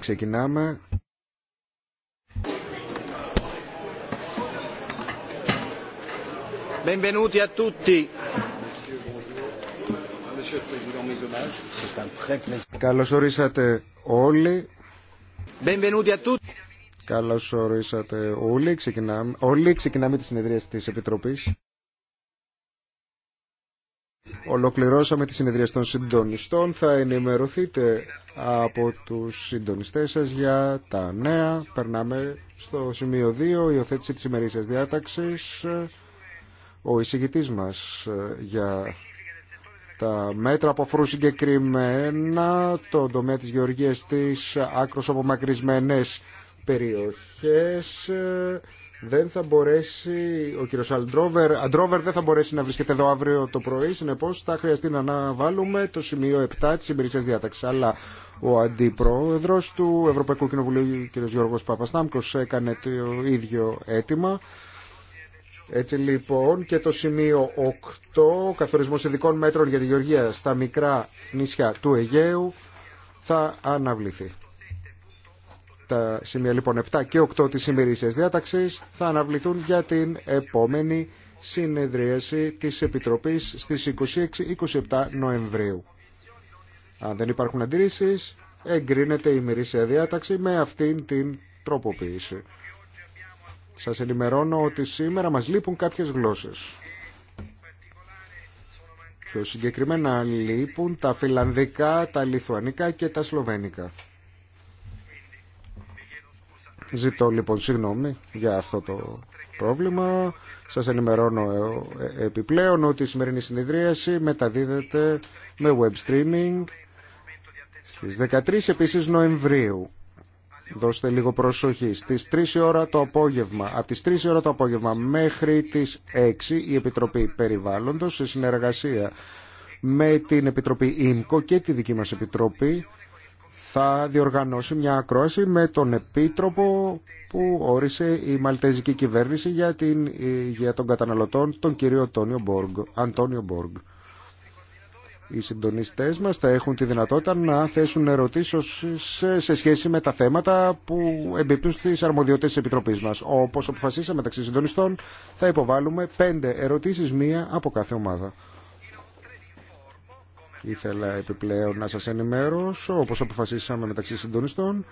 Ξεκινάμε. Benvenuti a tutti. Καλώς ορίσατε όλοι. Benvenuti a tutti. Καλώς ορίσατε όλοι. Ξεκινάμε, όλοι ξεκινάμε τη συνεδρία της Επιτροπής. Ολοκληρώσαμε τη συνεδρία των συντονιστών. Θα ενημερωθείτε από τους συντονιστές σας για τα νέα. Περνάμε στο σημείο 2, υιοθέτηση της ημερήσιας διάταξης. Ο εισηγητής μα ε, για τα μέτρα που αφορούν συγκεκριμένα το τομέα τη γεωργίας της άκρως απομακρυσμένε περιοχές ε, δεν θα μπορέσει, ο κύριο Αντρόβερ, Αντρόβερ δεν θα μπορέσει να βρίσκεται εδώ αύριο το πρωί, συνεπώ. θα χρειαστεί να αναβάλουμε το σημείο 7 τη υπηρεσία διάταξη, Αλλά ο αντιπρόεδρο του Ευρωπαϊκού Κοινοβουλίου, κύριο Γιώργο Παπαστάμκο, έκανε το ίδιο αίτημα. Έτσι λοιπόν και το σημείο 8, καθορισμό ειδικών μέτρων για τη Γεωργία στα μικρά νησιά του Αιγαίου, θα αναβληθεί. Τα σημεία λοιπόν 7 και 8 της ημερήσιας διάταξης θα αναβληθούν για την επόμενη συνεδρίαση της Επιτροπής στις 26-27 Νοεμβρίου. Αν δεν υπάρχουν αντιρρήσεις, εγκρίνεται η ημερήσια διάταξη με αυτήν την τροποποίηση. Σας ενημερώνω ότι σήμερα μας λείπουν κάποιες γλώσσες. Πιο συγκεκριμένα λείπουν τα φιλανδικά, τα λιθουανικά και τα σλοβένικα. Ζητώ λοιπόν συγγνώμη για αυτό το πρόβλημα. Σας ενημερώνω ε, ε, επιπλέον ότι η σημερινή συνεδρίαση μεταδίδεται με web streaming στις 13 επίσης Νοεμβρίου. Δώστε λίγο προσοχή. Στις 3 ώρα το απόγευμα, από τις 3 ώρα το απόγευμα μέχρι τις 6 η Επιτροπή Περιβάλλοντος σε συνεργασία με την Επιτροπή ΙΜΚΟ και τη δική μας Επιτροπή θα διοργανώσει μια ακρόαση με τον επίτροπο που όρισε η Μαλτέζικη κυβέρνηση για την υγεία των καταναλωτών, τον κύριο Μπόργ, Αντώνιο Μπόργ. Οι συντονιστές μας θα έχουν τη δυνατότητα να θέσουν ερωτήσεις σε σχέση με τα θέματα που εμπίπτουν στις αρμοδιότητες της Επιτροπής μας. Όπως αποφασίσαμε μεταξύ συντονιστών, θα υποβάλουμε πέντε ερωτήσεις, μία από κάθε ομάδα. Ήθελα επιπλέον να σας ενημέρωσω, όπως αποφασίσαμε μεταξύ συντονιστών,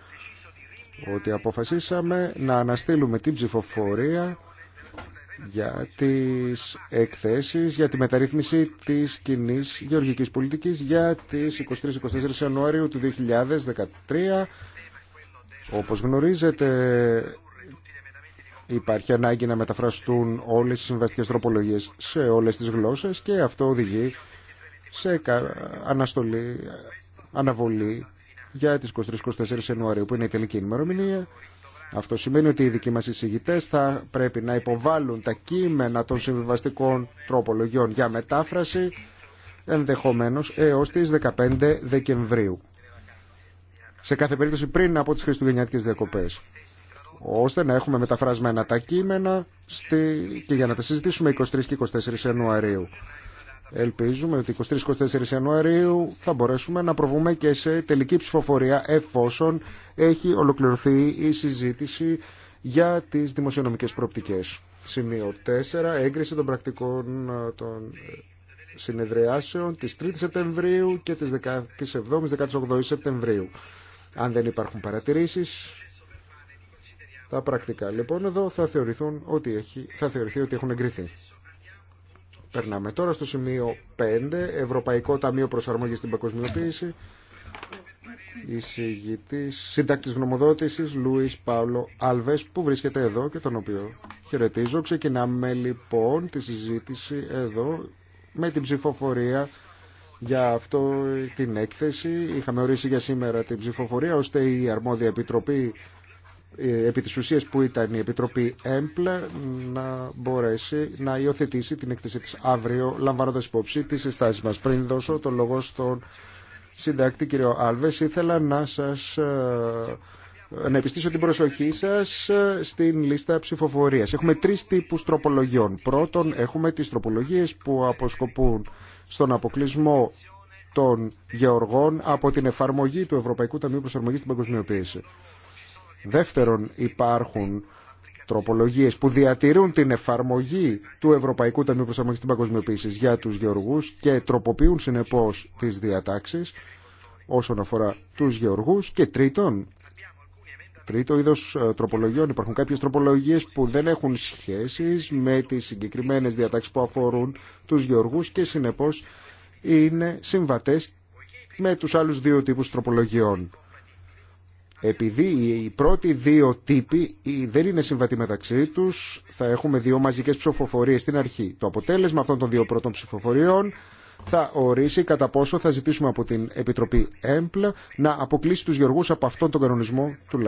ότι αποφασίσαμε να αναστείλουμε την ψηφοφορία για τις εκθέσεις, για τη μεταρρύθμιση της κοινή γεωργικής πολιτικής για τις 23-24 Ιανουαρίου του 2013. Όπως γνωρίζετε υπάρχει ανάγκη να μεταφραστούν όλες οι συμβαστικές τροπολογίες σε όλες τις γλώσσες και αυτό οδηγεί σε αναστολή, αναβολή για τις 23-24 Ιανουαρίου που είναι η τελική ημερομηνία. Αυτό σημαίνει ότι οι δικοί μας εισηγητές θα πρέπει να υποβάλουν τα κείμενα των συμβιβαστικών τροπολογιών για μετάφραση ενδεχομένως έως τις 15 Δεκεμβρίου. Σε κάθε περίπτωση πριν από τις Χριστουγεννιάτικες διακοπές ώστε να έχουμε μεταφρασμένα τα κείμενα στη... και για να τα συζητήσουμε 23 και 24 Ιανουαρίου. Ελπίζουμε ότι 23-24 Ιανουαρίου θα μπορέσουμε να προβούμε και σε τελική ψηφοφορία εφόσον έχει ολοκληρωθεί η συζήτηση για τις δημοσιονομικές προοπτικές. Σημείο 4. Έγκριση των πρακτικών ε, των ε, συνεδριάσεων της 3 Σεπτεμβρίου και της 17 18 Σεπτεμβρίου. Αν δεν υπάρχουν παρατηρήσεις, τα πρακτικά λοιπόν εδώ θα, θεωρηθούν ότι έχει, θα θεωρηθεί ότι έχουν εγκριθεί. Περνάμε τώρα στο σημείο 5, Ευρωπαϊκό Ταμείο Προσαρμογή στην Παγκοσμιοποίηση. Εισηγητή σύντακτη γνωμοδότησης Λουίς Παύλο Αλβές που βρίσκεται εδώ και τον οποίο χαιρετίζω. Ξεκινάμε λοιπόν τη συζήτηση εδώ με την ψηφοφορία για αυτό την έκθεση. Είχαμε ορίσει για σήμερα την ψηφοφορία ώστε η αρμόδια επιτροπή ε, επί της ουσίας που ήταν η Επιτροπή ΕΜΠΛΕ να μπορέσει να υιοθετήσει την έκθεση της αύριο λαμβάνοντας υπόψη τις συστάσεις μας. Πριν δώσω το λόγο στον συντάκτη κύριο Άλβες ήθελα να σας ε, να επιστήσω την προσοχή σας ε, στην λίστα ψηφοφορίας. Έχουμε τρεις τύπους τροπολογιών. Πρώτον, έχουμε τις τροπολογίες που αποσκοπούν στον αποκλεισμό των γεωργών από την εφαρμογή του Ευρωπαϊκού Ταμείου Προσαρμογής στην Παγκοσμιοποίηση. Δεύτερον, υπάρχουν τροπολογίες που διατηρούν την εφαρμογή του Ευρωπαϊκού Ταμείου Προσαρμογής στην Παγκοσμιοποίηση για τους γεωργούς και τροποποιούν συνεπώς τις διατάξεις όσον αφορά τους γεωργούς και τρίτον, τρίτο είδος ε, τροπολογιών. Υπάρχουν κάποιες τροπολογίες που δεν έχουν σχέσεις με τις συγκεκριμένες διατάξεις που αφορούν τους γεωργούς και συνεπώς είναι συμβατές με τους άλλους δύο τύπους τροπολογιών. Επειδή οι πρώτοι δύο τύποι δεν είναι συμβατοί μεταξύ τους, θα έχουμε δύο μαζικές ψηφοφορίες στην αρχή. Το αποτέλεσμα αυτών των δύο πρώτων ψηφοφοριών θα ορίσει κατά πόσο θα ζητήσουμε από την Επιτροπή ΕΜΠΛ να αποκλείσει τους γεωργούς από αυτόν τον κανονισμό του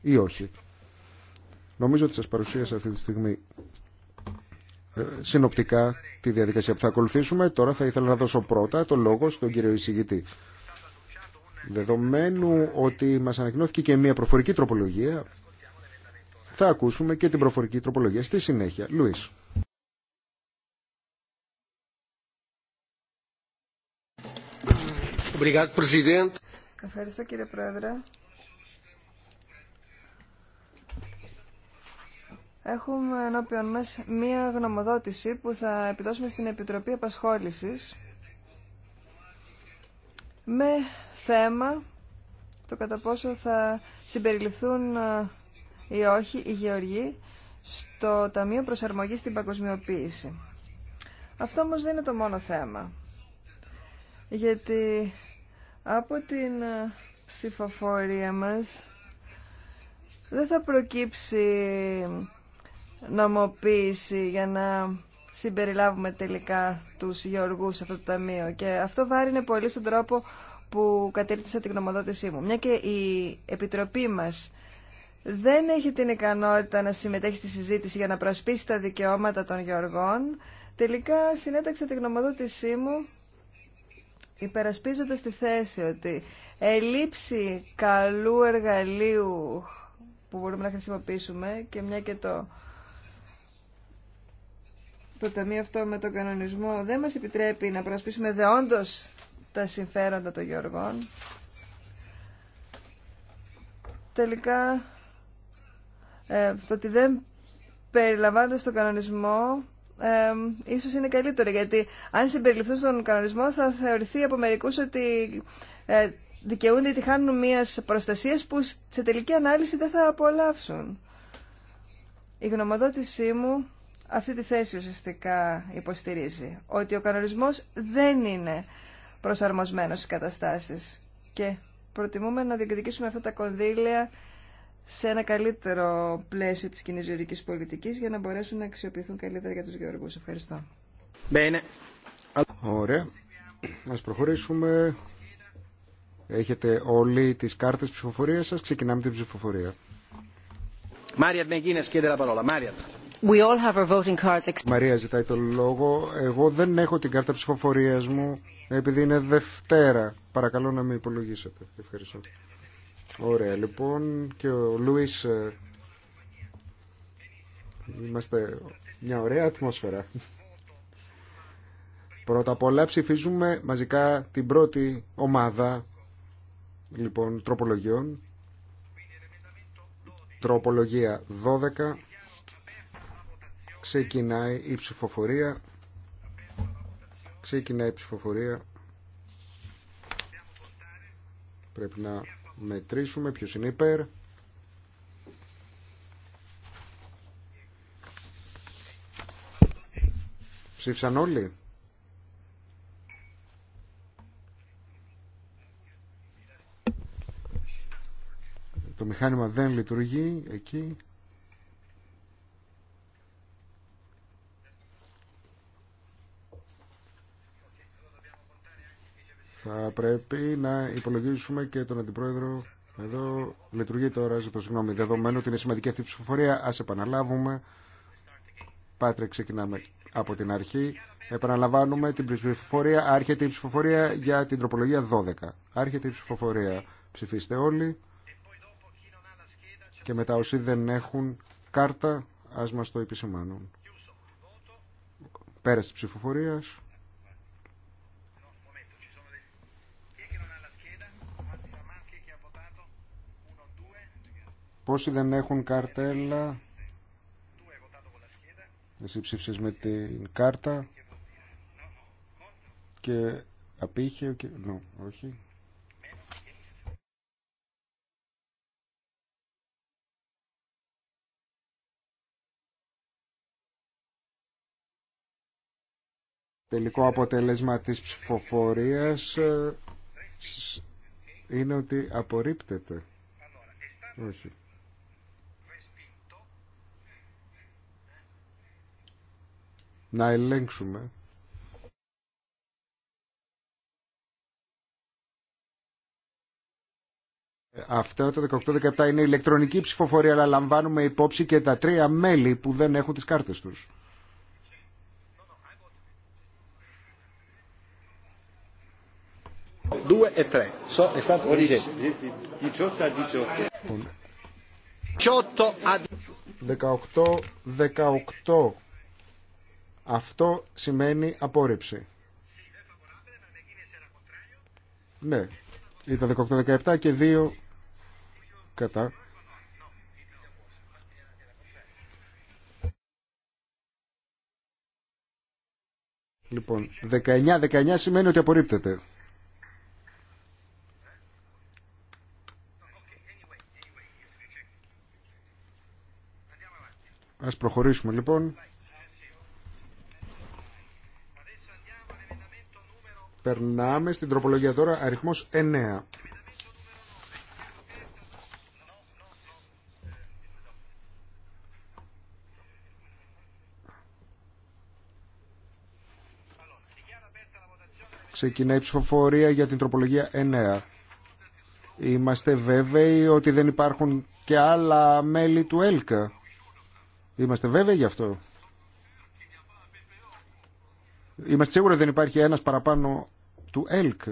ή όχι. Νομίζω ότι σας παρουσίασα αυτή τη στιγμή ε, συνοπτικά τη διαδικασία που θα ακολουθήσουμε. Τώρα θα ήθελα να δώσω πρώτα το λόγο στον κύριο εισηγητή. Δεδομένου ότι μας ανακοινώθηκε και μια προφορική τροπολογία, θα ακούσουμε και την προφορική τροπολογία στη συνέχεια. Λουίς. Ευχαριστώ κύριε Πρόεδρε. Έχουμε ενώπιον μας μία γνωμοδότηση που θα επιδώσουμε στην Επιτροπή Απασχόλησης με θέμα το κατά πόσο θα συμπεριληφθούν ε, ή όχι οι γεωργοί στο Ταμείο Προσαρμογής στην Παγκοσμιοποίηση. Αυτό όμως δεν είναι το μόνο θέμα. Γιατί από την ε, ψηφοφορία μας δεν θα προκύψει νομοποίηση για να συμπεριλάβουμε τελικά τους γεωργούς σε αυτό το ταμείο. Και αυτό βάρινε πολύ στον τρόπο που κατήρτισα την γνωμοδότησή μου. Μια και η Επιτροπή μας δεν έχει την ικανότητα να συμμετέχει στη συζήτηση για να προσπίσει τα δικαιώματα των γεωργών, τελικά συνέταξα την γνωμοδότησή μου υπερασπίζοντας τη θέση ότι ελήψη καλού εργαλείου που μπορούμε να χρησιμοποιήσουμε και μια και το το Ταμείο αυτό με τον κανονισμό δεν μας επιτρέπει να προσπίσουμε δεόντως τα συμφέροντα των Γεωργών. Τελικά, ε, το ότι δεν περιλαμβάνονται στον κανονισμό ε, ίσως είναι καλύτερο, γιατί αν συμπεριληφθούν στον κανονισμό θα θεωρηθεί από μερικού ότι ε, δικαιούνται ή τη χάνουν μιας προστασίας που σε τελική ανάλυση δεν θα απολαύσουν. Η γνωμοδότησή μου αυτή τη θέση ουσιαστικά υποστηρίζει. Ότι ο κανονισμός δεν είναι προσαρμοσμένος στις καταστάσεις και προτιμούμε να διεκδικήσουμε αυτά τα κονδύλια σε ένα καλύτερο πλαίσιο της κοινή γεωργικής πολιτικής για να μπορέσουν να αξιοποιηθούν καλύτερα για τους γεωργούς. Ευχαριστώ. Ωραία. Ας προχωρήσουμε. Έχετε όλοι τις κάρτες ψηφοφορίας σας. Ξεκινάμε την ψηφοφορία. Μαρία ζητάει το λόγο. Εγώ δεν έχω την κάρτα ψηφοφορίας μου επειδή είναι Δευτέρα. Παρακαλώ να με υπολογίσετε. Ευχαριστώ. Ωραία λοιπόν και ο Λούις ε, είμαστε μια ωραία ατμόσφαιρα. Πρώτα απ' όλα ψηφίζουμε μαζικά την πρώτη ομάδα λοιπόν τροπολογιών. Τροπολογία 12 Ξεκινάει η ψηφοφορία. Ξεκινάει η ψηφοφορία. Πρέπει να μετρήσουμε ποιος είναι υπέρ. Ψήφισαν όλοι. Το μηχάνημα δεν λειτουργεί εκεί. Θα πρέπει να υπολογίσουμε και τον Αντιπρόεδρο. Εδώ λειτουργεί τώρα, ζητώ συγγνώμη, δεδομένου ότι είναι σημαντική αυτή η ψηφοφορία. Α επαναλάβουμε. Πάτρε, ξεκινάμε από την αρχή. Επαναλαμβάνουμε την ψηφοφορία. Άρχεται η ψηφοφορία για την τροπολογία 12. Άρχεται η ψηφοφορία. Ψηφίστε όλοι. Και μετά όσοι δεν έχουν κάρτα, ας μας το επισημάνουν. Πέρας της ψηφοφορίας. Πόσοι δεν έχουν καρτέλα. Εσύ ψήφισες με την κάρτα. Και απήχε και... Νο, όχι. Τελικό αποτέλεσμα της ψηφοφορίας ε, είναι ότι απορρίπτεται. Όχι. να ελέγξουμε ε, Αυτά το 18-17 είναι ηλεκτρονική ψηφοφορία αλλά λαμβάνουμε υπόψη και τα τρία μέλη που δεν έχουν τις κάρτες τους. και 18 18-18 αυτό σημαίνει απόρριψη. Ναι, ήταν 18-17 και 2 κατά. Λοιπόν, 19-19 σημαίνει ότι απορρίπτεται. Ας προχωρήσουμε λοιπόν. Περνάμε στην τροπολογία τώρα αριθμός 9. Ξεκινάει η ψηφοφορία για την τροπολογία 9. Είμαστε βέβαιοι ότι δεν υπάρχουν και άλλα μέλη του ΕΛΚΑ. Είμαστε βέβαιοι γι' αυτό. Είμαστε σίγουροι ότι δεν υπάρχει ένας παραπάνω του ΕΛΚ.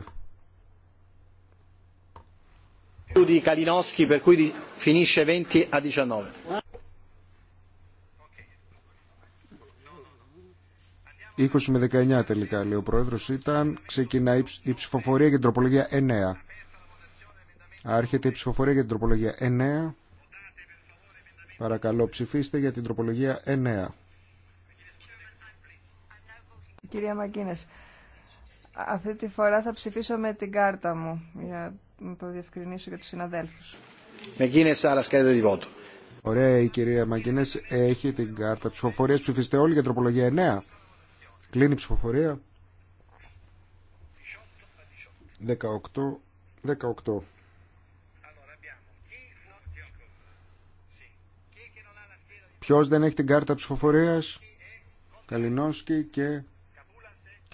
Είκοσι με 19 τελικά, λέει ο Πρόεδρος, ήταν, ξεκινά η ψηφοφορία για την τροπολογία 9. Άρχεται η ψηφοφορία για την τροπολογία 9. Παρακαλώ ψηφίστε για την τροπολογία 9. Κυρία Μαγκίνες, αυτή τη φορά θα ψηφίσω με την κάρτα μου για να το διευκρινίσω για τους συναδέλφους. Ωραία η κυρία Μαγκίνες έχει την κάρτα ψηφοφορίας. Ψηφίστε όλοι για τροπολογία 9. Κλείνει η ψηφοφορία. 18. 18. Ποιος δεν έχει την κάρτα ψηφοφορίας. Καλινόσκι και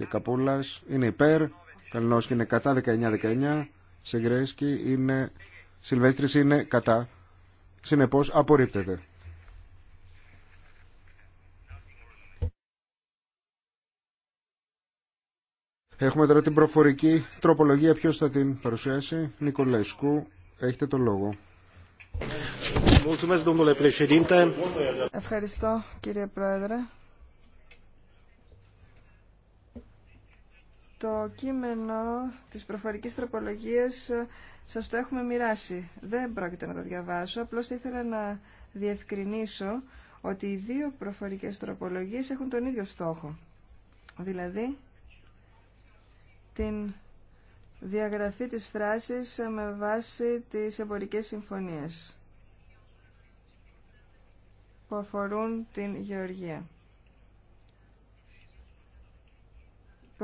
και Καπούλας είναι υπέρ, Καλινόσκι είναι κατά 19-19, Σεγκρέσκι είναι, Σιλβέστρη είναι κατά. Συνεπώ, απορρίπτεται. Έχουμε τώρα την προφορική τροπολογία. Ποιος θα την παρουσιάσει. Νικολέσκου, έχετε το λόγο. Ευχαριστώ κύριε Πρόεδρε. Το κείμενο της προφορικής τροπολογίας ε, σας το έχουμε μοιράσει. Δεν πρόκειται να το διαβάσω, απλώς θα ήθελα να διευκρινίσω ότι οι δύο προφορικές τροπολογίες έχουν τον ίδιο στόχο. Δηλαδή, την διαγραφή της φράσης με βάση τις εμπορικές συμφωνίες που αφορούν την γεωργία.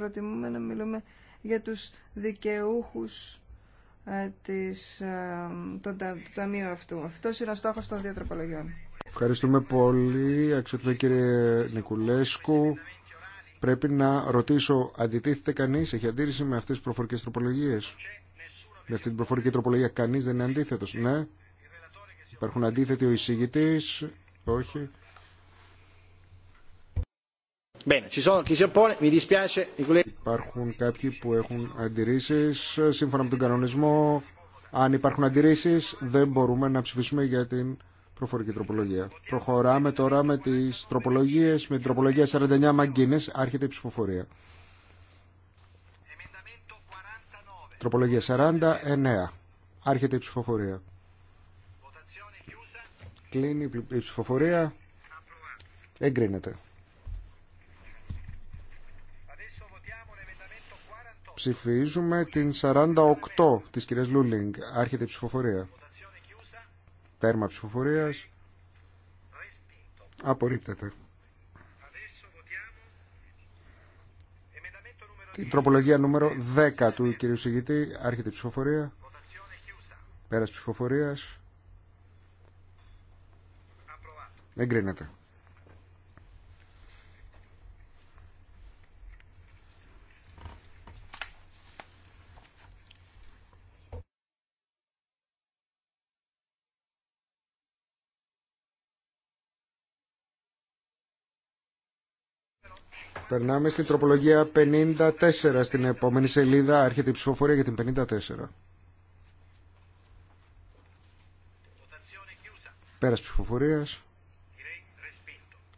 προτιμούμε να μιλούμε για τους δικαιούχους ε, της, ε, του ταμείου αυτού. Αυτό είναι ο στόχος των δύο τροπολογιών. Ευχαριστούμε πολύ, αξιότιμο κύριε Νικουλέσκου. Πρέπει να ρωτήσω, αντιτίθεται κανείς, έχει αντίρρηση με αυτές τις προφορικές τροπολογίες. Με αυτή την προφορική τροπολογία κανείς δεν είναι αντίθετος. Ναι. Υπάρχουν αντίθετοι ο εισηγητής. Όχι. Υπάρχουν κάποιοι που έχουν αντιρρήσει. Σύμφωνα με τον κανονισμό, αν υπάρχουν αντιρρήσει, δεν μπορούμε να ψηφίσουμε για την προφορική τροπολογία. Προχωράμε τώρα με τι τροπολογίε. Με την τροπολογία 49 Μαγκίνε άρχεται η ψηφοφορία. Τροπολογία 49. Άρχεται η ψηφοφορία. Κλείνει η ψηφοφορία. Εγκρίνεται. Ψηφίζουμε την 48 της κυρίας Λούλινγκ. Άρχεται η ψηφοφορία. Τέρμα ψηφοφορίας. Απορρίπτεται. Την τροπολογία νούμερο 10 του κυρίου Συγητή. Άρχεται η ψηφοφορία. Πέρας ψηφοφορίας. Εγκρίνεται. Περνάμε στην τροπολογία 54 στην επόμενη σελίδα. Άρχεται η ψηφοφορία για την 54. Πέρα ψηφοφορίας.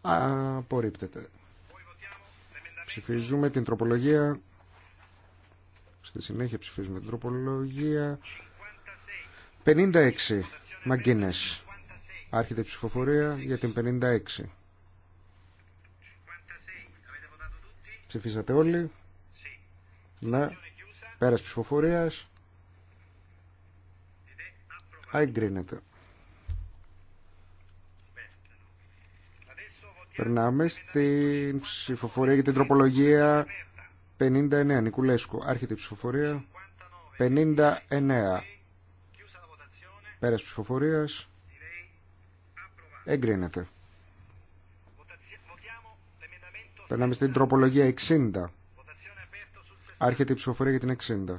Απορρίπτεται. Ψηφίζουμε την τροπολογία. Στη συνέχεια ψηφίζουμε την τροπολογία. 56. Μαγκίνες. Άρχεται η ψηφοφορία για την 56. Ψηφίσατε όλοι. Ναι. Πέρας ψηφοφορίας. Αγκρίνεται. Περνάμε στην ψηφοφορία για την τροπολογία 59. Νικουλέσκο, Άρχεται η ψηφοφορία. 59. Πέρας ψηφοφορίας. Εγκρίνεται. Περνάμε στην τροπολογία 60. Άρχεται η ψηφοφορία για την 60.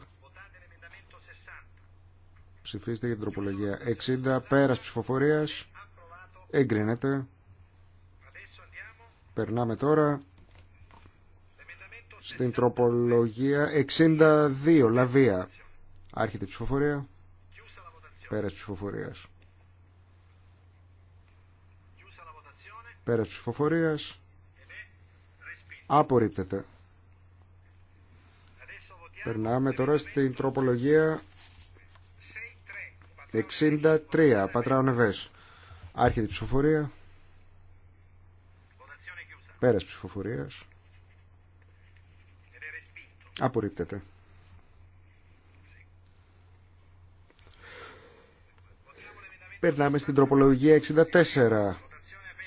Ψηφίστε για την τροπολογία 60. Πέρας ψηφοφορίας. Εγκρίνεται. Περνάμε τώρα στην τροπολογία 62. Λαβία. Άρχεται η ψηφοφορία. Πέρας ψηφοφορίας. Πέρας ψηφοφορίας. Απορρίπτεται. Περνάμε τώρα στην τροπολογία 63, Πατράων Εβές. Άρχεται η ψηφοφορία. Πέρας ψηφοφορίας. Απορρίπτεται. Περνάμε στην τροπολογία 64.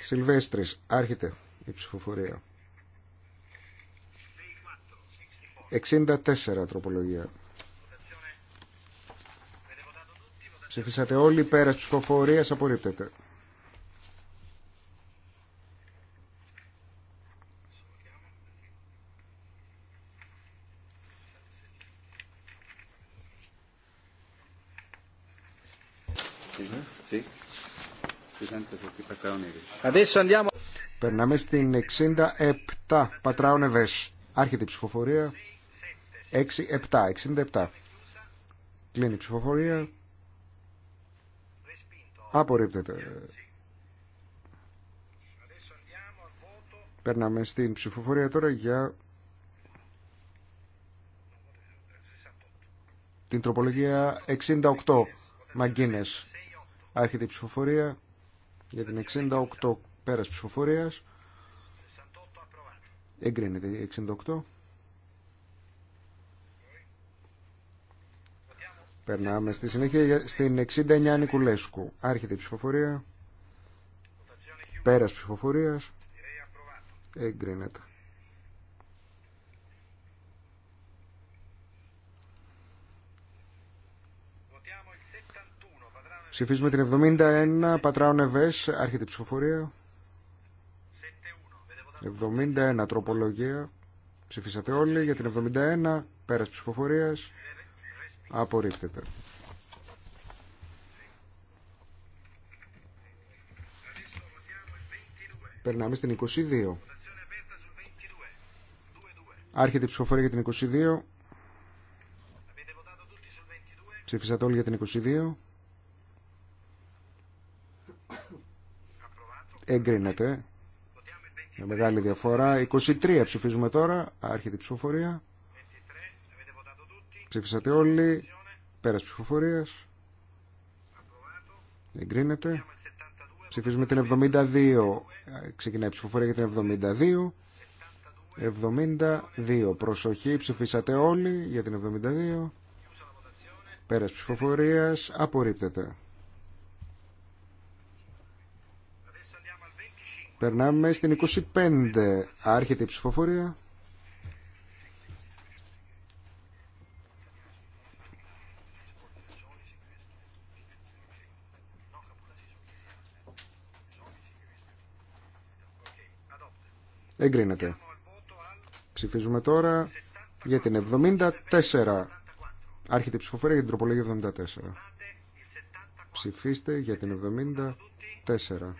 Σιλβέστρης. Άρχεται η ψηφοφορία. 64 τροπολογία. Ψηφίσατε όλοι πέρας ψηφοφορίας, απορρίπτεται. Περνάμε στην 67 Πατράων Εβές. Άρχεται η ψηφοφορία. 6 67 67. Κλείνει η ψηφοφορία. Απορρίπτεται. Περνάμε στην ψηφοφορία τώρα για την τροπολογία 68 Μαγκίνες. Άρχεται η ψηφοφορία για την 68 πέρας ψηφοφορίας. Εγκρίνεται η 68. Περνάμε στη συνέχεια στην 69 Νικουλέσκου. Άρχεται η ψηφοφορία. Πέρας ψηφοφορία. Εγκρίνεται. Ψηφίζουμε την 71 Πατράων Εβές. Άρχεται η ψηφοφορία. 71 τροπολογία. Ψηφίσατε όλοι για την 71. Πέρας ψηφοφορίας. Απορρίπτεται. Περνάμε στην 22. Άρχεται η ψηφοφορία για την 22. Ψήφισατε όλοι για την 22. Εγκρίνεται. Με μεγάλη διαφορά. 23 ψηφίζουμε τώρα. Άρχεται η ψηφοφορία. Ψήφισατε όλοι. Πέρας ψηφοφορία. Εγκρίνεται. Ψηφίζουμε την 72. Ξεκινάει η ψηφοφορία για την 72. 72. Προσοχή. Ψηφίσατε όλοι για την 72. Πέρας ψηφοφορία, Απορρίπτεται. Περνάμε στην 25. Άρχεται η ψηφοφορία. Εγκρίνεται. Ψηφίζουμε τώρα για την 74. Άρχεται η ψηφοφορία για την τροπολογία 74. Ψηφίστε για την 74.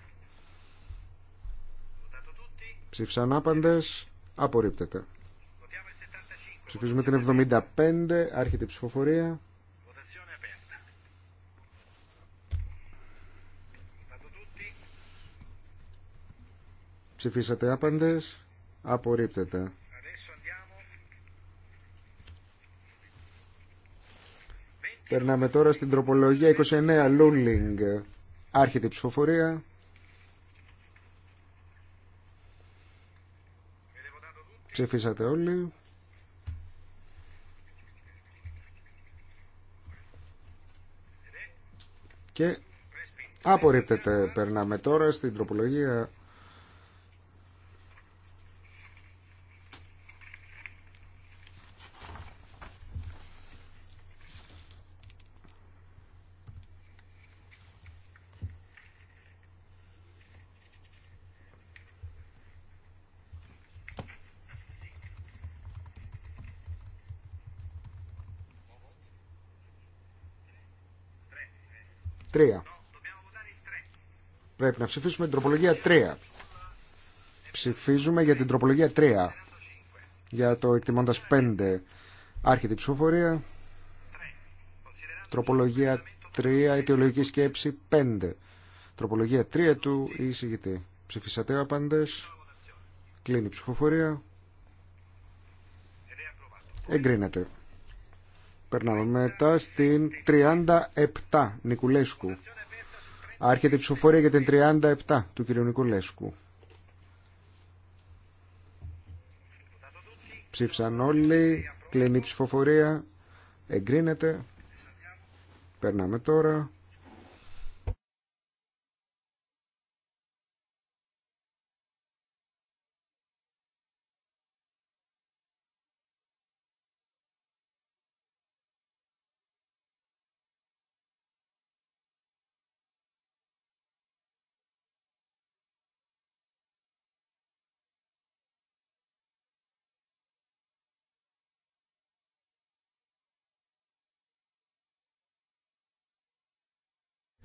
Ψήφισαν άπαντες. Απορρίπτεται. Ψηφίζουμε την 75. Άρχεται η ψηφοφορία. Ψηφίσατε άπαντες. Απορρίπτεται. Περνάμε τώρα στην τροπολογία 29 Λούλινγκ. Άρχεται η ψηφοφορία. Ψηφίσατε όλοι. Και απορρίπτεται. Περνάμε τώρα στην τροπολογία 3. Πρέπει να ψηφίσουμε την τροπολογία 3. Ψηφίζουμε για την τροπολογία 3. Για το εκτιμώντας 5. Άρχεται η ψηφοφορία. Τροπολογία 3. Αιτιολογική σκέψη 5. Τροπολογία 3 του εισηγητή. Ψηφίσατε άπαντες. Κλείνει η ψηφοφορία. Εγκρίνεται. Περνάμε μετά στην 37 Νικουλέσκου. Άρχεται η ψηφοφορία για την 37 του κυρίου Νικουλέσκου. Ψήφισαν όλοι. Κλείνει η ψηφοφορία. Εγκρίνεται. Περνάμε τώρα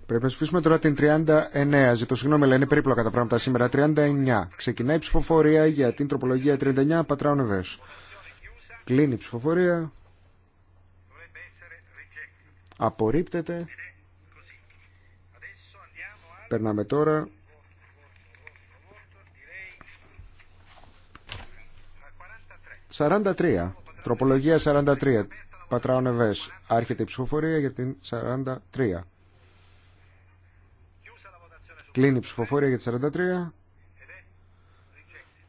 Πρέπει να ψηφίσουμε τώρα την 39. Ζητώ συγγνώμη, αλλά είναι περίπλοκα τα πράγματα σήμερα. 39. Ξεκινάει η ψηφοφορία για την τροπολογία 39 πατράουν Εβέ. Κλείνει η ψηφοφορία. Απορρίπτεται. Περνάμε τώρα. «43». Τροπολογία 43. Πατράων Πατράω Νεβές. Άρχεται η ψηφοφορία για την 43. Κλείνει η ψηφοφορία για τη 43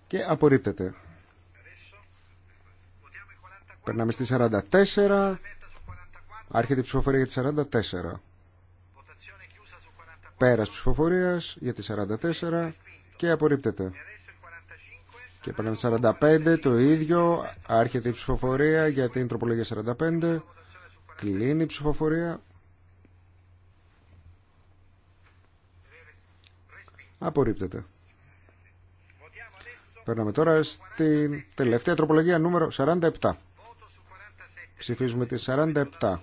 και απορρίπτεται. Περνάμε στη 44. Άρχεται η ψηφοφορία για τη 44. Πέρας ψηφοφορίας για τη 44 και απορρίπτεται. Και περνάμε στη 45. Το ίδιο. Άρχεται η ψηφοφορία για την τροπολογία 45. Κλείνει η ψηφοφορία. Απορρίπτεται. Περνάμε τώρα στην τελευταία τροπολογία νούμερο 47. Ψηφίζουμε τη 47.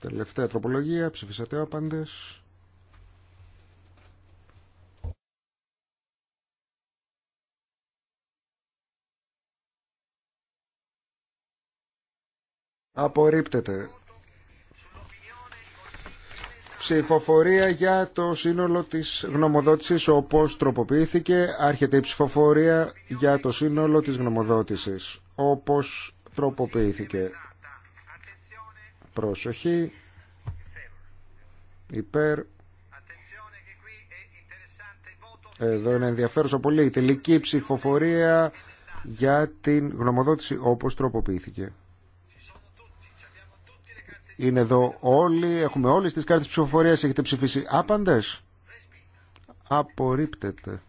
Τελευταία τροπολογία. Ψηφίσατε άπαντες. Απορρίπτεται. Ψηφοφορία για το σύνολο της γνωμοδότησης όπως τροποποιήθηκε. Άρχεται η ψηφοφορία για το σύνολο της γνωμοδότησης όπως τροποποιήθηκε. Προσοχή. Υπέρ. Εδώ είναι ενδιαφέρουσα πολύ η τελική ψηφοφορία για την γνωμοδότηση όπως τροποποιήθηκε. Είναι εδώ όλοι, έχουμε όλες τις κάρτες ψηφοφορίας, έχετε ψηφίσει άπαντες. Απορρίπτεται.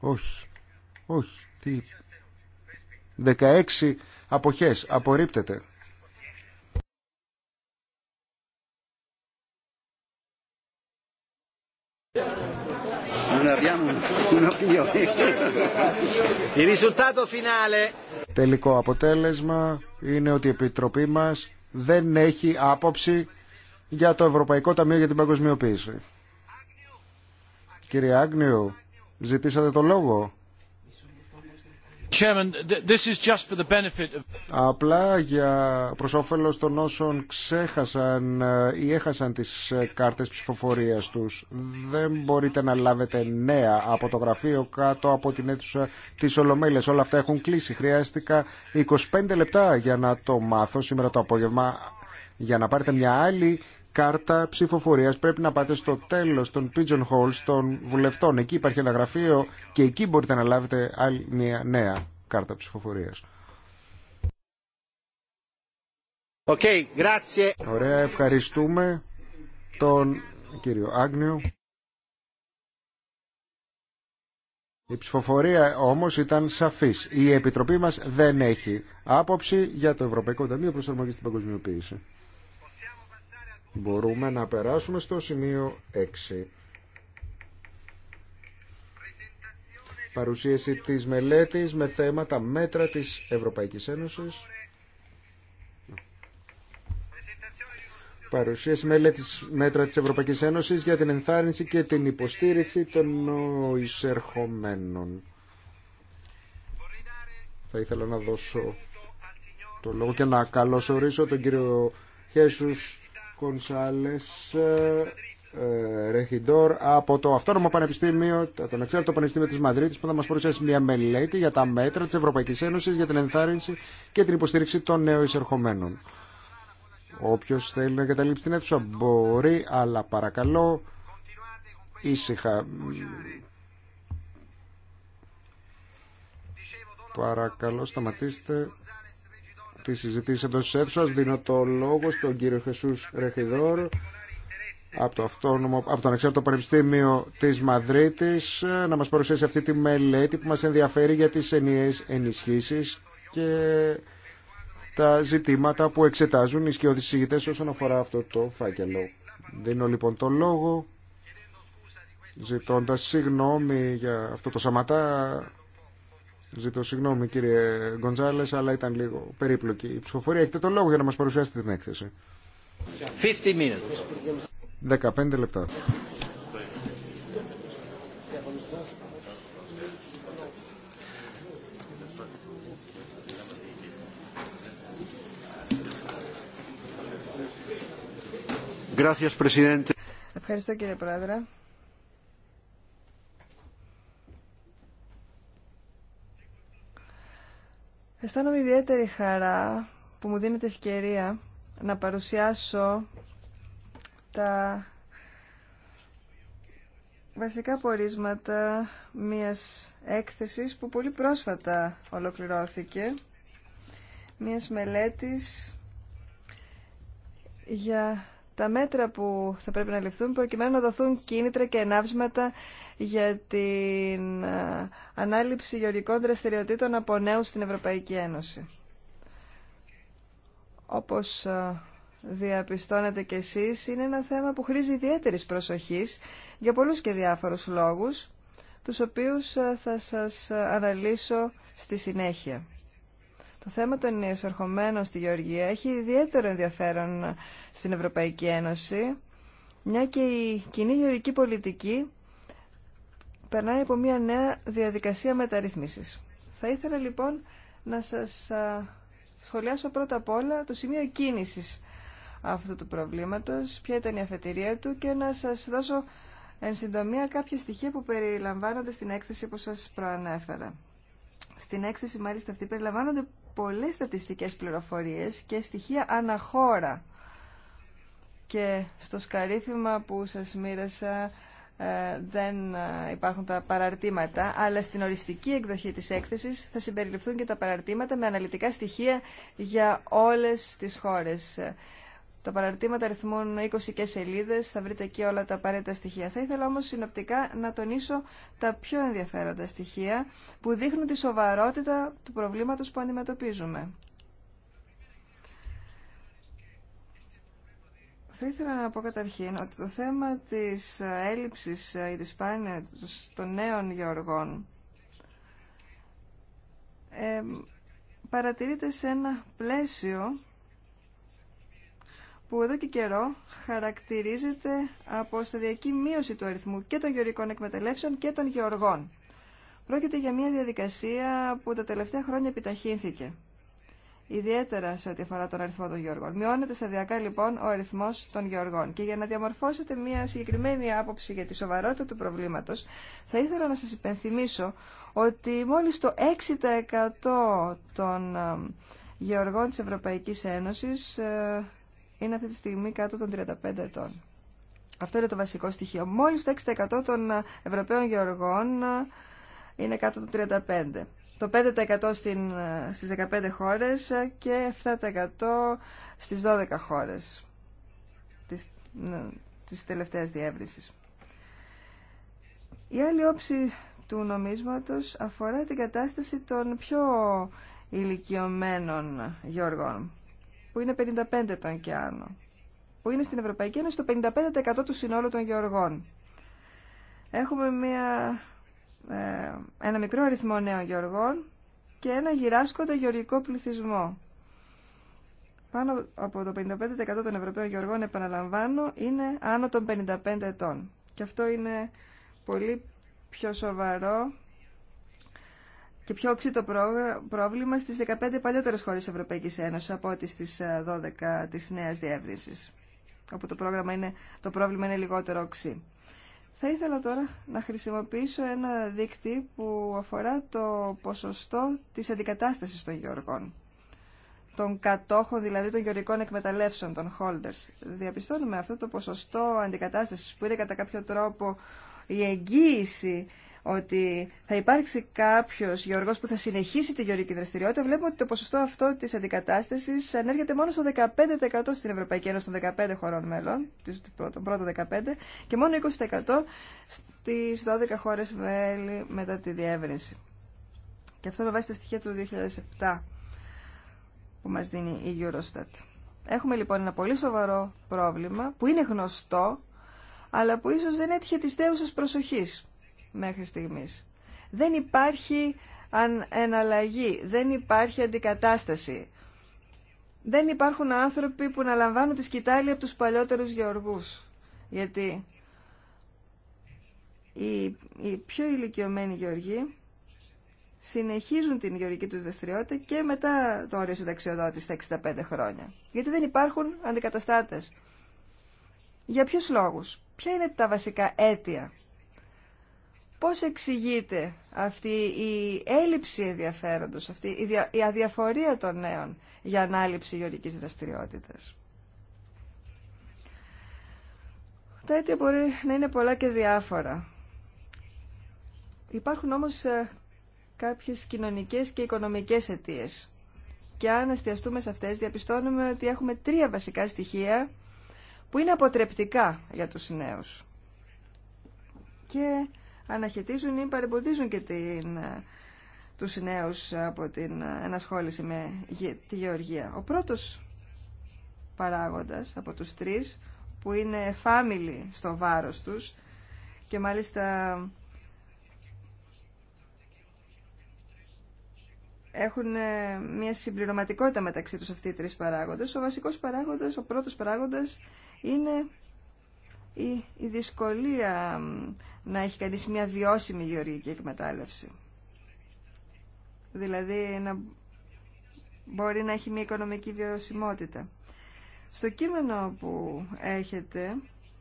Όχι, όχι, τι... 16 αποχές, απορρίπτεται. Τελικό αποτέλεσμα είναι ότι η Επιτροπή μας δεν έχει άποψη για το Ευρωπαϊκό Ταμείο για την Παγκοσμιοποίηση. Κύριε Άγνιου, ζητήσατε το λόγο. Απλά για προς όφελος των όσων ξέχασαν ε, ή έχασαν τις ε, κάρτες ψηφοφορίας τους δεν μπορείτε να λάβετε νέα από το γραφείο κάτω από την αίθουσα της Ολομέλειας. Όλα αυτά έχουν κλείσει. Χρειάστηκα 25 λεπτά για να το μάθω σήμερα το απόγευμα για να πάρετε μια άλλη κάρτα ψηφοφορία πρέπει να πάτε στο τέλο των pigeonholes των βουλευτών. Εκεί υπάρχει ένα γραφείο και εκεί μπορείτε να λάβετε άλλη μια νέα κάρτα ψηφοφορία. Okay, Ωραία, ευχαριστούμε τον κύριο Άγνιο. Η ψηφοφορία όμως ήταν σαφής. Η Επιτροπή μας δεν έχει άποψη για το Ευρωπαϊκό Ταμείο Προσαρμογής στην Παγκοσμιοποίηση. Μπορούμε να περάσουμε στο σημείο 6. Παρουσίαση της μελέτης με θέματα μέτρα της Ευρωπαϊκής Ένωσης. Παρουσίαση μελέτης μέτρα της Ευρωπαϊκής Ένωσης για την ενθάρρυνση και την υποστήριξη των εισερχομένων. Θα ήθελα να δώσω το λόγο και να καλωσορίσω τον κύριο Χέσους Κονσάλες ε, Ρεχιντόρ από το Αυτόνομο Πανεπιστήμιο, τον Εξάρτητο Πανεπιστήμιο της Μαδρίτης που θα μας παρουσιάσει μια μελέτη για τα μέτρα της Ευρωπαϊκής Ένωσης για την ενθάρρυνση και την υποστήριξη των νέων εισερχομένων. Όποιος θέλει να καταλήψει την αίθουσα μπορεί, αλλά παρακαλώ ήσυχα. Παρακαλώ σταματήστε τη συζήτηση εντό τη αίθουσα. Δίνω το λόγο στον κύριο Χεσού Ρεχιδόρ από το, αυτόνομο, από το Ανεξάρτητο Πανεπιστήμιο τη Μαδρίτη να μα παρουσιάσει αυτή τη μελέτη που μα ενδιαφέρει για τι ενιαίε ενισχύσει και τα ζητήματα που εξετάζουν οι σκιώδει συζητητέ όσον αφορά αυτό το φάκελο. Δίνω λοιπόν το λόγο ζητώντας συγγνώμη για αυτό το σαματά Ζητώ συγγνώμη κύριε Γκοντζάλε, αλλά ήταν λίγο περίπλοκη η ψηφοφορία. Έχετε το λόγο για να μα παρουσιάσετε την έκθεση. minutes. 15 λεπτά. Ευχαριστώ κύριε Πρόεδρε. Αισθάνομαι ιδιαίτερη χαρά που μου δίνεται ευκαιρία να παρουσιάσω τα βασικά πορίσματα μιας έκθεσης που πολύ πρόσφατα ολοκληρώθηκε, μιας μελέτης για τα μέτρα που θα πρέπει να ληφθούν προκειμένου να δοθούν κίνητρα και ενάψματα για την ε, ανάληψη γεωργικών δραστηριοτήτων από νέου στην Ευρωπαϊκή Ένωση. Όπως ε, διαπιστώνετε κι εσείς, είναι ένα θέμα που χρήζει ιδιαίτερης προσοχής για πολλούς και διάφορους λόγους, τους οποίους ε, θα σας αναλύσω στη συνέχεια. Το θέμα των εισορχομένων στη Γεωργία έχει ιδιαίτερο ενδιαφέρον στην Ευρωπαϊκή Ένωση, μια και η κοινή γεωργική πολιτική περνάει από μια νέα διαδικασία μεταρρύθμισης. Θα ήθελα λοιπόν να σας σχολιάσω πρώτα απ' όλα το σημείο κίνησης αυτού του προβλήματος, ποια ήταν η αφετηρία του και να σας δώσω εν συντομία κάποια στοιχεία που περιλαμβάνονται στην έκθεση που σας προανέφερα. Στην έκθεση μάλιστα αυτή περιλαμβάνονται πολλές στατιστικές πληροφορίες και στοιχεία αναχώρα. Και στο σκαρίφημα που σας μοίρασα ε, δεν ε, υπάρχουν τα παραρτήματα, αλλά στην οριστική εκδοχή της έκθεσης θα συμπεριληφθούν και τα παραρτήματα με αναλυτικά στοιχεία για όλες τις χώρες. Τα παραρτήματα αριθμών 20 και σελίδε, θα βρείτε εκεί όλα τα απαραίτητα στοιχεία. Θα ήθελα όμω συνοπτικά να τονίσω τα πιο ενδιαφέροντα στοιχεία που δείχνουν τη σοβαρότητα του προβλήματο που αντιμετωπίζουμε. Θα ήθελα να πω καταρχήν ότι το θέμα της έλλειψης ή της σπάνιας των νέων γεωργών ε, παρατηρείται σε ένα πλαίσιο που εδώ και καιρό χαρακτηρίζεται από σταδιακή μείωση του αριθμού και των γεωρικών εκμεταλλεύσεων και των γεωργών. Πρόκειται για μια διαδικασία που τα τελευταία χρόνια επιταχύνθηκε. Ιδιαίτερα σε ό,τι αφορά τον αριθμό των γεωργών. Μειώνεται σταδιακά λοιπόν ο αριθμό των γεωργών. Και για να διαμορφώσετε μια συγκεκριμένη άποψη για τη σοβαρότητα του προβλήματο, θα ήθελα να σα υπενθυμίσω ότι μόλι το 6% των ε, γεωργών της Ευρωπαϊκής Ένωσης ε, είναι αυτή τη στιγμή κάτω των 35 ετών. Αυτό είναι το βασικό στοιχείο. Μόλις το 6% των Ευρωπαίων Γεωργών ε, είναι κάτω των 35. Το 5% στην, ε, στις 15 χώρες και 7% στις 12 χώρες της, ε, της τελευταίας διεύρυνσης. Η άλλη όψη του νομίσματος αφορά την κατάσταση των πιο ηλικιωμένων γεωργών που είναι 55 ετών και άνω, που είναι στην Ευρωπαϊκή Ένωση το 55% του συνόλου των γεωργών. Έχουμε μια, ε, ένα μικρό αριθμό νέων γεωργών και ένα γυράσκοντα γεωργικό πληθυσμό. Πάνω από το 55% των Ευρωπαίων γεωργών, επαναλαμβάνω, είναι άνω των 55 ετών. Και αυτό είναι πολύ πιο σοβαρό και πιο οξύ το πρόβλημα στις 15 παλιότερες χώρες Ευρωπαϊκής Ένωσης από ό,τι 12 ε, της νέας διεύρυνσης, όπου το, πρόγραμμα είναι, το πρόβλημα είναι λιγότερο οξύ. Θα ήθελα τώρα να χρησιμοποιήσω ένα δίκτυ που αφορά το ποσοστό της αντικατάστασης των γεωργών. Των κατόχων, δηλαδή των γεωργικών εκμεταλλεύσεων, των holders. Διαπιστώνουμε αυτό το ποσοστό αντικατάστασης που είναι κατά κάποιο τρόπο η εγγύηση ότι θα υπάρξει κάποιο γεωργό που θα συνεχίσει τη γεωργική δραστηριότητα, βλέπουμε ότι το ποσοστό αυτό τη αντικατάσταση ανέρχεται μόνο στο 15% στην Ευρωπαϊκή Ένωση των 15 χωρών μέλων, των πρώτων 15, και μόνο 20% στι 12 χώρε μέλη μετά τη διεύρυνση. Και αυτό με βάση τα στοιχεία του 2007 που μας δίνει η Eurostat. Έχουμε λοιπόν ένα πολύ σοβαρό πρόβλημα που είναι γνωστό, αλλά που ίσως δεν έτυχε της δέουσας προσοχής μέχρι στιγμής. Δεν υπάρχει εναλλαγή, δεν υπάρχει αντικατάσταση. Δεν υπάρχουν άνθρωποι που να λαμβάνουν τη σκητάλη από τους παλιότερους γεωργούς. Γιατί οι, πιο ηλικιωμένοι γεωργοί συνεχίζουν την γεωργική τους δραστηριότητα και μετά το όριο συνταξιοδότης στα 65 χρόνια. Γιατί δεν υπάρχουν αντικαταστάτες. Για ποιους λόγους, ποια είναι τα βασικά αίτια Πώς εξηγείται αυτή η έλλειψη ενδιαφέροντος, αυτή η αδιαφορία των νέων για ανάληψη γεωργικής δραστηριότητας. Τα αίτια μπορεί να είναι πολλά και διάφορα. Υπάρχουν όμως ε, κάποιες κοινωνικές και οικονομικές αιτίες. Και αν αστιαστούμε σε αυτές, διαπιστώνουμε ότι έχουμε τρία βασικά στοιχεία που είναι αποτρεπτικά για τους νέους. Και αναχαιτίζουν ή παρεμποδίζουν και την, ε, τους νέους από την ε, ενασχόληση με τη γεωργία. Ο πρώτος παράγοντας από τους τρεις που είναι φάμιλοι στο βάρος τους και μάλιστα έχουν ε, μια συμπληρωματικότητα μεταξύ τους αυτοί οι τρεις παράγοντες. Ο βασικός παράγοντας, ο πρώτος παράγοντας είναι η, η δυσκολία να έχει κανείς μια βιώσιμη γεωργική εκμετάλλευση. Δηλαδή να μπορεί να έχει μια οικονομική βιωσιμότητα. Στο κείμενο που έχετε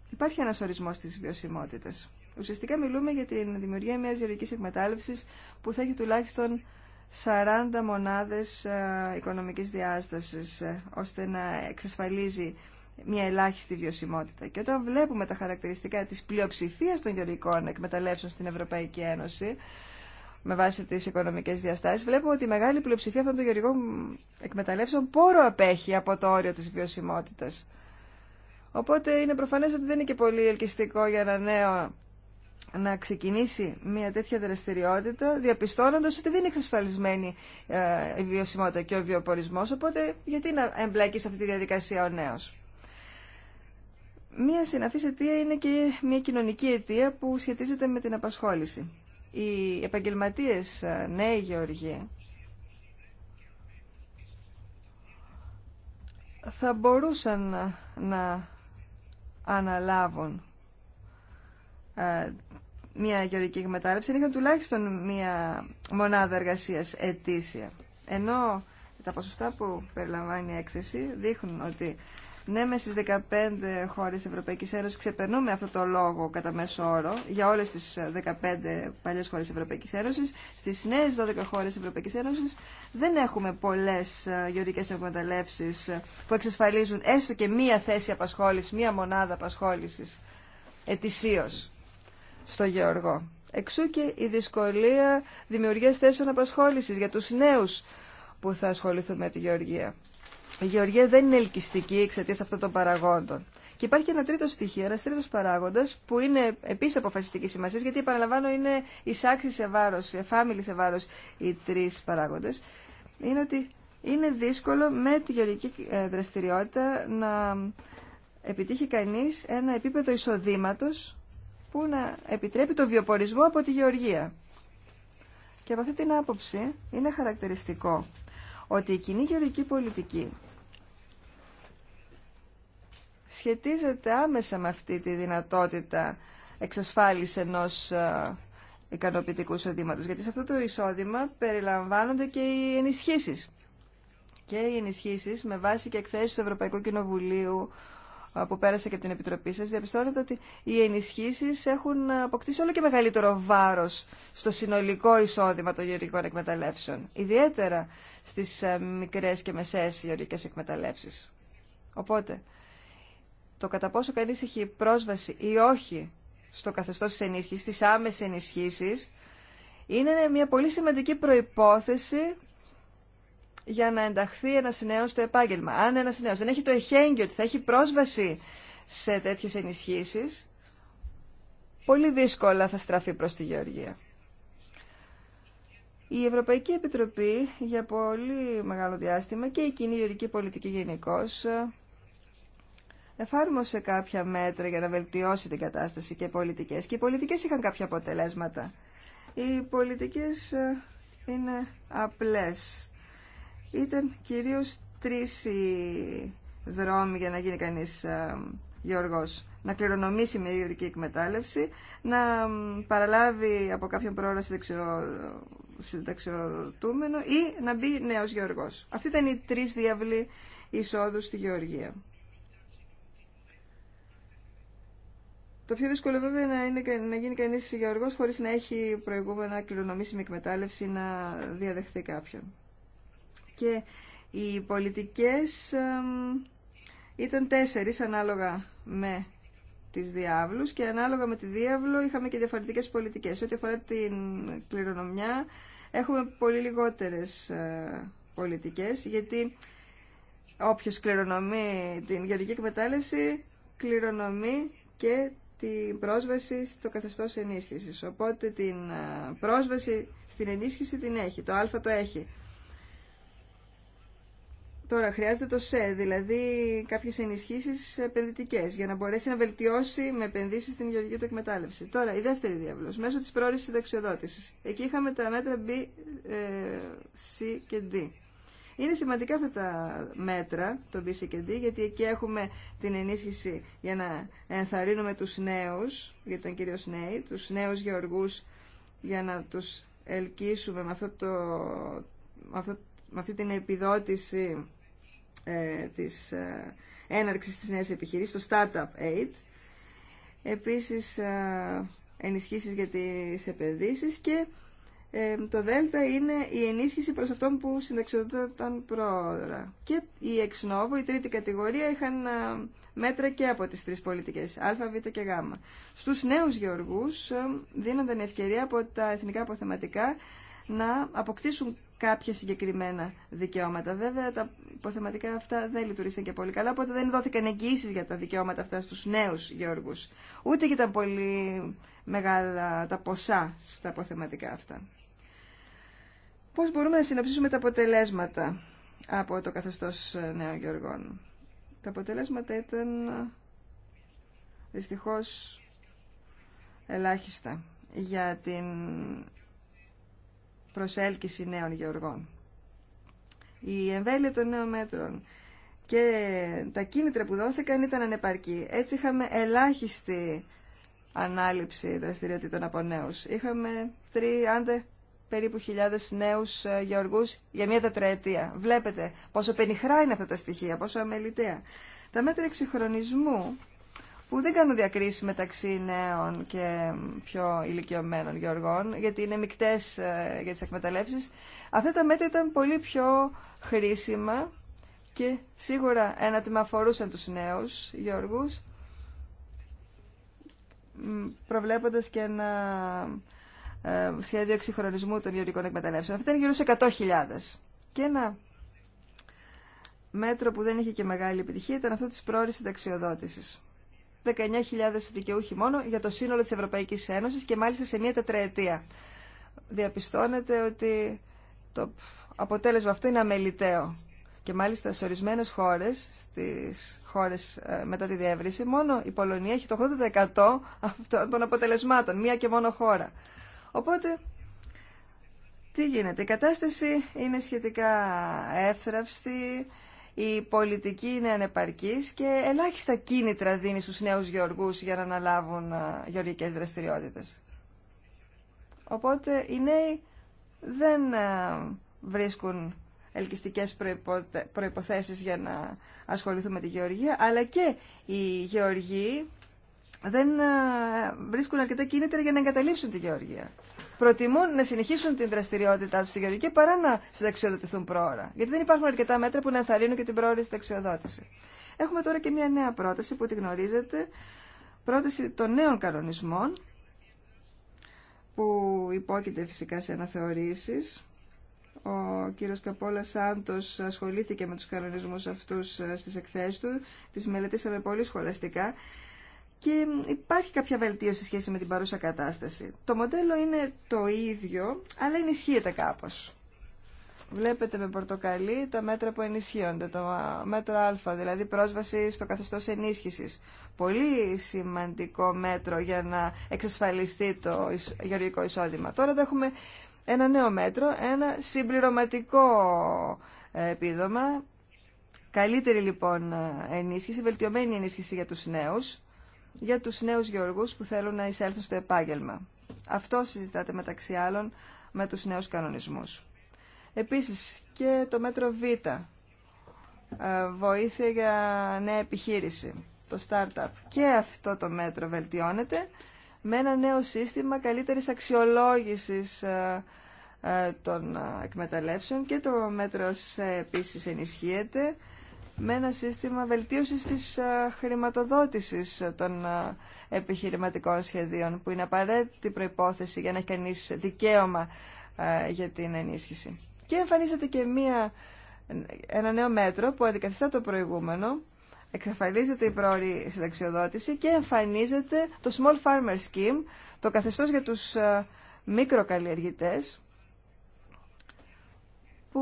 υπάρχει ένας ορισμός της βιωσιμότητας. Ουσιαστικά μιλούμε για τη δημιουργία μιας γεωργικής εκμετάλλευσης που θα έχει τουλάχιστον 40 μονάδες ε, οικονομικής διάστασης ε, ώστε να εξασφαλίζει μια ελάχιστη βιωσιμότητα. Και όταν βλέπουμε τα χαρακτηριστικά της πλειοψηφίας των γεωργικών εκμεταλλεύσεων στην Ευρωπαϊκή Ένωση, με βάση τις οικονομικές διαστάσεις, βλέπουμε ότι η μεγάλη πλειοψηφία αυτών των γεωργικών εκμεταλλεύσεων πόρο απέχει από το όριο της βιωσιμότητας. Οπότε είναι προφανές ότι δεν είναι και πολύ ελκυστικό για ένα νέο να ξεκινήσει μια τέτοια δραστηριότητα, διαπιστώνοντα ότι δεν είναι εξασφαλισμένη ε, η βιωσιμότητα και ο βιοπορισμό. Οπότε, γιατί να εμπλέκει σε αυτή τη διαδικασία ο νέο. Μία συναφή αιτία είναι και μια κοινωνική αιτία που σχετίζεται με την απασχόληση. Οι επαγγελματίες ε, νέοι γεωργοί θα μπορούσαν να αναλάβουν ε, μια γεωργική εκμετάλλευση, είχαν τουλάχιστον μια μονάδα εργασίας ετήσια. Ενώ τα ποσοστά που περιλαμβάνει η έκθεση δείχνουν ότι ναι, με στι 15 χώρες Ευρωπαϊκή Ένωση ξεπερνούμε αυτό το λόγο κατά μέσο όρο για όλε τι 15 ε, παλιέ χώρες Ευρωπαϊκή Ένωση, στι νέε 12 χώρες Ευρωπαϊκή Ένωση δεν έχουμε πολλέ ε, γεωργικές εκμεταλλεύσει ε, που εξασφαλίζουν έστω και μία θέση απασχόληση, μία μονάδα απασχόληση ετησίω στο γεωργό. Εξού και η δυσκολία δημιουργία θέσεων απασχόληση, για του νέου που θα ασχοληθούν με τη γεωργία η γεωργία δεν είναι ελκυστική εξαιτία αυτών των παραγόντων. Και υπάρχει ένα τρίτο στοιχείο, ένα τρίτο παράγοντα, που είναι επίση αποφασιστική σημασία, γιατί επαναλαμβάνω είναι εισάξει σε βάρο, εφάμιλη σε βάρο οι τρει παράγοντε. Είναι ότι είναι δύσκολο με τη γεωργική ε, δραστηριότητα να επιτύχει κανεί ένα επίπεδο εισοδήματο που να επιτρέπει το βιοπορισμό από τη γεωργία. Και από αυτή την άποψη είναι χαρακτηριστικό ότι η κοινή γεωργική πολιτική σχετίζεται άμεσα με αυτή τη δυνατότητα εξασφάλιση ενός ε, ικανοποιητικού εισοδήματο. Γιατί σε αυτό το εισόδημα περιλαμβάνονται και οι ενισχύσεις. Και οι ενισχύσεις με βάση και εκθέσεις του Ευρωπαϊκού Κοινοβουλίου ε, που πέρασε και από την Επιτροπή σας, διαπιστώνεται ότι οι ενισχύσεις έχουν αποκτήσει όλο και μεγαλύτερο βάρος στο συνολικό εισόδημα των γεωργικών εκμεταλλεύσεων, ιδιαίτερα στις ε, μικρές και μεσαίες γεωργικές εκμεταλλεύσεις. Οπότε, το κατά πόσο κανείς έχει πρόσβαση ή όχι στο καθεστώς της ενίσχυσης, στις άμεσες ενισχύσεις, είναι μια πολύ σημαντική προϋπόθεση για να ενταχθεί ένας νέος στο επάγγελμα. Αν ένας νέος δεν έχει το εχέγγυο ότι θα έχει πρόσβαση σε τέτοιες ενισχύσεις, πολύ δύσκολα θα στραφεί προς τη Γεωργία. Η Ευρωπαϊκή Επιτροπή για πολύ μεγάλο διάστημα και η κοινή γεωργική πολιτική γενικώ εφάρμοσε κάποια μέτρα για να βελτιώσει την κατάσταση και πολιτικές. Και οι πολιτικές είχαν κάποια αποτελέσματα. Οι πολιτικές ε, είναι απλές. Ήταν κυρίως τρεις οι δρόμοι για να γίνει κανείς ε, γεωργός. Να κληρονομήσει μια γεωργική εκμετάλλευση, να παραλάβει από κάποιον πρόωρο συνταξιοδοτούμενο ή να μπει νέος γεωργός. Αυτή ήταν οι τρεις διαβλή εισόδου στη γεωργία. Το πιο δύσκολο βέβαια είναι να, είναι, να γίνει κανείς γεωργός χωρίς να έχει προηγούμενα κληρονομήσιμη εκμετάλλευση να διαδεχθεί κάποιον. Και οι πολιτικές ήταν τέσσερις ανάλογα με τις διάβλους και ανάλογα με τη διάβλο είχαμε και διαφορετικές πολιτικές. Ό,τι αφορά την κληρονομιά έχουμε πολύ λιγότερες ε, πολιτικές γιατί όποιος κληρονομεί την γεωργική εκμετάλλευση κληρονομεί και την πρόσβαση στο καθεστώς ενίσχυσης. Οπότε την ε, πρόσβαση στην ενίσχυση την έχει, το α το έχει. Τώρα χρειάζεται το ΣΕ, δηλαδή κάποιες ενισχύσεις επενδυτικές, για να μπορέσει να βελτιώσει με επενδύσει την γεωργική του εκμετάλλευση. Τώρα, η δεύτερη διάβλος, μέσω της πρόορισης συνταξιοδότησης. Εκεί είχαμε τα μέτρα B, ε, C και D. Είναι σημαντικά αυτά τα μέτρα, το BCD, γιατί εκεί έχουμε την ενίσχυση για να ενθαρρύνουμε τους νέους, για τον κύριο νέοι, τους νέους γεωργούς για να τους ελκύσουμε με, το, με, αυτό, αυτή την επιδότηση ε, της ε, έναρξης της νέας επιχειρήσης, το Startup Aid. Επίσης, ε, ενισχύσεις για τις επενδύσεις και ε, το ΔΕΛΤΑ είναι η ενίσχυση προς αυτόν που συνταξιδοτούνταν πρόδρα. Και η εξνόβο, η τρίτη κατηγορία, είχαν ε, μέτρα και από τις τρεις πολιτικές, α, β και γ. Στους νέους γεωργούς ε, δίνονταν η ευκαιρία από τα εθνικά αποθεματικά να αποκτήσουν κάποια συγκεκριμένα δικαιώματα. Βέβαια, τα υποθεματικά αυτά δεν λειτουργήσαν και πολύ καλά, οπότε δεν δόθηκαν εγγυήσει για τα δικαιώματα αυτά στους νέους Γιώργους, Ούτε και τα πολύ μεγάλα τα ποσά στα αποθεματικά αυτά. Πώς μπορούμε να συνοψίσουμε τα αποτελέσματα από το καθεστώ νέων γεωργών. Τα αποτελέσματα ήταν δυστυχώ ελάχιστα για την προσέλκυση νέων γεωργών. Η εμβέλεια των νέων μέτρων και τα κίνητρα που δόθηκαν ήταν ανεπαρκή. Έτσι είχαμε ελάχιστη ανάληψη δραστηριοτήτων από νέους. Είχαμε τρει, άντε, περίπου χιλιάδες νέους ε, γεωργούς για μία τετραετία. Βλέπετε πόσο πενιχρά είναι αυτά τα στοιχεία, πόσο αμεληταία. Τα μέτρα εξυγχρονισμού που δεν κάνουν διακρίση μεταξύ νέων και πιο ηλικιωμένων γεωργών, γιατί είναι μικτές ε, για τις εκμεταλλεύσεις. Αυτά τα μέτρα ήταν πολύ πιο χρήσιμα και σίγουρα ένα τμήμα αφορούσαν τους νέους γεωργούς, προβλέποντας και ένα ε, σχέδιο εξυγχρονισμού των γεωργικών εκμεταλλεύσεων. Αυτά ήταν γύρω σε 100.000. Και ένα μέτρο που δεν είχε και μεγάλη επιτυχία ήταν αυτό της πρόορης συνταξιοδότησης. 19.000 δικαιούχοι μόνο για το σύνολο της Ευρωπαϊκής Ένωσης και μάλιστα σε μία τετραετία. Διαπιστώνεται ότι το αποτέλεσμα αυτό είναι αμεληταίο. Και μάλιστα σε ορισμένε χώρε, στι χώρε ε, μετά τη διεύρυνση, μόνο η Πολωνία έχει το 80% αυτών των αποτελεσμάτων, μία και μόνο χώρα. Οπότε, τι γίνεται. Η κατάσταση είναι σχετικά εύθραυστη, η πολιτική είναι ανεπαρκής και ελάχιστα κίνητρα δίνει στους νέους γεωργούς για να αναλάβουν ε, γεωργικές δραστηριότητες. Οπότε οι νέοι δεν ε, βρίσκουν ελκυστικές προϋποθέσεις για να ασχοληθούν με τη γεωργία, αλλά και οι γεωργοί δεν ε, βρίσκουν αρκετά κίνητρα για να εγκαταλείψουν τη γεωργία προτιμούν να συνεχίσουν την δραστηριότητά του στη γεωργική παρά να συνταξιοδοτηθούν πρόωρα. Γιατί δεν υπάρχουν αρκετά μέτρα που να ενθαρρύνουν και την πρόωρη συνταξιοδότηση. Έχουμε τώρα και μια νέα πρόταση που τη γνωρίζετε, πρόταση των νέων κανονισμών που υπόκειται φυσικά σε αναθεωρήσεις. Ο κύριος Καπόλα Σάντος ασχολήθηκε με τους κανονισμούς αυτούς ε, στις εκθέσεις του, τις μελετήσαμε πολύ σχολαστικά και υπάρχει κάποια βελτίωση σχέση με την παρούσα κατάσταση. Το μοντέλο είναι το ίδιο, αλλά ενισχύεται κάπως. Βλέπετε με πορτοκαλί τα μέτρα που ενισχύονται, Το μέτρο α, δηλαδή πρόσβαση στο καθεστώς ενίσχυσης. Πολύ σημαντικό μέτρο για να εξασφαλιστεί το γεωργικό εισόδημα. Τώρα θα έχουμε ένα νέο μέτρο, ένα συμπληρωματικό ε, επίδομα, καλύτερη λοιπόν ε, ενίσχυση, βελτιωμένη ενίσχυση για τους νέου για τους νέους γεωργούς που θέλουν να εισέλθουν στο επάγγελμα. Αυτό συζητάται μεταξύ άλλων με τους νέους κανονισμούς. Επίσης και το μέτρο Β, ε, βοήθεια για νέα επιχείρηση, το startup. Και αυτό το μέτρο βελτιώνεται με ένα νέο σύστημα καλύτερης αξιολόγησης ε, ε, των εκμεταλλεύσεων και το μέτρο επίσης ενισχύεται με ένα σύστημα βελτίωσης της ε, χρηματοδότησης των ε, επιχειρηματικών σχεδίων που είναι απαραίτητη προϋπόθεση για να έχει κανείς δικαίωμα ε, για την ενίσχυση. Και εμφανίζεται και μία, ένα νέο μέτρο που αντικαθιστά το προηγούμενο εξαφανίζεται η πρόορη συνταξιοδότηση και εμφανίζεται το Small Farmer Scheme, το καθεστώς για τους μικροκαλλιεργητές, που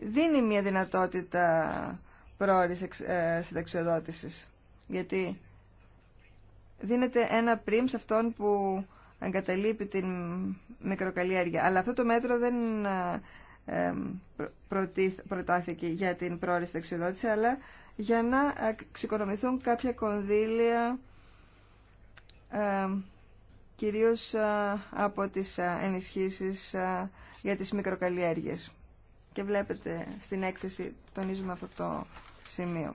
δίνει μια δυνατότητα πρόορης ε, συνταξιοδότησης. Γιατί δίνεται ένα πριμ σε αυτόν που εγκαταλείπει την μικροκαλλιέργεια. Αλλά αυτό το μέτρο δεν ε, ε, προτάθηκε για την πρόορη συνταξιοδότηση, αλλά για να ξεκονομηθούν κάποια κονδύλια κυρίως από τις ενισχύσεις για τις μικροκαλλιέργειες και βλέπετε στην έκθεση τονίζουμε αυτό το σημείο.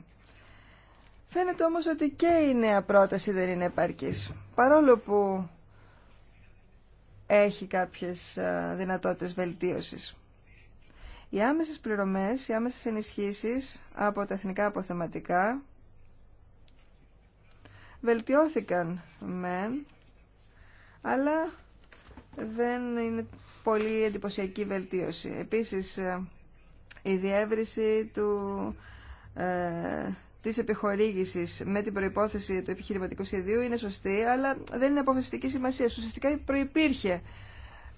Φαίνεται όμως ότι και η νέα πρόταση δεν είναι επαρκής. Παρόλο που έχει κάποιες ε, δυνατότητες βελτίωσης. Οι άμεσες πληρωμές, οι άμεσες ενισχύσεις από τα εθνικά αποθεματικά βελτιώθηκαν μεν, αλλά δεν είναι πολύ εντυπωσιακή βελτίωση. Επίσης, ε, η διεύρυνση του, ε, της επιχορήγησης με την προϋπόθεση του επιχειρηματικού σχεδίου είναι σωστή, αλλά δεν είναι αποφασιστική σημασία. Ουσιαστικά προϋπήρχε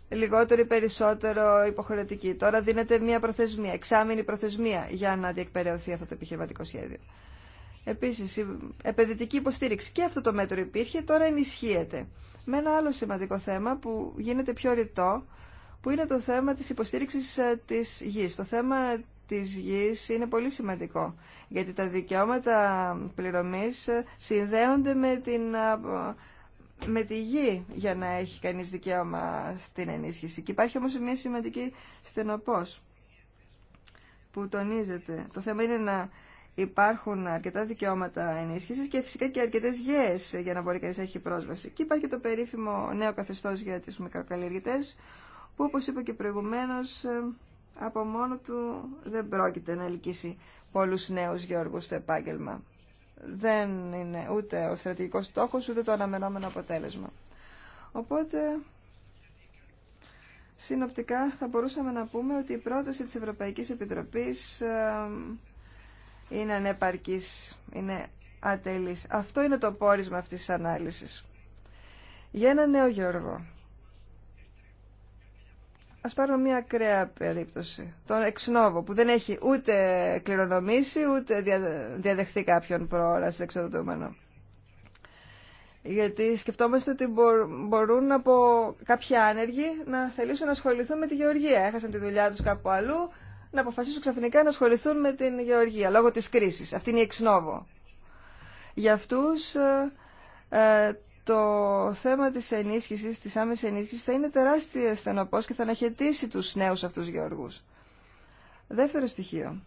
λιγότερο ή περισσότερο υποχρεωτική. Τώρα δίνεται μια προθεσμία, εξάμεινη προθεσμία για να διεκπαιρεωθεί αυτό το επιχειρηματικό σχέδιο. Επίσης, η επενδυτική υποστήριξη και αυτό το μέτρο υπήρχε, τώρα ενισχύεται με ένα άλλο σημαντικό θέμα που γίνεται πιο ρητό, που είναι το θέμα της υποστήριξης ε, της γης. Το θέμα της γης είναι πολύ σημαντικό, γιατί τα δικαιώματα πληρωμής ε, συνδέονται με, την, ε, με τη γη για να έχει κανείς δικαίωμα στην ενίσχυση. Και υπάρχει όμως μια σημαντική στενοπός που τονίζεται. Το θέμα είναι να υπάρχουν αρκετά δικαιώματα ενίσχυσης και φυσικά και αρκετές γέες για να μπορεί κανείς να έχει πρόσβαση. Και υπάρχει και το περίφημο νέο καθεστώς για τις μικροκαλλιεργητές που όπως είπα και προηγουμένως ε, από μόνο του δεν πρόκειται να ελκύσει πολλούς νέους γεωργούς στο επάγγελμα. Δεν είναι ούτε ο στρατηγικός στόχος ούτε το αναμενόμενο αποτέλεσμα. Οπότε Συνοπτικά θα μπορούσαμε να πούμε ότι η πρόταση της Ευρωπαϊκής Επιτροπής ε, είναι ανεπαρκής, είναι ατελής. Αυτό είναι το πόρισμα αυτής της ανάλυσης. Για ένα νέο Γιώργο. Ας πάρουμε μια ακραία περίπτωση. Τον εξνόβο που δεν έχει ούτε κληρονομήσει ούτε διαδεχθεί κάποιον προώρα εξοδοτούμενο. Γιατί σκεφτόμαστε ότι μπορούν από κάποιοι άνεργοι να θελήσουν να ασχοληθούν με τη γεωργία. Έχασαν τη δουλειά τους κάπου αλλού, να αποφασίσουν ξαφνικά να ασχοληθούν με την γεωργία λόγω της κρίσης. Αυτή είναι η εξνόβο. Για αυτούς ε, ε, το θέμα της ενίσχυσης, της άμεσης ενίσχυσης θα είναι τεράστια στενοπός και θα αναχαιτήσει τους νέους αυτούς γεωργούς. Δεύτερο στοιχείο.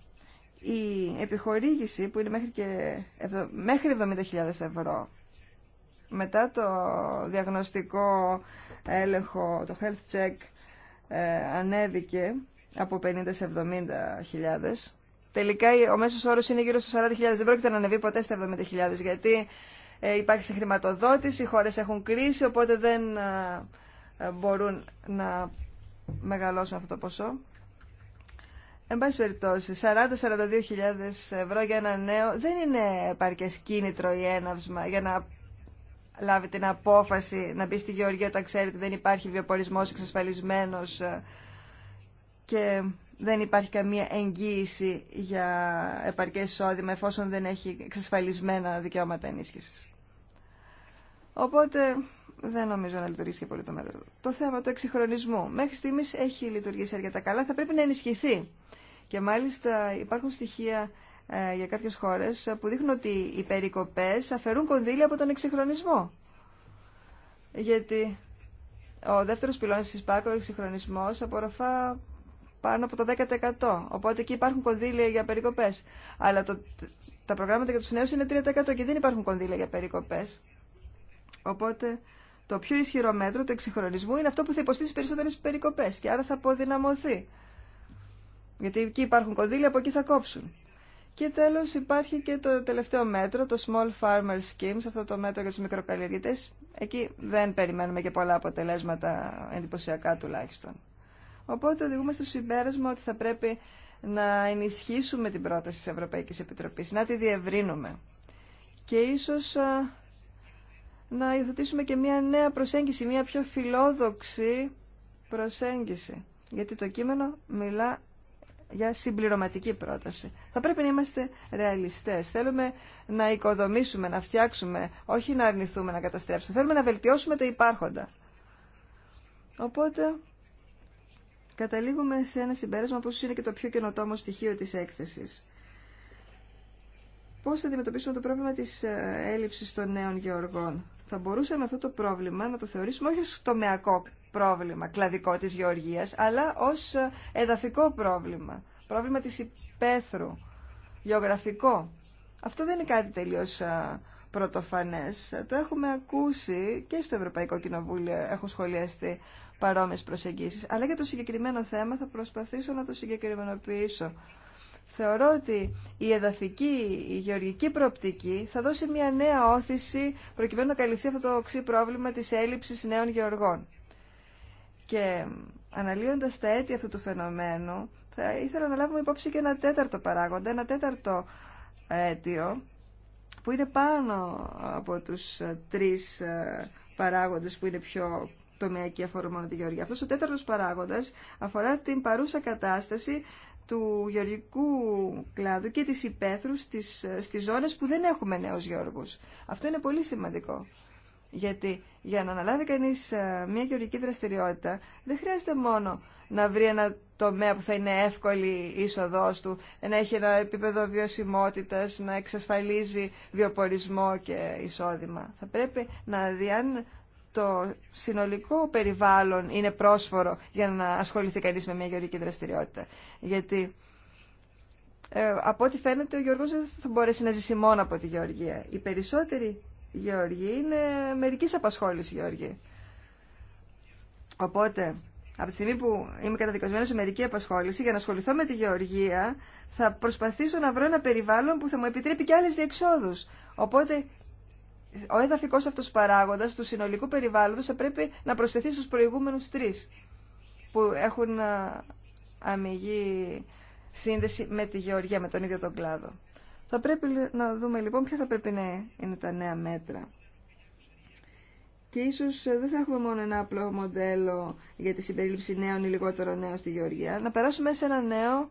Η επιχορήγηση που είναι μέχρι, και, μέχρι 70.000 ευρώ μετά το διαγνωστικό έλεγχο, το health check ε, ανέβηκε από 50 σε 70 χιλιάδες. Τελικά ο μέσος όρος είναι γύρω στους 40.000 χιλιάδες. Δεν πρόκειται να ανεβεί ποτέ στα 70.000 χιλιάδες γιατί ε, υπάρχει συγχρηματοδότηση, οι χώρες έχουν κρίση οπότε δεν ε, ε, μπορούν να μεγαλώσουν αυτό το ποσό. Εν πάση περιπτώσει, 40-42 χιλιάδες ευρώ για ένα νέο δεν είναι επαρκέ κίνητρο ή έναυσμα για να λάβει την απόφαση να μπει στη Γεωργία όταν ξέρετε δεν υπάρχει βιοπορισμός εξασφαλισμένος και δεν υπάρχει καμία εγγύηση για επαρκέ εισόδημα εφόσον δεν έχει εξασφαλισμένα δικαιώματα ενίσχυση. Οπότε δεν νομίζω να λειτουργήσει και πολύ το μέτρο. Το θέμα του εξυγχρονισμού. Μέχρι στιγμής έχει λειτουργήσει αρκετά καλά, θα πρέπει να ενισχυθεί. Και μάλιστα υπάρχουν στοιχεία ε, για κάποιε χώρε που δείχνουν ότι οι περικοπέ αφαιρούν κονδύλια από τον εξυγχρονισμό. Γιατί ο δεύτερο πυλώνα τη ΠΑΚΟ, ο εξυγχρονισμό, απορροφά πάνω από το 10%. Οπότε εκεί υπάρχουν κονδύλια για περικοπέ. Αλλά το, τα προγράμματα για του νέου είναι 3% και δεν υπάρχουν κονδύλια για περικοπέ. Οπότε το πιο ισχυρό μέτρο του εξυγχρονισμού είναι αυτό που θα υποστεί τι περισσότερε περικοπέ και άρα θα αποδυναμωθεί. Γιατί εκεί υπάρχουν κονδύλια, από εκεί θα κόψουν. Και τέλο υπάρχει και το τελευταίο μέτρο, το Small Farmer Scheme, αυτό το μέτρο για του μικροκαλλιεργητέ. Εκεί δεν περιμένουμε και πολλά αποτελέσματα, εντυπωσιακά τουλάχιστον. Οπότε οδηγούμε στο συμπέρασμα ότι θα πρέπει να ενισχύσουμε την πρόταση της Ευρωπαϊκής Επιτροπής, να τη διευρύνουμε και ίσως να υιοθετήσουμε και μια νέα προσέγγιση, μια πιο φιλόδοξη προσέγγιση. Γιατί το κείμενο μιλά για συμπληρωματική πρόταση. Θα πρέπει να είμαστε ρεαλιστές. Θέλουμε να οικοδομήσουμε, να φτιάξουμε, όχι να αρνηθούμε, να καταστρέψουμε. Θέλουμε να βελτιώσουμε τα υπάρχοντα. Οπότε καταλήγουμε σε ένα συμπέρασμα που είναι και το πιο καινοτόμο στοιχείο της έκθεσης. Πώς θα αντιμετωπίσουμε το πρόβλημα της ε, έλλειψης των νέων γεωργών. Θα μπορούσαμε αυτό το πρόβλημα να το θεωρήσουμε όχι ως τομεακό πρόβλημα, κλαδικό της γεωργίας, αλλά ως ε, εδαφικό πρόβλημα, πρόβλημα της υπαίθρου, γεωγραφικό. Αυτό δεν είναι κάτι τελείως ε, το έχουμε ακούσει και στο Ευρωπαϊκό Κοινοβούλιο έχουν σχολιαστεί παρόμοιες προσεγγίσεις. Αλλά για το συγκεκριμένο θέμα θα προσπαθήσω να το συγκεκριμενοποιήσω. Θεωρώ ότι η εδαφική, η γεωργική προοπτική θα δώσει μια νέα όθηση προκειμένου να καλυφθεί αυτό το οξύ πρόβλημα της έλλειψης νέων γεωργών. Και αναλύοντας τα αίτια αυτού του φαινομένου, θα ήθελα να λάβουμε υπόψη και ένα τέταρτο παράγοντα, ένα τέταρτο αίτιο, που είναι πάνω από τους ε, τρεις ε, παράγοντες που είναι πιο τομεακοί αφορούν μόνο τη γεωργία. Αυτός ο τέταρτος παράγοντας αφορά την παρούσα κατάσταση του γεωργικού κλάδου και της υπαίθρου στις, ε, στις ζώνες που δεν έχουμε νέους γεωργούς. Αυτό είναι πολύ σημαντικό. Γιατί για να αναλάβει κανείς μια γεωργική δραστηριότητα δεν χρειάζεται μόνο να βρει ένα τομέα που θα είναι εύκολη η είσοδός του, να έχει ένα επίπεδο βιωσιμότητας, να εξασφαλίζει βιοπορισμό και εισόδημα. Θα πρέπει να δει αν το συνολικό περιβάλλον είναι πρόσφορο για να ασχοληθεί κανείς με μια γεωργική δραστηριότητα. Γιατί ε, από ό,τι φαίνεται ο Γιώργος δεν θα μπορέσει να ζήσει μόνο από τη γεωργία. Οι περισσότεροι γεωργοί είναι μερικής απασχόλησης γεωργοί. Οπότε από τη στιγμή που είμαι καταδικασμένο σε μερική απασχόληση, για να ασχοληθώ με τη γεωργία, θα προσπαθήσω να βρω ένα περιβάλλον που θα μου επιτρέπει και άλλε διεξόδου. Οπότε, ο εδαφικό αυτό παράγοντα του συνολικού περιβάλλοντο θα πρέπει να προσθεθεί στου προηγούμενου τρει που έχουν αμυγή σύνδεση με τη γεωργία, με τον ίδιο τον κλάδο. Θα πρέπει να δούμε λοιπόν ποια θα πρέπει να είναι τα νέα μέτρα και ίσως ε, δεν θα έχουμε μόνο ένα απλό μοντέλο για τη συμπερίληψη νέων ή λιγότερο νέων στη Γεωργία, να περάσουμε σε ένα νέο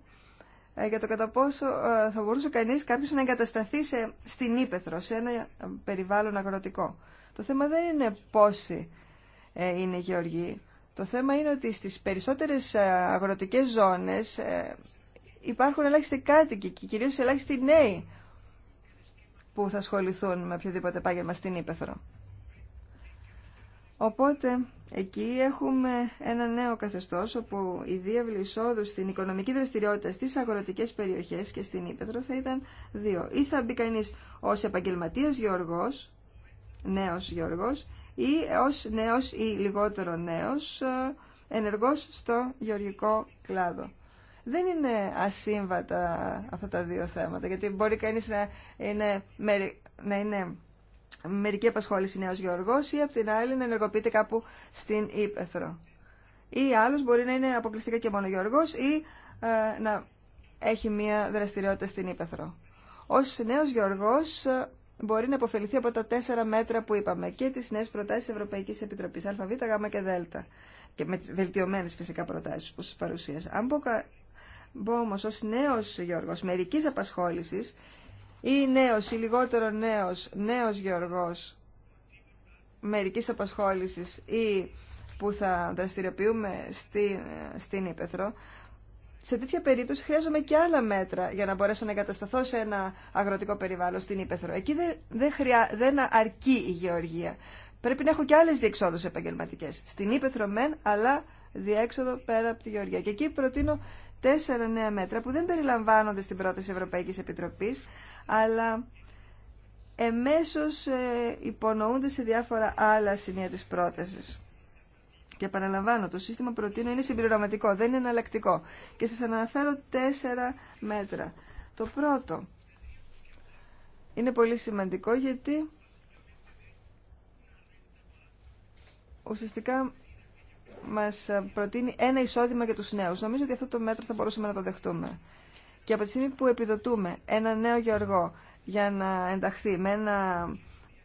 ε, για το κατά πόσο ε, θα μπορούσε κανείς κάποιος να εγκατασταθεί σε, στην Ήπεθρο, σε ένα περιβάλλον αγροτικό. Το θέμα δεν είναι πόσοι είναι γεωργοί. Το θέμα είναι ότι στις περισσότερες αγροτικές ζώνες υπάρχουν ελάχιστοι κάτοικοι και κυρίως ελάχιστοι νέοι που θα ασχοληθούν με οποιοδήποτε επάγγελμα στην Ήπεθρο. Οπότε εκεί έχουμε ένα νέο καθεστώς όπου η διεύλη εισόδου στην οικονομική δραστηριότητα στις αγροτικές περιοχές και στην Ήπεθρο θα ήταν δύο. Ή θα μπει κανείς ως επαγγελματίας γεωργός, νέος γεωργός, ή ως νέος ή λιγότερο νέος ε, ενεργός στο γεωργικό κλάδο. Δεν είναι ασύμβατα αυτά τα δύο θέματα, γιατί μπορεί κανείς να είναι, να είναι μερική απασχόληση νέος γεωργό ή από την άλλη να ενεργοποιείται κάπου στην Ήπεθρο. Ή άλλος μπορεί να είναι αποκλειστικά και μόνο γεωργός ή ε, να έχει μία δραστηριότητα στην Ήπεθρο. Ω νέος γεωργός ε, μπορεί να υποφεληθεί από τα τέσσερα μέτρα που είπαμε και τις νέες προτάσεις Ευρωπαϊκής Επιτροπής ΑΒ, Γ και Δ. Και με τις βελτιωμένες φυσικά προτάσεις που σας παρουσίασα. Αν μπω, μπω όμως ως νέος γεωργός μερικής απασχόλησης ή νέος ή λιγότερο νέος, νέος γεωργός μερικής απασχόλησης ή που θα δραστηριοποιούμε στην, στην Ήπεθρο, σε τέτοια περίπτωση χρειάζομαι και άλλα μέτρα για να μπορέσω να εγκατασταθώ σε ένα αγροτικό περιβάλλον στην Ήπεθρο. Εκεί δεν, χρειά, αρκεί η γεωργία. Πρέπει να έχω και άλλες διεξόδους επαγγελματικές. Στην Ήπεθρο μεν, αλλά διέξοδο πέρα από τη γεωργία. Και εκεί προτείνω τέσσερα νέα μέτρα που δεν περιλαμβάνονται στην πρόταση Ευρωπαϊκής Επιτροπής, αλλά εμέσως ε, υπονοούνται σε διάφορα άλλα σημεία της πρότασης. Και παραλαμβάνω, το σύστημα προτείνω είναι συμπληρωματικό, δεν είναι εναλλακτικό. Και σας αναφέρω τέσσερα μέτρα. Το πρώτο είναι πολύ σημαντικό γιατί ουσιαστικά Μα προτείνει ένα εισόδημα για του νέου. Νομίζω ότι αυτό το μέτρο θα μπορούσαμε να το δεχτούμε. Και από τη στιγμή που επιδοτούμε ένα νέο γεωργό για να ενταχθεί με ένα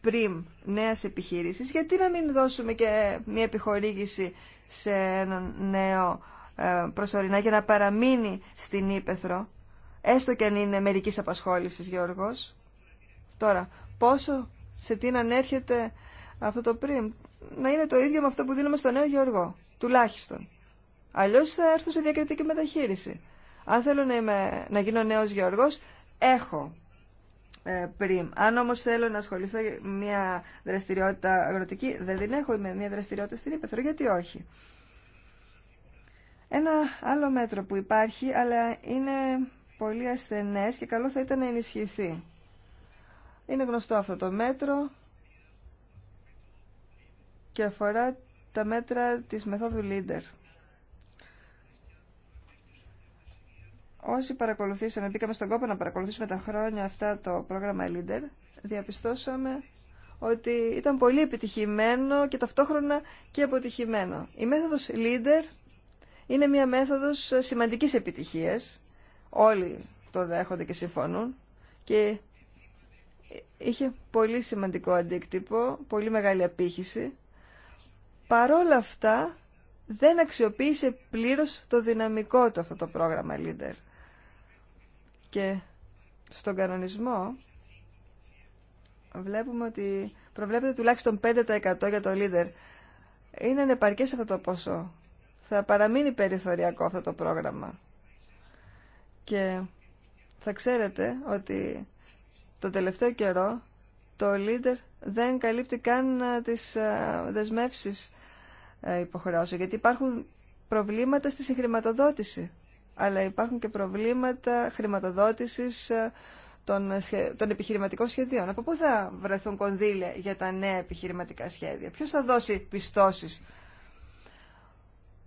πριμ νέα επιχείρηση, γιατί να μην δώσουμε και μια επιχορήγηση σε έναν νέο ε, προσωρινά για να παραμείνει στην Ήπεθρο, έστω και αν είναι μερικής απασχόλησης Γεωργός. Τώρα, πόσο, σε τι να ανέρχεται αυτό το πριμ, να είναι το ίδιο με αυτό που δίνουμε στο νέο γεωργό, τουλάχιστον. Αλλιώ θα έρθω σε διακριτική μεταχείριση. Αν θέλω να, γίνω νέο γεωργό, έχω ε, πριν. Αν όμω θέλω να ασχοληθώ με μια δραστηριότητα αγροτική, δεν την έχω, είμαι μια δραστηριότητα στην Ήπεθρο. Γιατί όχι. Ένα άλλο μέτρο που υπάρχει, αλλά είναι πολύ ασθενές και καλό θα ήταν να ενισχυθεί. Είναι γνωστό αυτό το μέτρο, και αφορά τα μέτρα της μεθόδου Leader. Όσοι παρακολουθήσαμε, μπήκαμε στον κόπο να παρακολουθήσουμε τα χρόνια αυτά το πρόγραμμα Leader, διαπιστώσαμε ότι ήταν πολύ επιτυχημένο και ταυτόχρονα και αποτυχημένο. Η μέθοδος Leader είναι μια μέθοδος σημαντικής επιτυχίας. Όλοι το δέχονται και συμφωνούν. Και είχε πολύ σημαντικό αντίκτυπο, πολύ μεγάλη απήχηση παρόλα αυτά δεν αξιοποίησε πλήρως το δυναμικό του αυτό το πρόγραμμα Leader. Και στον κανονισμό βλέπουμε ότι προβλέπεται τουλάχιστον 5% για το Leader. Είναι ανεπαρκές αυτό το ποσό. Θα παραμείνει περιθωριακό αυτό το πρόγραμμα. Και θα ξέρετε ότι το τελευταίο καιρό το Leader δεν καλύπτει καν ε, τις ε, δεσμεύσεις ε, υποχρεώσεων, γιατί υπάρχουν προβλήματα στη συγχρηματοδότηση, αλλά υπάρχουν και προβλήματα χρηματοδότησης των, επιχειρηματικών σχεδίων. Από πού θα βρεθούν κονδύλια για τα νέα επιχειρηματικά σχέδια, ποιος θα δώσει πιστώσεις.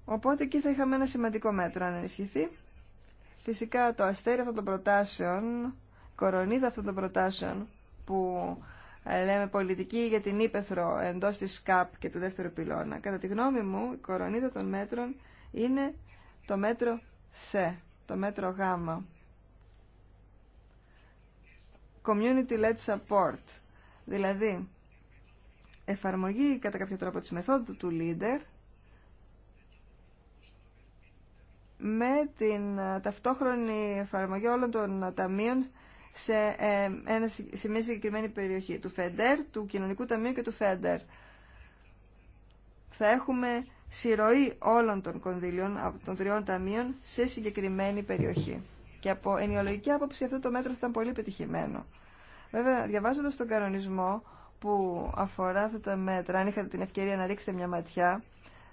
Οπότε εκεί θα είχαμε ένα σημαντικό μέτρο αν ενισχυθεί. Φυσικά το αστέρι αυτών των προτάσεων, κορονίδα αυτών των προτάσεων που ε, λέμε πολιτική για την ύπεθρο εντός της ΚΑΠ και του δεύτερου πυλώνα. Κατά τη γνώμη μου, η κορονίδα των μέτρων είναι το μέτρο ΣΕ, το μέτρο Γ. Community-led support, δηλαδή εφαρμογή κατά κάποιο τρόπο της μεθόδου του leader με την ε, ταυτόχρονη εφαρμογή όλων των ταμείων σε, ε, σε μια συγκεκριμένη περιοχή του ΦΕΝΤΕΡ, του Κοινωνικού Ταμείου και του ΦΕΝΤΕΡ. Θα έχουμε συρροή όλων των κονδύλιων των τριών ταμείων σε συγκεκριμένη περιοχή. Και από ενοιολογική άποψη αυτό το μέτρο θα ήταν πολύ πετυχημένο. Βέβαια, διαβάζοντας τον κανονισμό που αφορά αυτά τα μέτρα, αν είχατε την ευκαιρία να ρίξετε μια ματιά,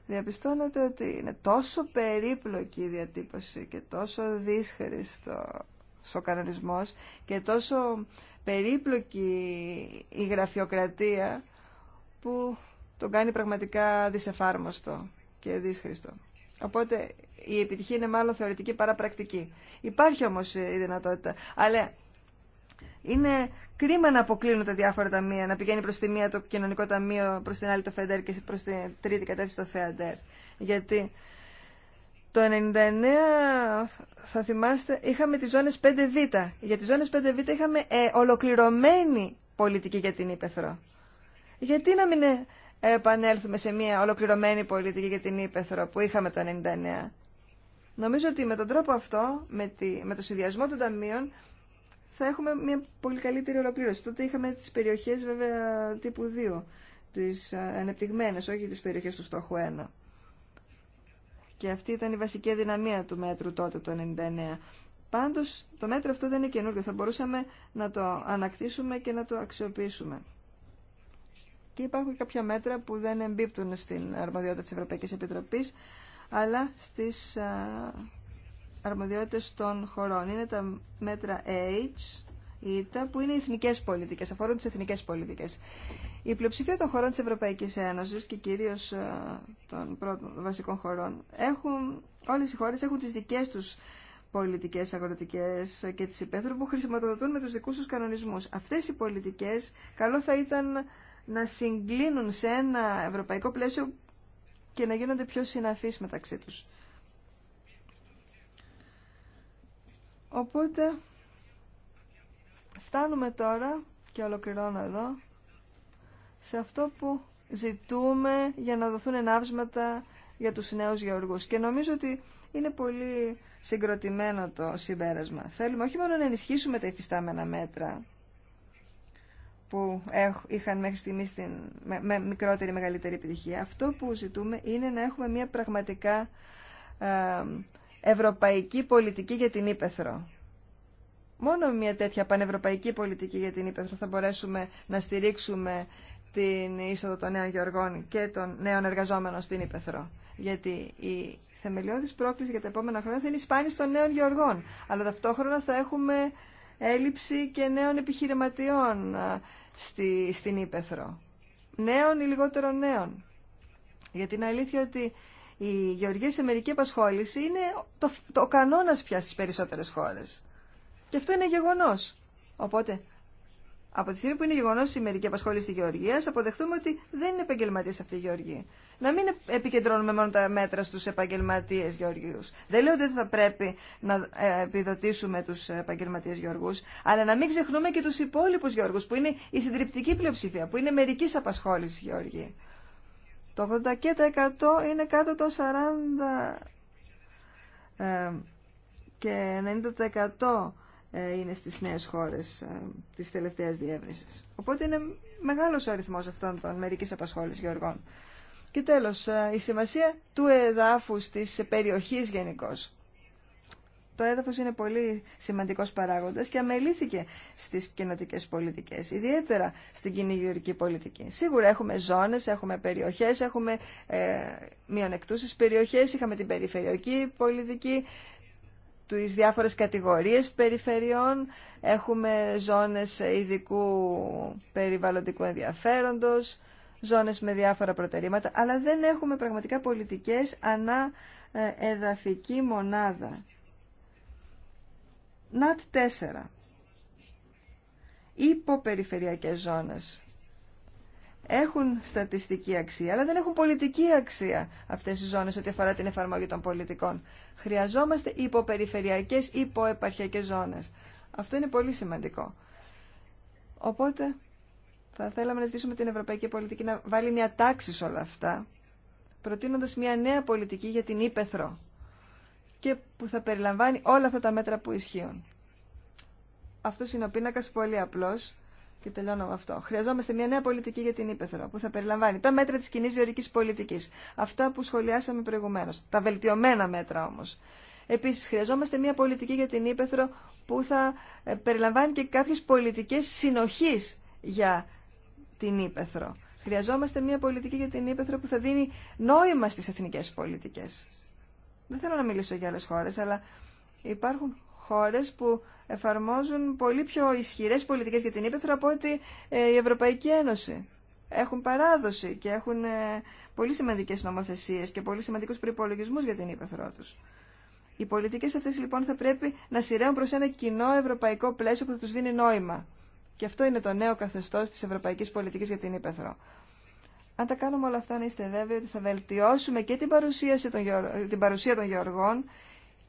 διαπιστώνετε ότι είναι τόσο περίπλοκη η διατύπωση και τόσο δύσχερη ο κανονισμός και τόσο περίπλοκη η γραφειοκρατία που τον κάνει πραγματικά δυσεφάρμοστο και δύσχριστο. Οπότε η επιτυχία είναι μάλλον θεωρητική παρά πρακτική. Υπάρχει όμως η δυνατότητα. Αλλά είναι κρίμα να αποκλίνουν τα διάφορα ταμεία, να πηγαίνει προς τη μία το κοινωνικό ταμείο, προς την άλλη το ΦΕΝΤΕΡ και προς την τρίτη κατεύθυνση το ΦΕΑΝΤΕΡ. Γιατί το 99 θα θυμάστε, είχαμε τις ζώνες 5Β. Για τις ζώνες 5Β είχαμε ε, ολοκληρωμένη πολιτική για την Ήπεθρο. Γιατί να μην ε, επανέλθουμε σε μια ολοκληρωμένη πολιτική για την Ήπεθρο που είχαμε το 99. Νομίζω ότι με τον τρόπο αυτό, με, με το συνδυασμό των ταμείων, θα έχουμε μια πολύ καλύτερη ολοκλήρωση. Τότε είχαμε τις περιοχές βέβαια τύπου 2, τις ε, ανεπτυγμένες, όχι τις περιοχές του στόχου 1. Και αυτή ήταν η βασική δυναμία του μέτρου τότε το 1999. Πάντως το μέτρο αυτό δεν είναι καινούργιο, θα μπορούσαμε να το ανακτήσουμε και να το αξιοποιήσουμε. Και υπάρχουν κάποια μέτρα που δεν εμπίπτουν στην αρμοδιότητα της Ευρωπαϊκής Επιτροπής, αλλά στις αρμοδιότητες των χωρών. Είναι τα μέτρα H, ETA, που είναι εθνικές πολιτικές, αφορούν τις εθνικές πολιτικές. Η πλειοψηφία των χωρών της Ευρωπαϊκής Ένωσης και κυρίως ε, των πρώτων βασικών χωρών έχουν, όλες οι χώρες έχουν τις δικές τους πολιτικές αγροτικές και τις υπαίθρου που χρησιμοδοτούν με τους δικούς τους κανονισμούς. Αυτές οι πολιτικές καλό θα ήταν να συγκλίνουν σε ένα ευρωπαϊκό πλαίσιο και να γίνονται πιο συναφείς μεταξύ τους. Οπότε φτάνουμε τώρα και ολοκληρώνω εδώ σε αυτό που ζητούμε για να δοθούν ενάυσματα για τους νέους γεωργούς. Και νομίζω ότι είναι πολύ συγκροτημένο το συμπέρασμα. Θέλουμε όχι μόνο να ενισχύσουμε τα υφιστάμενα μέτρα που είχαν μέχρι στιγμή με μικρότερη ή μεγαλύτερη επιτυχία. Αυτό που ζητούμε είναι να έχουμε μια πραγματικά ε, ευρωπαϊκή πολιτική για την Ήπεθρο. Μόνο μια τέτοια πανευρωπαϊκή πολιτική για την Ήπεθρο θα μπορέσουμε να στηρίξουμε την είσοδο των νέων γεωργών και των νέων εργαζόμενων στην Ήπεθρο. Γιατί η θεμελιώδη πρόκληση για τα επόμενα χρόνια θα είναι η σπάνιση των νέων γεωργών. Αλλά ταυτόχρονα θα έχουμε έλλειψη και νέων επιχειρηματιών στη, στην Ήπεθρο. Νέων ή λιγότερο νέων. Γιατί είναι αλήθεια ότι η λιγοτερων νεων γιατι ειναι αληθεια οτι η γεωργια σε μερική επασχόληση είναι το, το κανόνας πια στις περισσότερες χώρες. Και αυτό είναι γεγονός. Οπότε από τη στιγμή που είναι γεγονό η μερική απασχόληση στη Γεωργία, αποδεχτούμε ότι δεν είναι επαγγελματίε αυτοί οι Γεωργοί. Να μην επικεντρώνουμε μόνο τα μέτρα στου επαγγελματίε Γεωργίου. Δεν λέω ότι δεν θα πρέπει να ε, επιδοτήσουμε του επαγγελματίε Γεωργού, αλλά να μην ξεχνούμε και του υπόλοιπου Γεωργού, που είναι η συντριπτική πλειοψηφία, που είναι μερική απασχόληση Γεωργοί. Το 80% είναι κάτω των 40% ε, και 90% ε, είναι στις νέες χώρες ε, της τελευταίας διεύρυνσης. Οπότε είναι μεγάλος ο αριθμός αυτών των μερικής απασχόλησης γεωργών. Και τέλος, ε, η σημασία του εδάφους της περιοχής γενικώ. Το έδαφος είναι πολύ σημαντικός παράγοντας και αμελήθηκε στις κοινοτικές πολιτικές, ιδιαίτερα στην κοινή γεωργική πολιτική. Σίγουρα έχουμε ζώνες, έχουμε περιοχές, έχουμε ε, μειονεκτούσες περιοχές, είχαμε την περιφερειακή πολιτική, τις διάφορες κατηγορίες περιφερειών, έχουμε ζώνες ειδικού περιβαλλοντικού ενδιαφέροντος, ζώνες με διάφορα προτερήματα, αλλά δεν έχουμε πραγματικά πολιτικές ανά ε, εδαφική μονάδα. ΝΑΤ 4. Υποπεριφερειακές ζώνες έχουν στατιστική αξία, αλλά δεν έχουν πολιτική αξία αυτές οι ζώνες ό,τι αφορά την εφαρμογή των πολιτικών. Χρειαζόμαστε υποπεριφερειακές, υποεπαρχιακές ζώνες. Αυτό είναι πολύ σημαντικό. Οπότε θα θέλαμε να ζητήσουμε την Ευρωπαϊκή Πολιτική να βάλει μια τάξη σε όλα αυτά, προτείνοντας μια νέα πολιτική για την Ήπεθρο και που θα περιλαμβάνει όλα αυτά τα μέτρα που ισχύουν. Αυτό είναι ο πίνακας πολύ απλός και τελειώνω με αυτό. Χρειαζόμαστε μια νέα πολιτική για την Ήπεθρο που θα περιλαμβάνει τα μέτρα τη κοινή γεωρική πολιτική. Αυτά που σχολιάσαμε προηγουμένω. Τα βελτιωμένα μέτρα όμω. Επίση, χρειαζόμαστε μια πολιτική για την Ήπεθρο που θα ε, περιλαμβάνει και κάποιε πολιτικέ συνοχή για την Ήπεθρο. Χρειαζόμαστε μια πολιτική για την Ήπεθρο που θα δίνει νόημα στι εθνικέ πολιτικέ. Δεν θέλω να μιλήσω για άλλε χώρε, αλλά υπάρχουν χώρες που εφαρμόζουν πολύ πιο ισχυρές πολιτικές για την Ήπεθρο από ότι ε, η Ευρωπαϊκή Ένωση. Έχουν παράδοση και έχουν ε, πολύ σημαντικές νομοθεσίες και πολύ σημαντικούς προϋπολογισμούς για την Ήπεθρό τους. Οι πολιτικές αυτές λοιπόν θα πρέπει να σειραίουν προς ένα κοινό ευρωπαϊκό πλαίσιο που θα τους δίνει νόημα. Και αυτό είναι το νέο καθεστώς της ευρωπαϊκής πολιτικής για την Ήπεθρο. Αν τα κάνουμε όλα αυτά, να είστε βέβαιοι ότι θα βελτιώσουμε και την, παρουσίαση των, την παρουσία των γεωργών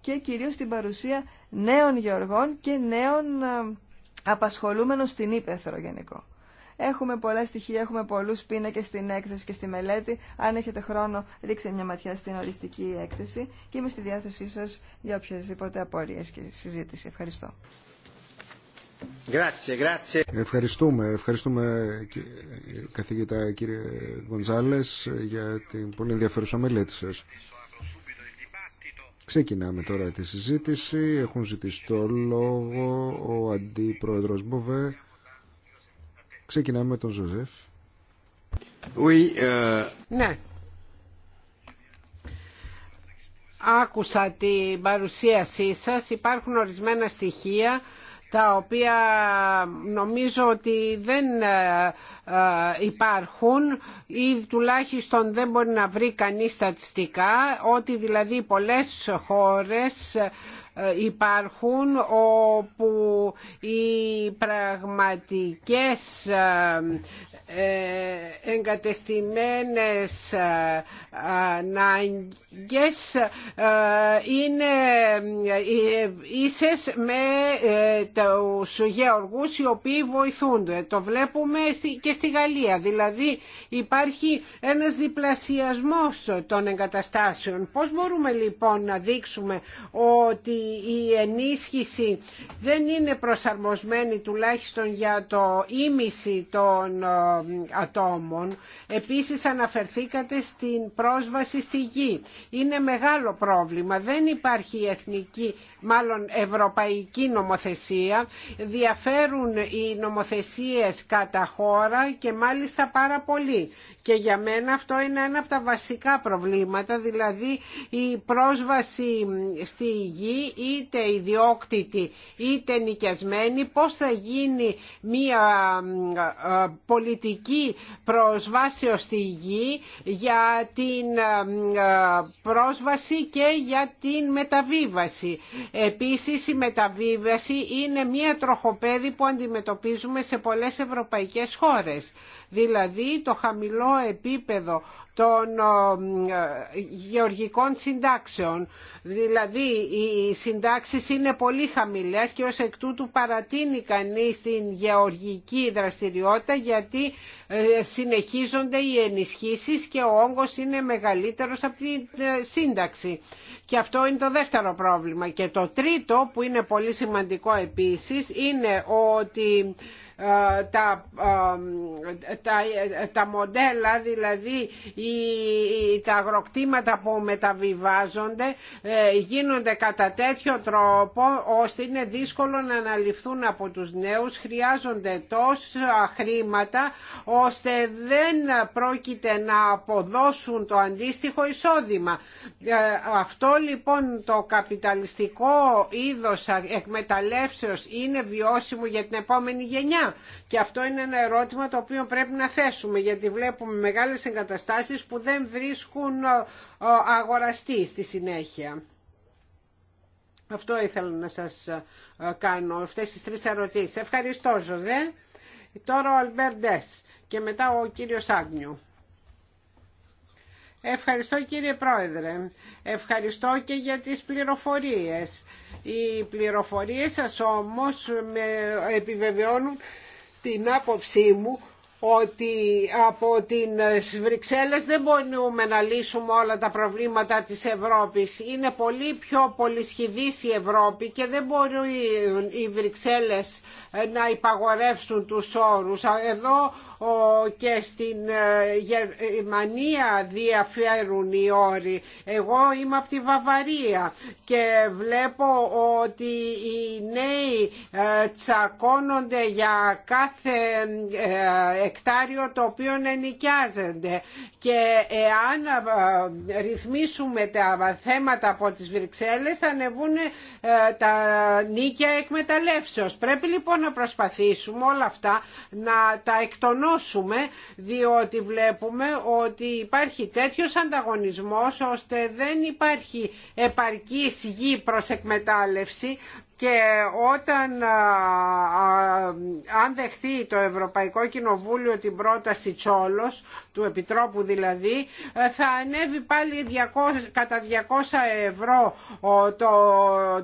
και κυρίως την παρουσία νέων γεωργών και νέων ε, απασχολούμενων στην Ήπεθρο γενικό. Έχουμε πολλά στοιχεία, έχουμε πολλούς πίνακες στην έκθεση και στη μελέτη. Αν έχετε χρόνο, ρίξτε μια ματιά στην οριστική έκθεση και είμαι στη διάθεσή σας για οποιασδήποτε απορίες και συζήτηση. Ευχαριστώ. Ευχαριστούμε, ευχαριστούμε καθηγητά κύριε Γκονζάλες για την πολύ ενδιαφέρουσα μελέτη σας. Ξεκινάμε τώρα τη συζήτηση. Έχουν ζητήσει το λόγο ο Αντίπροεδρος Μποβέ. Ξεκινάμε με τον Ζωζεφ. Oui, euh, Ναι. Άκουσα την παρουσίασή σας. Υπάρχουν ορισμένα στοιχεία τα οποία νομίζω ότι δεν ε, ε, υπάρχουν ή τουλάχιστον δεν μπορεί να βρει κανείς στατιστικά, ότι δηλαδή πολλές χώρες ε, υπάρχουν όπου οι πραγματικές ε, εγκατεστημένες ε, ανάγκες ε, είναι ίσες με τους γεωργούς οι οποίοι βοηθούνται. Το βλέπουμε και στη Γαλλία. Δηλαδή υπάρχει ένας διπλασιασμός των εγκαταστάσεων. Πώς μπορούμε λοιπόν να δείξουμε ότι η ενίσχυση δεν είναι προσαρμοσμένη τουλάχιστον για το ίμιση των ατόμων. Επίσης αναφερθήκατε στην πρόσβαση στη γη. Είναι μεγάλο πρόβλημα. Δεν υπάρχει εθνική μάλλον ευρωπαϊκή νομοθεσία. Διαφέρουν οι νομοθεσίες κατά χώρα και μάλιστα πάρα πολύ. Και για μένα αυτό είναι ένα από τα βασικά προβλήματα, δηλαδή η πρόσβαση στη γη είτε ιδιόκτητη είτε νοικιασμένη, πώς θα γίνει μια ε, πολιτική προσβάσεω στη γη για την ε, ε, πρόσβαση και για την μεταβίβαση. Επίσης η μεταβίβαση είναι μία τροχοπέδη που αντιμετωπίζουμε σε πολλές ευρωπαϊκές χώρες. Δηλαδή το χαμηλό επίπεδο των ε, γεωργικών συντάξεων. Δηλαδή οι συντάξεις είναι πολύ χαμηλές και ως εκ τούτου παρατείνει κανείς την γεωργική δραστηριότητα γιατί ε, συνεχίζονται οι ενισχύσεις και ο όγκος είναι μεγαλύτερος από τη ε, σύνταξη. Και αυτό είναι το δεύτερο πρόβλημα. Και το τρίτο που είναι πολύ σημαντικό επίσης είναι ότι τα, τα, τα μοντέλα, δηλαδή οι, τα αγροκτήματα που μεταβιβάζονται ε, γίνονται κατά τέτοιο τρόπο ώστε είναι δύσκολο να αναλυφθούν από τους νέους. Χρειάζονται τόσα χρήματα ώστε δεν πρόκειται να αποδώσουν το αντίστοιχο εισόδημα. Ε, αυτό λοιπόν το καπιταλιστικό είδος εκμεταλλεύσεως είναι βιώσιμο για την επόμενη γενιά. Και αυτό είναι ένα ερώτημα το οποίο πρέπει να θέσουμε γιατί βλέπουμε μεγάλες εγκαταστάσεις που δεν βρίσκουν αγοραστή στη συνέχεια. Αυτό ήθελα να σας ε, κάνω, αυτές τις τρεις ερωτήσεις. Ευχαριστώ Ζωζέ. Τώρα ο Αλμπερντές και μετά ο κύριος Άγνιου. Ευχαριστώ κύριε Πρόεδρε. Ευχαριστώ και για τις πληροφορίες. Οι πληροφορίες σας όμως με επιβεβαιώνουν την άποψή μου ότι από την ε, Βρυξέλλες δεν μπορούμε να λύσουμε όλα τα προβλήματα της Ευρώπης. Είναι πολύ πιο πολυσχηδής η Ευρώπη και δεν μπορούν οι Βρυξέλλες ε, να υπαγορεύσουν τους όρους. Εδώ και στην ε, Γερμανία διαφέρουν οι όροι. Εγώ είμαι από τη Βαβαρία και βλέπω ότι οι νέοι τσακώνονται για κάθε εκτάριο το οποίο ενοικιάζεται και εάν ε, ρυθμίσουμε τα θέματα από τις Βρυξέλλες θα ανεβούν ε, τα νίκια εκμεταλλεύσεως. Πρέπει λοιπόν να προσπαθήσουμε όλα αυτά να τα εκτονώσουμε διότι βλέπουμε ότι υπάρχει τέτοιος ανταγωνισμός ώστε δεν υπάρχει επαρκής γη προς εκμετάλλευση και όταν αν δεχθεί το Ευρωπαϊκό Κοινοβούλιο την πρόταση Τσόλος, του Επιτρόπου δηλαδή, ε, θα ανέβει πάλι 200, κατά 200 ευρώ το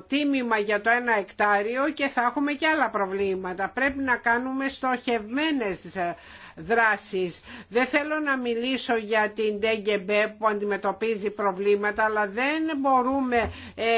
τίμημα για το ένα εκτάριο και θα έχουμε και άλλα προβλήματα. Πρέπει να κάνουμε στοχευμένες ε, δράσεις. Δεν θέλω να μιλήσω για την ΤΕΓΕΜΠΕ που αντιμετωπίζει προβλήματα, αλλά δεν μπορούμε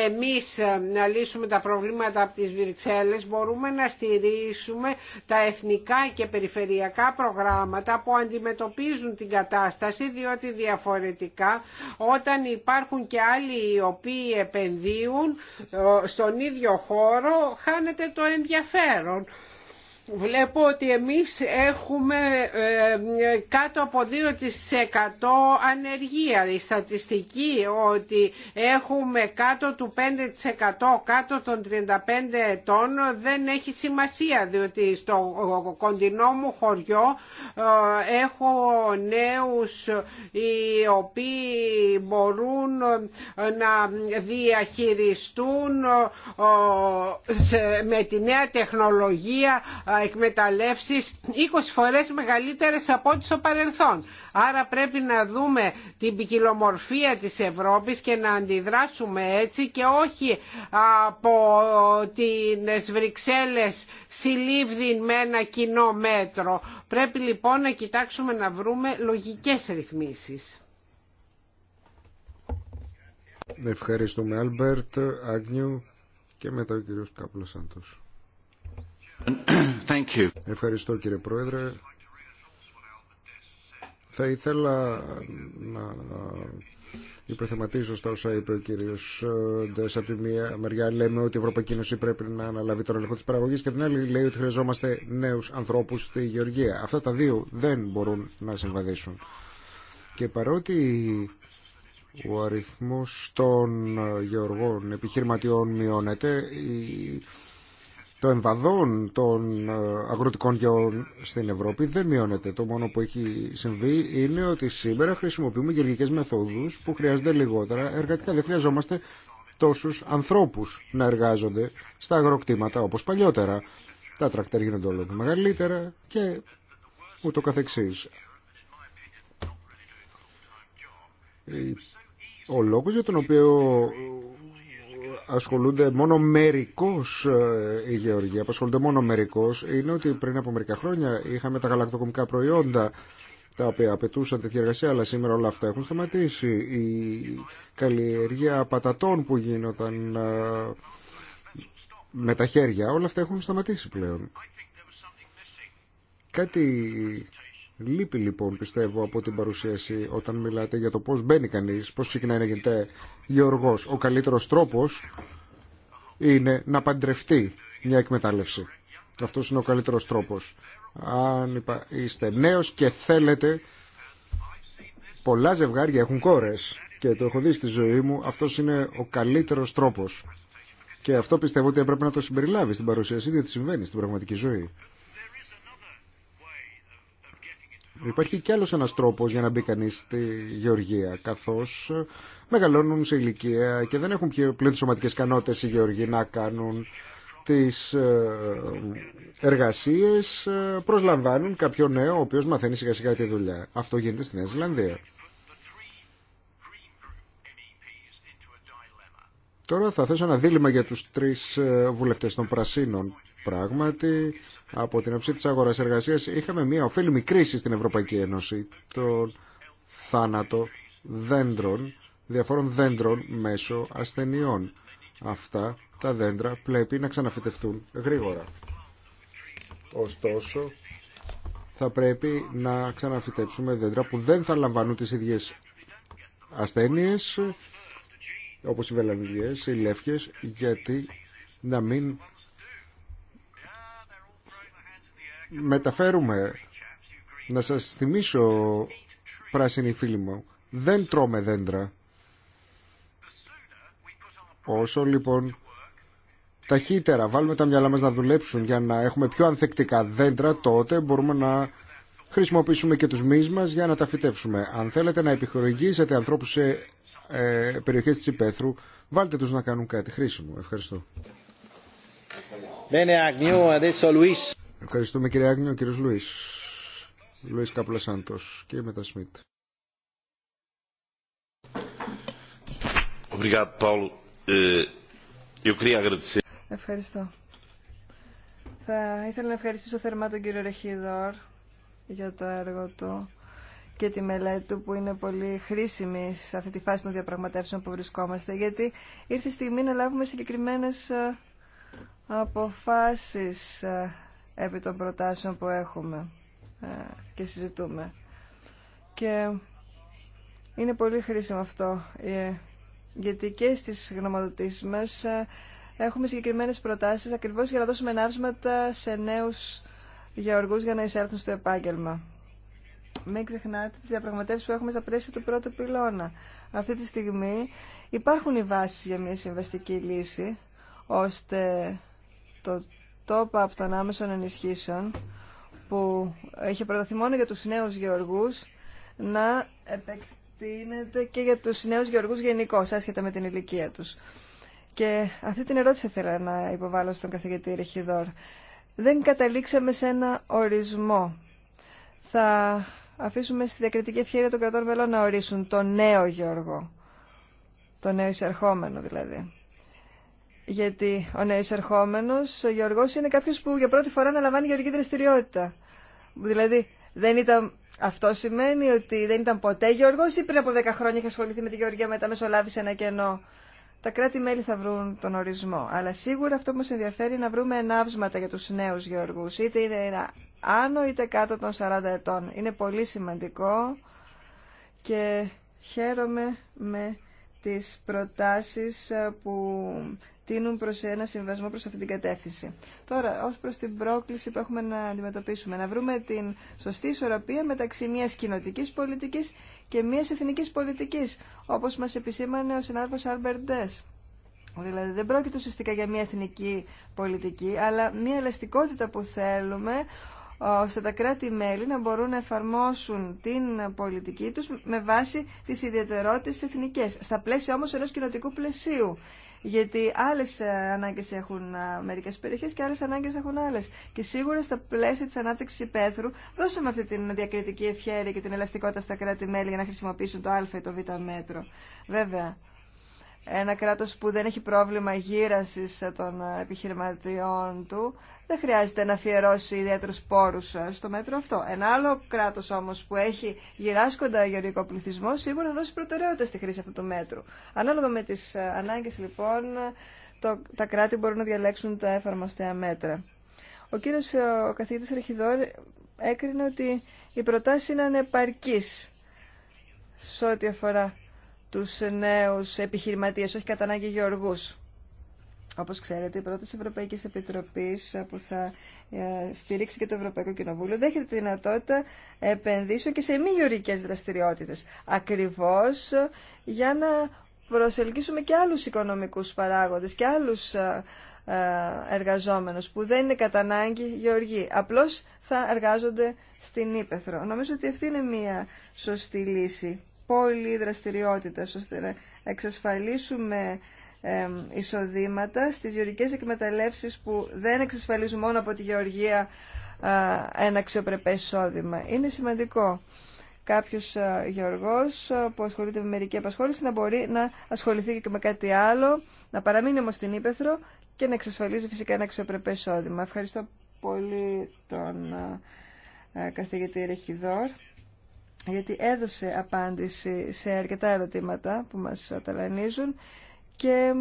εμείς να λύσουμε τα προβλήματα από τις Βρυξέλλες. Μπορούμε να στηρίσουμε τα εθνικά και περιφερειακά προγράμματα που αντιμετωπίζουν την κατάσταση, διότι διαφορετικά όταν υπάρχουν και άλλοι οι οποίοι επενδύουν ε, στον ίδιο χώρο χάνεται το ενδιαφέρον βλέπω ότι εμείς έχουμε ε, κάτω από 2% ανεργία. Η στατιστική ότι έχουμε κάτω του 5% κάτω των 35 ετών δεν έχει σημασία διότι στο κοντινό μου χωριό ε, έχω νέους οι οποίοι μπορούν ε, να διαχειριστούν με τη νέα τεχνολογία εκμεταλλεύσεις 20 φορές μεγαλύτερες από ό,τι στο παρελθόν. Άρα πρέπει να δούμε την ποικιλομορφία της Ευρώπης και να αντιδράσουμε έτσι και όχι από τις Βρυξέλλες συλλήβδη με ένα κοινό μέτρο. Πρέπει λοιπόν να κοιτάξουμε να βρούμε λογικές ρυθμίσεις. Ευχαριστούμε Άλμπερτ, Άγνιου και μετά ο κύριος Κάπλος Αντός. Ευχαριστώ κύριε Πρόεδρε. Θα ήθελα να υπερθεματίζω στα όσα είπε ο κύριο Ντες. Από τη μία μεριά λέμε ότι η Ευρωπαϊκή Ένωση πρέπει να αναλάβει τον έλεγχο της παραγωγή και την άλλη λέει ότι χρειαζόμαστε νέους ανθρώπους στη γεωργία. Αυτά τα δύο δεν μπορούν να συμβαδίσουν. Και παρότι ο αριθμός των γεωργών επιχειρηματιών μειώνεται, η το εμβαδόν των ε, αγροτικών γεών στην Ευρώπη δεν μειώνεται. Το μόνο που έχει συμβεί είναι ότι σήμερα χρησιμοποιούμε γεωργικές μεθόδους που χρειάζονται λιγότερα εργατικά. Δεν χρειαζόμαστε τόσους ανθρώπους να εργάζονται στα αγροκτήματα όπως παλιότερα. Τα τρακτέρ γίνονται όλο και μεγαλύτερα και ούτω καθεξής. Ο λόγος για τον οποίο ασχολούνται μόνο μερικώς η ε, γεωργοί, απασχολούνται μόνο μερικώ. είναι ότι πριν από μερικά χρόνια είχαμε τα γαλακτοκομικά προϊόντα τα οποία απαιτούσαν τέτοια εργασία, αλλά σήμερα όλα αυτά έχουν σταματήσει. Η καλλιεργία πατατών που γίνονταν ε, με τα χέρια, όλα αυτά έχουν σταματήσει πλέον. Κάτι Λείπει λοιπόν πιστεύω από την παρουσίαση όταν μιλάτε για το πώς μπαίνει κανείς, πώς ξεκινάει να γίνεται γεωργός. Ο καλύτερος τρόπος είναι να παντρευτεί μια εκμετάλλευση. Αυτός είναι ο καλύτερος τρόπος. Αν είστε νέος και θέλετε, πολλά ζευγάρια έχουν κόρες και το έχω δει στη ζωή μου, αυτός είναι ο καλύτερος τρόπος. Και αυτό πιστεύω ότι έπρεπε να το συμπεριλάβει στην παρουσίαση, διότι συμβαίνει στην πραγματική ζωή. Υπάρχει κι άλλος ένας τρόπος για να μπει κανείς στη γεωργία, καθώς μεγαλώνουν σε ηλικία και δεν έχουν πλέον σωματικές κανότητες οι γεωργοί να κάνουν τις ε, εργασίες, ε, προσλαμβάνουν κάποιο νέο ο οποίος μαθαίνει σιγά σιγά τη δουλειά. Αυτό γίνεται στην Νέα Τώρα θα θέσω ένα δίλημα για τους τρεις ε, βουλευτές των Πρασίνων Πράγματι, από την αυξή της αγοράς εργασίας είχαμε μια ωφέλιμη κρίση στην Ευρωπαϊκή Ένωση, τον θάνατο δέντρων, διαφόρων δέντρων μέσω ασθενειών. Αυτά τα δέντρα πρέπει να ξαναφυτευτούν γρήγορα. Ωστόσο, θα πρέπει να ξαναφυτέψουμε δέντρα που δεν θα λαμβάνουν τις ίδιες ασθένειες, όπως οι βελανιδιές, οι λεύκες, γιατί να μην μεταφέρουμε. Να σας θυμίσω, πράσινοι φίλοι μου, δεν τρώμε δέντρα. Όσο λοιπόν ταχύτερα βάλουμε τα μυαλά μας να δουλέψουν για να έχουμε πιο ανθεκτικά δέντρα, τότε μπορούμε να χρησιμοποιήσουμε και τους μυς μας για να τα φυτέψουμε. Αν θέλετε να επιχορηγήσετε ανθρώπους σε ε, περιοχές της βάλτε τους να κάνουν κάτι χρήσιμο. Ευχαριστώ. Bene, Agnew, adesso Luis. Ευχαριστούμε κύριε Άγνιο, κύριος Λουίς. Λουίς Καπλασάντος και μετά Σμιτ. Ε, Ευχαριστώ. Θα ήθελα να ευχαριστήσω θερμά τον κύριο Ρεχίδορ για το έργο του και τη μελέτη του που είναι πολύ χρήσιμη σε αυτή τη φάση των διαπραγματεύσεων που βρισκόμαστε γιατί ήρθε η στιγμή να λάβουμε συγκεκριμένες ε, αποφάσεις ε, επί των προτάσεων που έχουμε ε, και συζητούμε. Και είναι πολύ χρήσιμο αυτό, ε, γιατί και στις γνωμοδοτήσεις μας ε, έχουμε συγκεκριμένες προτάσεις ακριβώς για να δώσουμε ναύσματα σε νέους γεωργούς για να εισέλθουν στο επάγγελμα. Μην ξεχνάτε τις διαπραγματεύσεις που έχουμε στα πλαίσια του πρώτου πυλώνα. Αυτή τη στιγμή υπάρχουν οι βάσεις για μια συμβαστική λύση, ώστε το τόπα από των άμεσων ενισχύσεων που έχει προταθεί μόνο για τους νέους γεωργούς να επεκτείνεται και για τους νέους γεωργούς γενικώ, άσχετα με την ηλικία τους. Και αυτή την ερώτηση θέλω να υποβάλω στον καθηγητή Ρεχιδόρ. Δεν καταλήξαμε σε ένα ορισμό. Θα αφήσουμε στη διακριτική ευχαίρεια των κρατών μελών να ορίσουν τον νέο γεωργό. Τον νέο εισερχόμενο δηλαδή. Γιατί ο νέο ερχόμενο γεωργό είναι κάποιο που για πρώτη φορά αναλαμβάνει γεωργική δραστηριότητα. Δηλαδή, δεν ήταν... αυτό σημαίνει ότι δεν ήταν ποτέ γεωργό ή πριν από 10 χρόνια είχε ασχοληθεί με τη γεωργία, μετά μεσολάβησε ένα κενό. Τα κράτη-μέλη θα βρουν τον ορισμό. Αλλά σίγουρα αυτό που μα ενδιαφέρει είναι να βρούμε ενάυσματα για του νέου γεωργού. Είτε είναι άνω είτε κάτω των 40 ετών. Είναι πολύ σημαντικό και χαίρομαι με τις προτάσεις ε, που τίνουν προ ένα συμβασμό προ αυτή την κατεύθυνση. Τώρα, ω προ την πρόκληση που έχουμε να αντιμετωπίσουμε, να βρούμε την σωστή ισορροπία μεταξύ μια κοινοτική πολιτική και μια εθνική πολιτική, όπω μα επισήμανε ο συνάδελφος Αλμπερντές. Δηλαδή δεν πρόκειται ουσιαστικά για μια εθνική πολιτική, αλλά μια ελαστικότητα που θέλουμε, ώστε τα κράτη-μέλη να μπορούν να εφαρμόσουν την πολιτική τους με βάση τις ιδιαιτερότητες εθνικές, στα πλαίσια όμως ενός κοινοτικού πλαισίου. Γιατί άλλες ε, ανάγκες έχουν ε, μερικέ περιοχέ και άλλες ανάγκες έχουν άλλε. Και σίγουρα στα πλαίσια της ανάπτυξη υπαίθρου δώσαμε αυτή την διακριτική ευχαίρεια και την ελαστικότητα στα κράτη-μέλη για να χρησιμοποιήσουν το α ή το β μέτρο. Βέβαια, ένα κράτος που δεν έχει πρόβλημα γύρασης των επιχειρηματιών του δεν χρειάζεται να αφιερώσει ιδιαίτερου πόρους στο μέτρο αυτό. Ένα άλλο κράτος όμως που έχει γυράσκοντα γεωργικό πληθυσμό σίγουρα θα δώσει προτεραιότητα στη χρήση αυτού του μέτρου. Ανάλογα με τις ανάγκες λοιπόν το, τα κράτη μπορούν να διαλέξουν τα εφαρμοστέα μέτρα. Ο κύριος καθηγητή καθηγητής έκρινε ότι οι προτάσεις είναι ανεπαρκείς σε ό,τι αφορά τους νέους επιχειρηματίες, όχι κατά ανάγκη γεωργούς. Όπως ξέρετε, η πρώτη Ευρωπαϊκή Επιτροπής που θα ε, στηρίξει και το Ευρωπαϊκό Κοινοβούλιο δέχεται τη δυνατότητα επενδύσεων και σε μη γεωργικέ δραστηριότητες. Ακριβώς για να προσελκύσουμε και άλλους οικονομικούς παράγοντες και άλλους ε, ε, εργαζόμενους που δεν είναι κατά ανάγκη γεωργοί. Απλώς θα εργάζονται στην Ήπεθρο. Νομίζω ότι αυτή είναι μια σωστή λύση πόλη δραστηριότητα, ώστε να εξασφαλίσουμε εισοδήματα στις γεωργικές εκμεταλλεύσεις που δεν εξασφαλίζουν μόνο από τη γεωργία ένα αξιοπρεπές εισόδημα. Είναι σημαντικό κάποιος γεωργός που ασχολείται με μερική απασχόληση να μπορεί να ασχοληθεί και με κάτι άλλο, να παραμείνει όμως στην Ήπεθρο και να εξασφαλίζει φυσικά ένα αξιοπρεπές εισόδημα. Ευχαριστώ πολύ τον καθηγητή Ρεχιδόρ γιατί έδωσε απάντηση σε αρκετά ερωτήματα που μας ταλανίζουν. και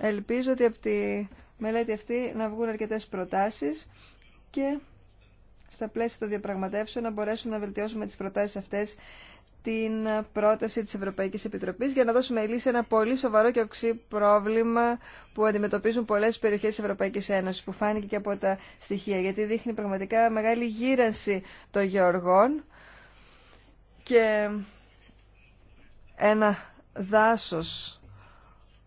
ελπίζω ότι από τη μελέτη αυτή να βγουν αρκετές προτάσεις και στα πλαίσια των διαπραγματεύσεων να μπορέσουμε να βελτιώσουμε τις προτάσεις αυτές την πρόταση της Ευρωπαϊκής Επιτροπής για να δώσουμε λύση σε ένα πολύ σοβαρό και οξύ πρόβλημα που αντιμετωπίζουν πολλές περιοχές της Ευρωπαϊκής Ένωσης που φάνηκε και από τα στοιχεία γιατί δείχνει πραγματικά μεγάλη γύρανση των γεωργών και ένα δάσος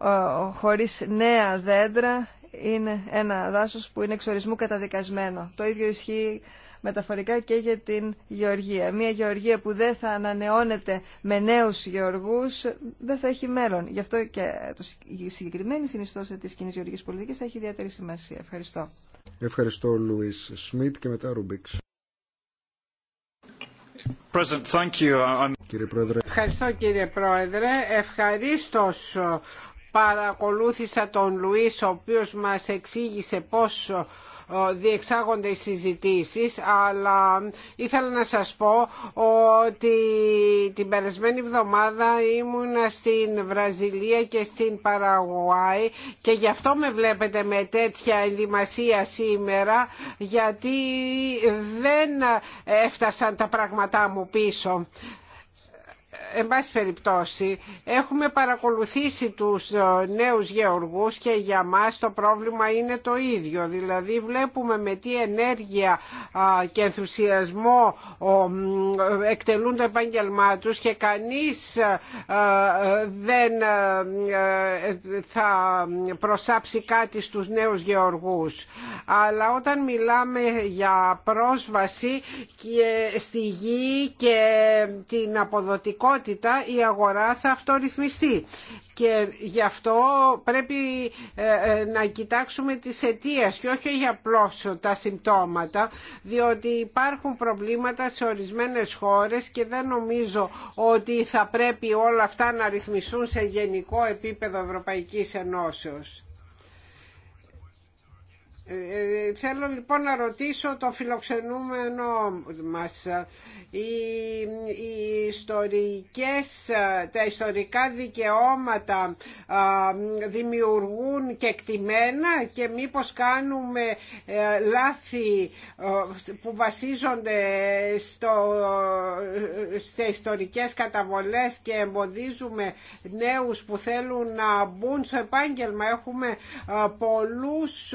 ε, χωρίς νέα δέντρα είναι ένα δάσος που είναι εξορισμού καταδικασμένο. Το ίδιο ισχύει μεταφορικά και για την γεωργία. Μία γεωργία που δεν θα ανανεώνεται με νέους γεωργούς δεν θα έχει μέλλον. Γι' αυτό και το συγκεκριμένη συνιστόση της κοινή γεωργικής πολιτικής θα έχει ιδιαίτερη σημασία. Ευχαριστώ. Ευχαριστώ Λουίς Σμιτ και μετά Ρούμπιξ. Κύριε Πρόεδρε. Ευχαριστώ κύριε Πρόεδρε. Ευχαρίστως παρακολούθησα τον Λουίς ο οποίος μας εξήγησε πόσο ε, διεξάγονται οι συζητήσεις αλλά ήθελα να σας πω ότι την περασμένη εβδομάδα ήμουνα στην Βραζιλία και στην Παραγουάη και γι' αυτό με βλέπετε με τέτοια ενδυμασία σήμερα γιατί δεν έφτασαν τα πράγματά μου πίσω εν πάση περιπτώσει, έχουμε παρακολουθήσει τους ε, νέους γεωργούς και για μας το πρόβλημα είναι το ίδιο. Δηλαδή βλέπουμε με τι ενέργεια και ενθουσιασμό εκτελούν το επάγγελμά τους και κανείς ε, ε, δεν θα προσάψει κάτι στους νέους γεωργούς. Αλλά όταν μιλάμε για πρόσβαση και στη γη και την αποδοτικότητα η αγορά θα αυτορυθμιστεί και γι' αυτό πρέπει ε, ε, να κοιτάξουμε τις αιτίε και όχι για απλώς τα συμπτώματα διότι υπάρχουν προβλήματα σε ορισμένες χώρες και δεν νομίζω ότι θα πρέπει όλα αυτά να ρυθμιστούν σε γενικό επίπεδο Ευρωπαϊκής Ενώσεως. Ε, θέλω λοιπόν να ρωτήσω το φιλοξενούμενο μας. Οι, ιστορικές, τα ιστορικά δικαιώματα δημιουργούν και εκτιμένα και μήπως κάνουμε ε, λάθη ε, που βασίζονται στο, σε ιστορικές καταβολές και εμποδίζουμε νέους που θέλουν να μπουν στο επάγγελμα. Έχουμε πολλούς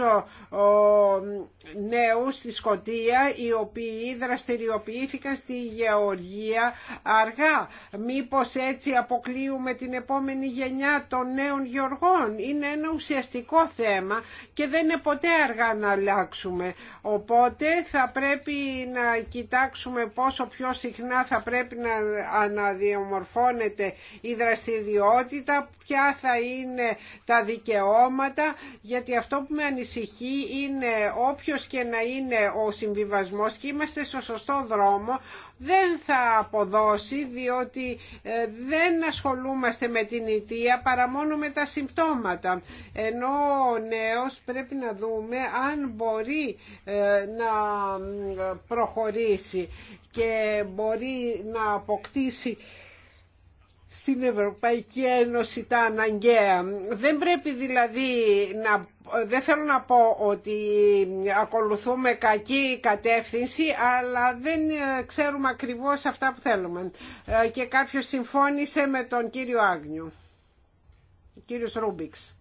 νέους στη Σκοτία οι οποίοι δραστηριοποιήθηκαν στη Γεωργία αργά. Μήπως έτσι αποκλείουμε την επόμενη γενιά των νέων γεωργών. Είναι ένα ουσιαστικό θέμα και δεν είναι ποτέ αργά να αλλάξουμε. Οπότε θα πρέπει να κοιτάξουμε πόσο πιο συχνά θα πρέπει να αναδιαμορφώνεται η δραστηριότητα, ποια θα είναι τα δικαιώματα, γιατί αυτό που με ανησυχεί είναι όποιος και να είναι ο συμβιβασμός και είμαστε στο σωστό δρόμο δεν θα αποδώσει διότι ε, δεν ασχολούμαστε με την αιτία παρά μόνο με τα συμπτώματα. Ενώ ο νέος πρέπει να δούμε αν μπορεί ε, να προχωρήσει και μπορεί να αποκτήσει στην Ευρωπαϊκή Ένωση τα αναγκαία. Δεν πρέπει δηλαδή να δεν θέλω να πω ότι ακολουθούμε κακή κατεύθυνση, αλλά δεν ε, ξέρουμε ακριβώς αυτά που θέλουμε. Ε, και κάποιος συμφώνησε με τον κύριο Άγνιο. ο κύριος Ρούμπιξ.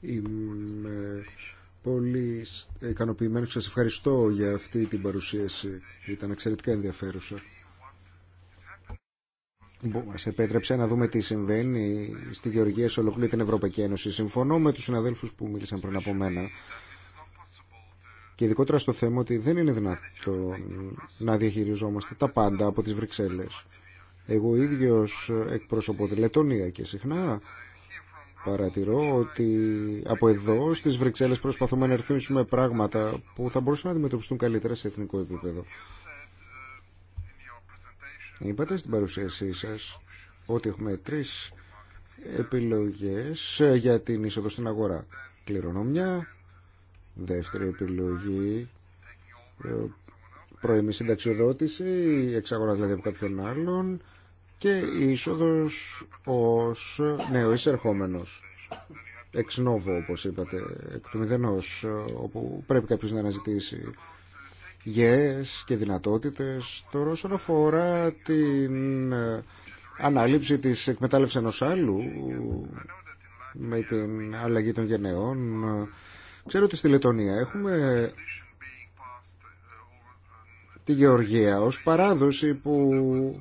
Είμαι πολύ ικανοποιημένο Σας ευχαριστώ για αυτή την παρουσίαση. Ήταν εξαιρετικά ενδιαφέρουσα. Μα επέτρεψε να δούμε τι συμβαίνει στη Γεωργία σε ολοκλήρη την Ευρωπαϊκή Ένωση. Συμφωνώ με τους συναδέλφους που μίλησαν πριν από μένα και ειδικότερα στο θέμα ότι δεν είναι δυνατό να διαχειριζόμαστε τα πάντα από τις Βρυξέλλες. Εγώ ίδιο εκπροσωπώ τη Λετωνία και συχνά Παρατηρώ ότι από εδώ στις Βρυξέλλες προσπαθούμε να ερθίσουμε πράγματα που θα μπορούσαν να αντιμετωπιστούν καλύτερα σε εθνικό επίπεδο. Είπατε στην παρουσίασή σας ότι έχουμε τρεις επιλογές για την είσοδο στην αγορά. Κληρονομιά, δεύτερη επιλογή, ε, πρώιμη συνταξιοδότηση, εξαγορά δηλαδή από κάποιον άλλον και η είσοδος ως νέο εισερχόμενος εξ νόβο όπως είπατε εκ του μηδενός όπου πρέπει κάποιος να αναζητήσει γέες και δυνατότητες τώρα όσον αφορά την ανάληψη της εκμετάλλευσης ενός άλλου με την αλλαγή των γενεών ξέρω ότι στη Λετωνία έχουμε τη γεωργία ως παράδοση που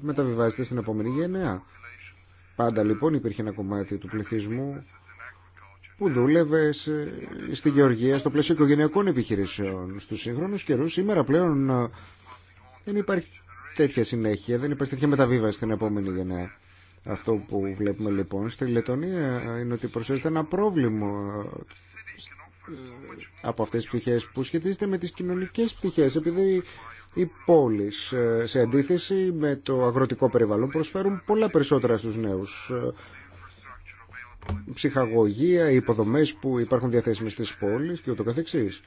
μεταβιβάζεται στην επόμενη γενναία. Πάντα λοιπόν υπήρχε ένα κομμάτι του πληθυσμού που δούλευε στη γεωργία στο πλαίσιο οικογενειακών επιχειρήσεων. Στους σύγχρονους καιρούς σήμερα πλέον ε, δεν υπάρχει τέτοια συνέχεια, δεν υπάρχει τέτοια μεταβίβαση στην επόμενη γενναία. Αυτό που βλέπουμε λοιπόν στη Λετωνία είναι ότι προσέζεται ένα πρόβλημα ε, ε, από αυτές τις πτυχές που σχετίζεται με τις κοινωνικές πτυχές επειδή οι πόλεις ε, σε αντίθεση με το αγροτικό περιβάλλον προσφέρουν πολλά περισσότερα στους νέους ε, ψυχαγωγία, υποδομές που υπάρχουν διαθέσιμες στις πόλεις και ούτω καθεξής.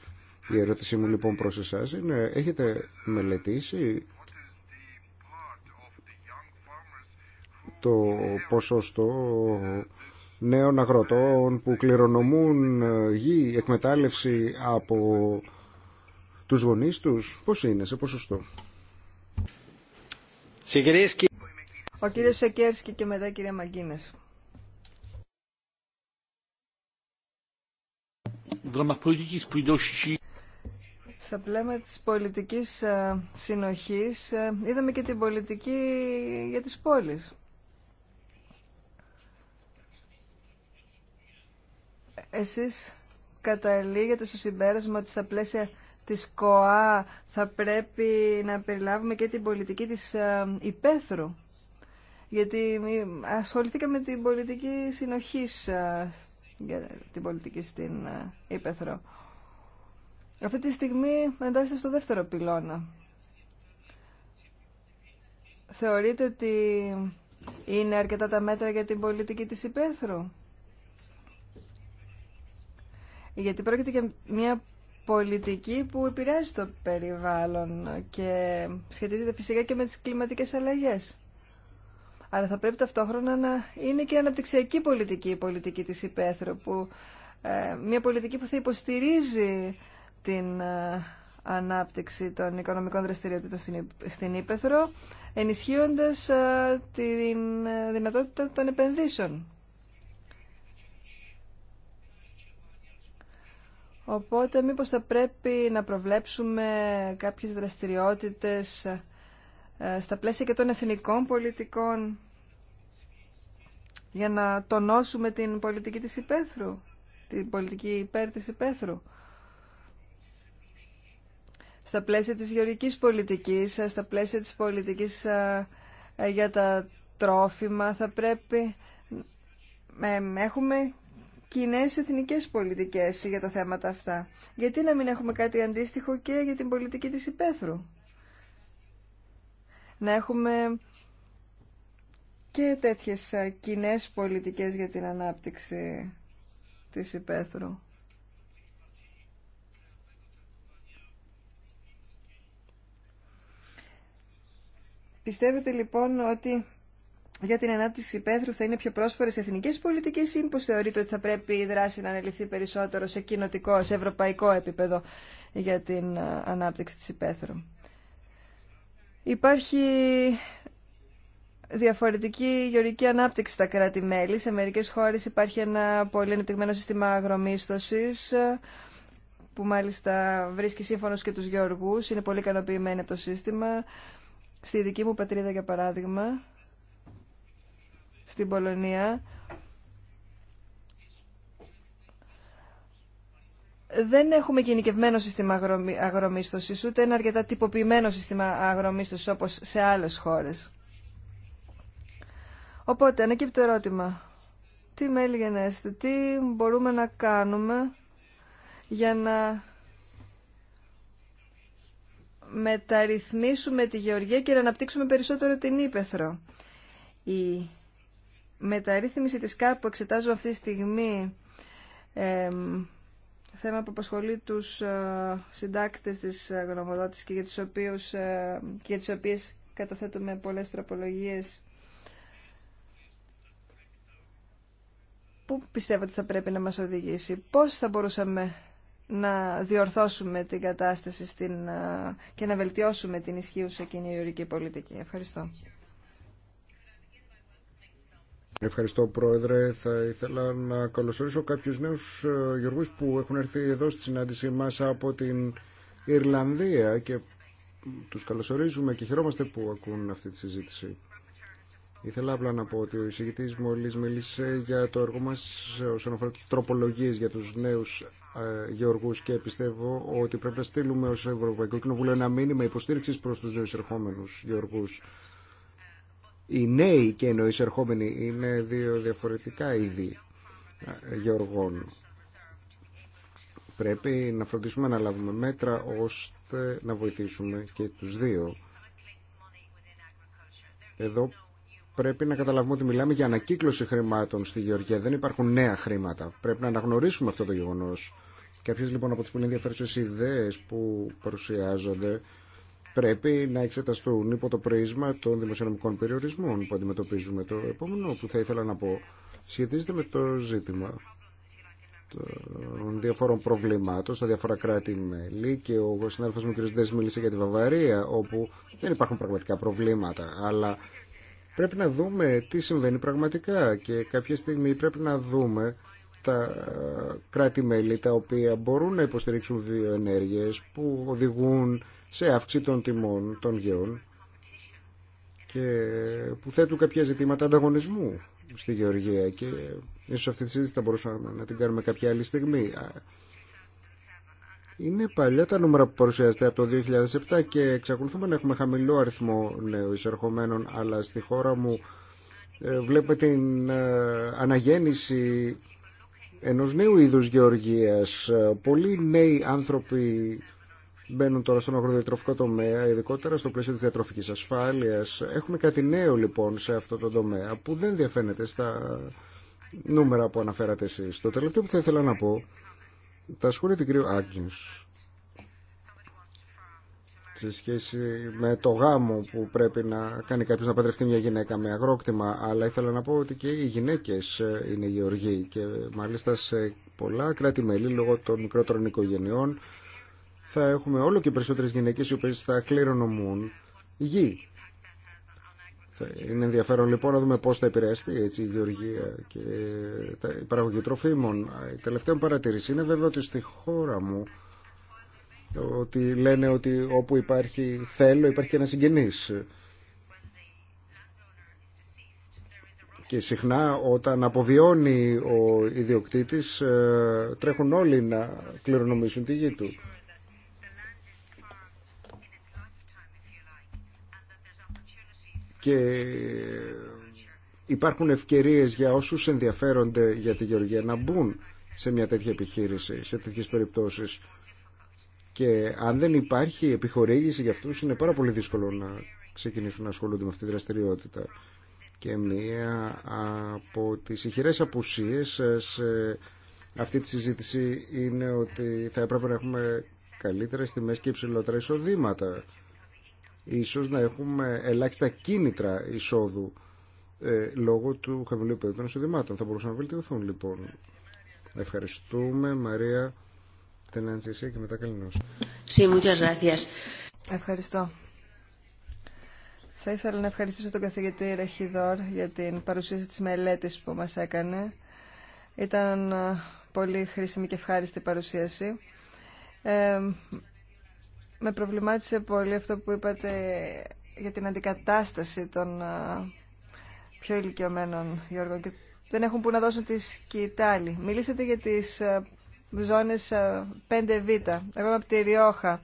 Η ερώτησή μου λοιπόν προς εσάς είναι έχετε μελετήσει το ποσοστό νέων αγροτών που κληρονομούν ε, γη, εκμετάλλευση από τους γονείς τους. Πώς είναι, σε ποσοστό. Ο κύριος και μετά κυρία Μαγκίνες. Στα πλέμα της πολιτικής ε, συνοχής ε, είδαμε και την πολιτική για τις πόλεις. εσείς καταλήγετε στο συμπέρασμα ότι στα πλαίσια της ΚΟΑ θα πρέπει να περιλάβουμε και την πολιτική της ε, υπαίθρου. Γιατί ασχοληθήκαμε με την πολιτική συνοχής ε, για την πολιτική στην ε, υπαίθρο. Αυτή τη στιγμή εντάσσεται στο δεύτερο πυλώνα. Θεωρείτε ότι είναι αρκετά τα μέτρα για την πολιτική της υπαίθρου γιατί πρόκειται για μια πολιτική που επηρεάζει το περιβάλλον και σχετίζεται φυσικά και με τις κλιματικές αλλαγές. Αλλά θα πρέπει ταυτόχρονα να είναι και αναπτυξιακή πολιτική η πολιτική της Υπέθρο, που, ε, μια πολιτική που θα υποστηρίζει την ε, ανάπτυξη των οικονομικών δραστηριοτήτων στην, στην Ήπεθρο, ενισχύοντας ε, την δυνατότητα των επενδύσεων. Οπότε μήπως θα πρέπει να προβλέψουμε κάποιες δραστηριότητες ε, στα πλαίσια και των εθνικών πολιτικών για να τονώσουμε την πολιτική της υπαίθρου, την πολιτική υπέρ της υπαίθρου. Στα πλαίσια της γεωργικής πολιτικής, ε, στα πλαίσια της πολιτικής ε, για τα τρόφιμα θα πρέπει έχουμε κοινέ εθνικές πολιτικές για τα θέματα αυτά. Γιατί να μην έχουμε κάτι αντίστοιχο και για την πολιτική της υπαίθρου. Να έχουμε και τέτοιες κοινέ πολιτικές για την ανάπτυξη της υπαίθρου. Πιστεύετε λοιπόν ότι για την ανάπτυξη υπαίθρου θα είναι πιο πρόσφορες εθνικές πολιτικές εθνικέ πολιτικέ η μηπω θεωρειτε οτι θα πρεπει η δραση να αναλυθεί περισσότερο σε κοινοτικό, σε ευρωπαϊκό επίπεδο για την ε, ανάπτυξη τη υπαίθρου. Υπάρχει διαφορετική γεωργική ανάπτυξη στα κράτη-μέλη. Σε μερικές χώρες υπάρχει ένα πολύ ανεπτυγμένο σύστημα αγρομίσθωσης ε, που μάλιστα βρίσκει σύμφωνο και τους γεωργούς. Είναι πολύ ικανοποιημένοι από το σύστημα. Στη δική μου πατρίδα, για παράδειγμα, στην Πολωνία δεν έχουμε γενικευμένο σύστημα αγρομίσθωσης, ούτε ένα αρκετά τυποποιημένο σύστημα αγρομίσθωσης όπως σε άλλες χώρες. Οπότε, ανακύπτει το ερώτημα. Τι μέλη γενέστε, τι μπορούμε να κάνουμε για να μεταρρυθμίσουμε τη γεωργία και να αναπτύξουμε περισσότερο την ύπεθρο. Η μεταρρύθμιση της ΚΑΠ που εξετάζω αυτή τη στιγμή, θέμα που απασχολεί τους ε, συντάκτες της ε, γνωμοδότησης και για τις, οποίους, ε, και για τις οποίες καταθέτουμε πολλές τροπολογίες, πού πιστεύω ότι θα πρέπει να μας οδηγήσει, πώς θα μπορούσαμε να διορθώσουμε την κατάσταση στην, ε, και να βελτιώσουμε την ισχύουσα κοινή πολιτική. Ευχαριστώ. Ευχαριστώ Πρόεδρε. Θα ήθελα να καλωσορίσω κάποιους νέους ε, γεωργούς που έχουν έρθει εδώ στη συνάντησή μας από την Ιρλανδία και τους καλωσορίζουμε και χαιρόμαστε που ακούν αυτή τη συζήτηση. Ήθελα απλά να πω ότι ο εισηγητής μόλις μίλησε για το έργο μας όσον αφορά τις τροπολογίες για τους νέους ε, γεωργούς και πιστεύω ότι πρέπει να στείλουμε ως Ευρωπαϊκό Κοινοβούλιο ένα μήνυμα υποστήριξης προς τους νέους ερχόμενους γεωργούς οι νέοι και οι εισερχόμενοι είναι δύο διαφορετικά είδη ε, γεωργών. Πρέπει να φροντίσουμε να λάβουμε μέτρα ώστε να βοηθήσουμε και τους δύο. Εδώ πρέπει να καταλαβούμε ότι μιλάμε για ανακύκλωση χρημάτων στη Γεωργία. Δεν υπάρχουν νέα χρήματα. Πρέπει να αναγνωρίσουμε αυτό το γεγονός. Κάποιες λοιπόν από τις πολύ ενδιαφέρουσες ιδέες που παρουσιάζονται πρέπει να εξεταστούν υπό το πρίσμα των δημοσιονομικών περιορισμών που αντιμετωπίζουμε. Το επόμενο που θα ήθελα να πω σχετίζεται με το ζήτημα των διαφόρων προβλημάτων στα διάφορα κράτη-μέλη και ο συνάδελφος μου κ. Δες μίλησε για τη Βαβαρία όπου δεν υπάρχουν πραγματικά προβλήματα αλλά πρέπει να δούμε τι συμβαίνει πραγματικά και κάποια στιγμή πρέπει να δούμε τα κράτη-μέλη τα οποία μπορούν να υποστηρίξουν δύο ενέργειες που οδηγούν σε αύξηση των τιμών των γεών και που θέτουν κάποια ζητήματα ανταγωνισμού στη Γεωργία και ίσως αυτή τη συζήτηση θα μπορούσαμε να την κάνουμε κάποια άλλη στιγμή. Είναι παλιά τα νούμερα που παρουσιάζεται από το 2007 και εξακολουθούμε να έχουμε χαμηλό αριθμό νέων εισερχομένων αλλά στη χώρα μου ε, βλέπουμε την ε, αναγέννηση ενός νέου είδους γεωργίας. Πολλοί νέοι άνθρωποι μπαίνουν τώρα στον αγροδιατροφικό τομέα, ειδικότερα στο πλαίσιο της διατροφική ασφάλειας. Έχουμε κάτι νέο λοιπόν σε αυτό το τομέα που δεν διαφαίνεται στα νούμερα που αναφέρατε εσεί. Το τελευταίο που θα ήθελα να πω, τα σχόλια του κυρίου Άγγινς σε σχέση με το γάμο που πρέπει να κάνει κάποιο να παντρευτεί μια γυναίκα με αγρόκτημα αλλά ήθελα να πω ότι και οι γυναίκες ε, είναι γεωργοί και μάλιστα σε πολλά κράτη-μέλη λόγω των μικρότερων οικογενειών θα έχουμε όλο και περισσότερες γυναίκες οι οποίες θα κληρονομούν γη. είναι ενδιαφέρον λοιπόν να δούμε πώς θα επηρεαστεί έτσι, η γεωργία και η παραγωγή τροφίμων. Η τελευταία παρατήρηση είναι βέβαια ότι στη χώρα μου ότι λένε ότι όπου υπάρχει θέλω υπάρχει και ένα συγγενής. Και συχνά όταν αποβιώνει ο ιδιοκτήτης ε, τρέχουν όλοι να κληρονομήσουν τη γη του. και υπάρχουν ευκαιρίες για όσους ενδιαφέρονται για τη Γεωργία να μπουν σε μια τέτοια επιχείρηση, σε τέτοιες περιπτώσεις. Και αν δεν υπάρχει επιχορήγηση για αυτούς είναι πάρα πολύ δύσκολο να ξεκινήσουν να ασχολούνται με αυτή τη δραστηριότητα. Και μία από τις ηχηρές απουσίες σε αυτή τη συζήτηση είναι ότι θα έπρεπε να έχουμε καλύτερες τιμές και υψηλότερα εισοδήματα ίσως να έχουμε ελάχιστα κίνητρα εισόδου ε, λόγω του χαμηλού επίπεδου των εισοδημάτων. Θα μπορούσαν να βελτιωθούν λοιπόν. Ευχαριστούμε Μαρία Τενάντζησία και μετά Καλινός. Ευχαριστώ. Θα ήθελα να ευχαριστήσω τον καθηγητή Ρεχιδόρ για την παρουσίαση της μελέτης που μας έκανε. Ήταν ε, πολύ χρήσιμη και ευχάριστη παρουσίαση. Ε, με προβλημάτισε πολύ αυτό που είπατε για την αντικατάσταση των ε, πιο ηλικιωμένων Γιώργων και δεν έχουν που να δώσουν τις κοιτάλοι. Μιλήσατε για τις ε, ζώνες 5Β. Ε, Εγώ είμαι από τη Ριόχα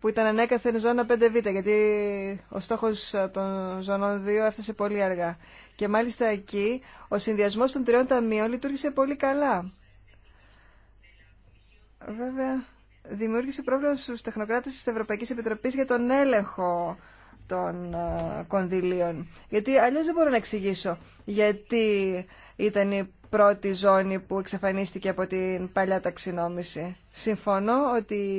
που ήταν ανέκαθεν ζώνα 5Β, γιατί ο στόχος των ζωνών 2 έφτασε πολύ αργά. Και μάλιστα εκεί ο συνδυασμός των τριών ταμείων λειτουργήσε πολύ καλά. Βέβαια, δημιούργησε πρόβλημα στους τεχνοκράτες της Ευρωπαϊκής Επιτροπής για τον έλεγχο των ε, κονδυλίων. Γιατί αλλιώς δεν μπορώ να εξηγήσω γιατί ήταν η πρώτη ζώνη που εξαφανίστηκε από την παλιά ταξινόμηση. Συμφωνώ ότι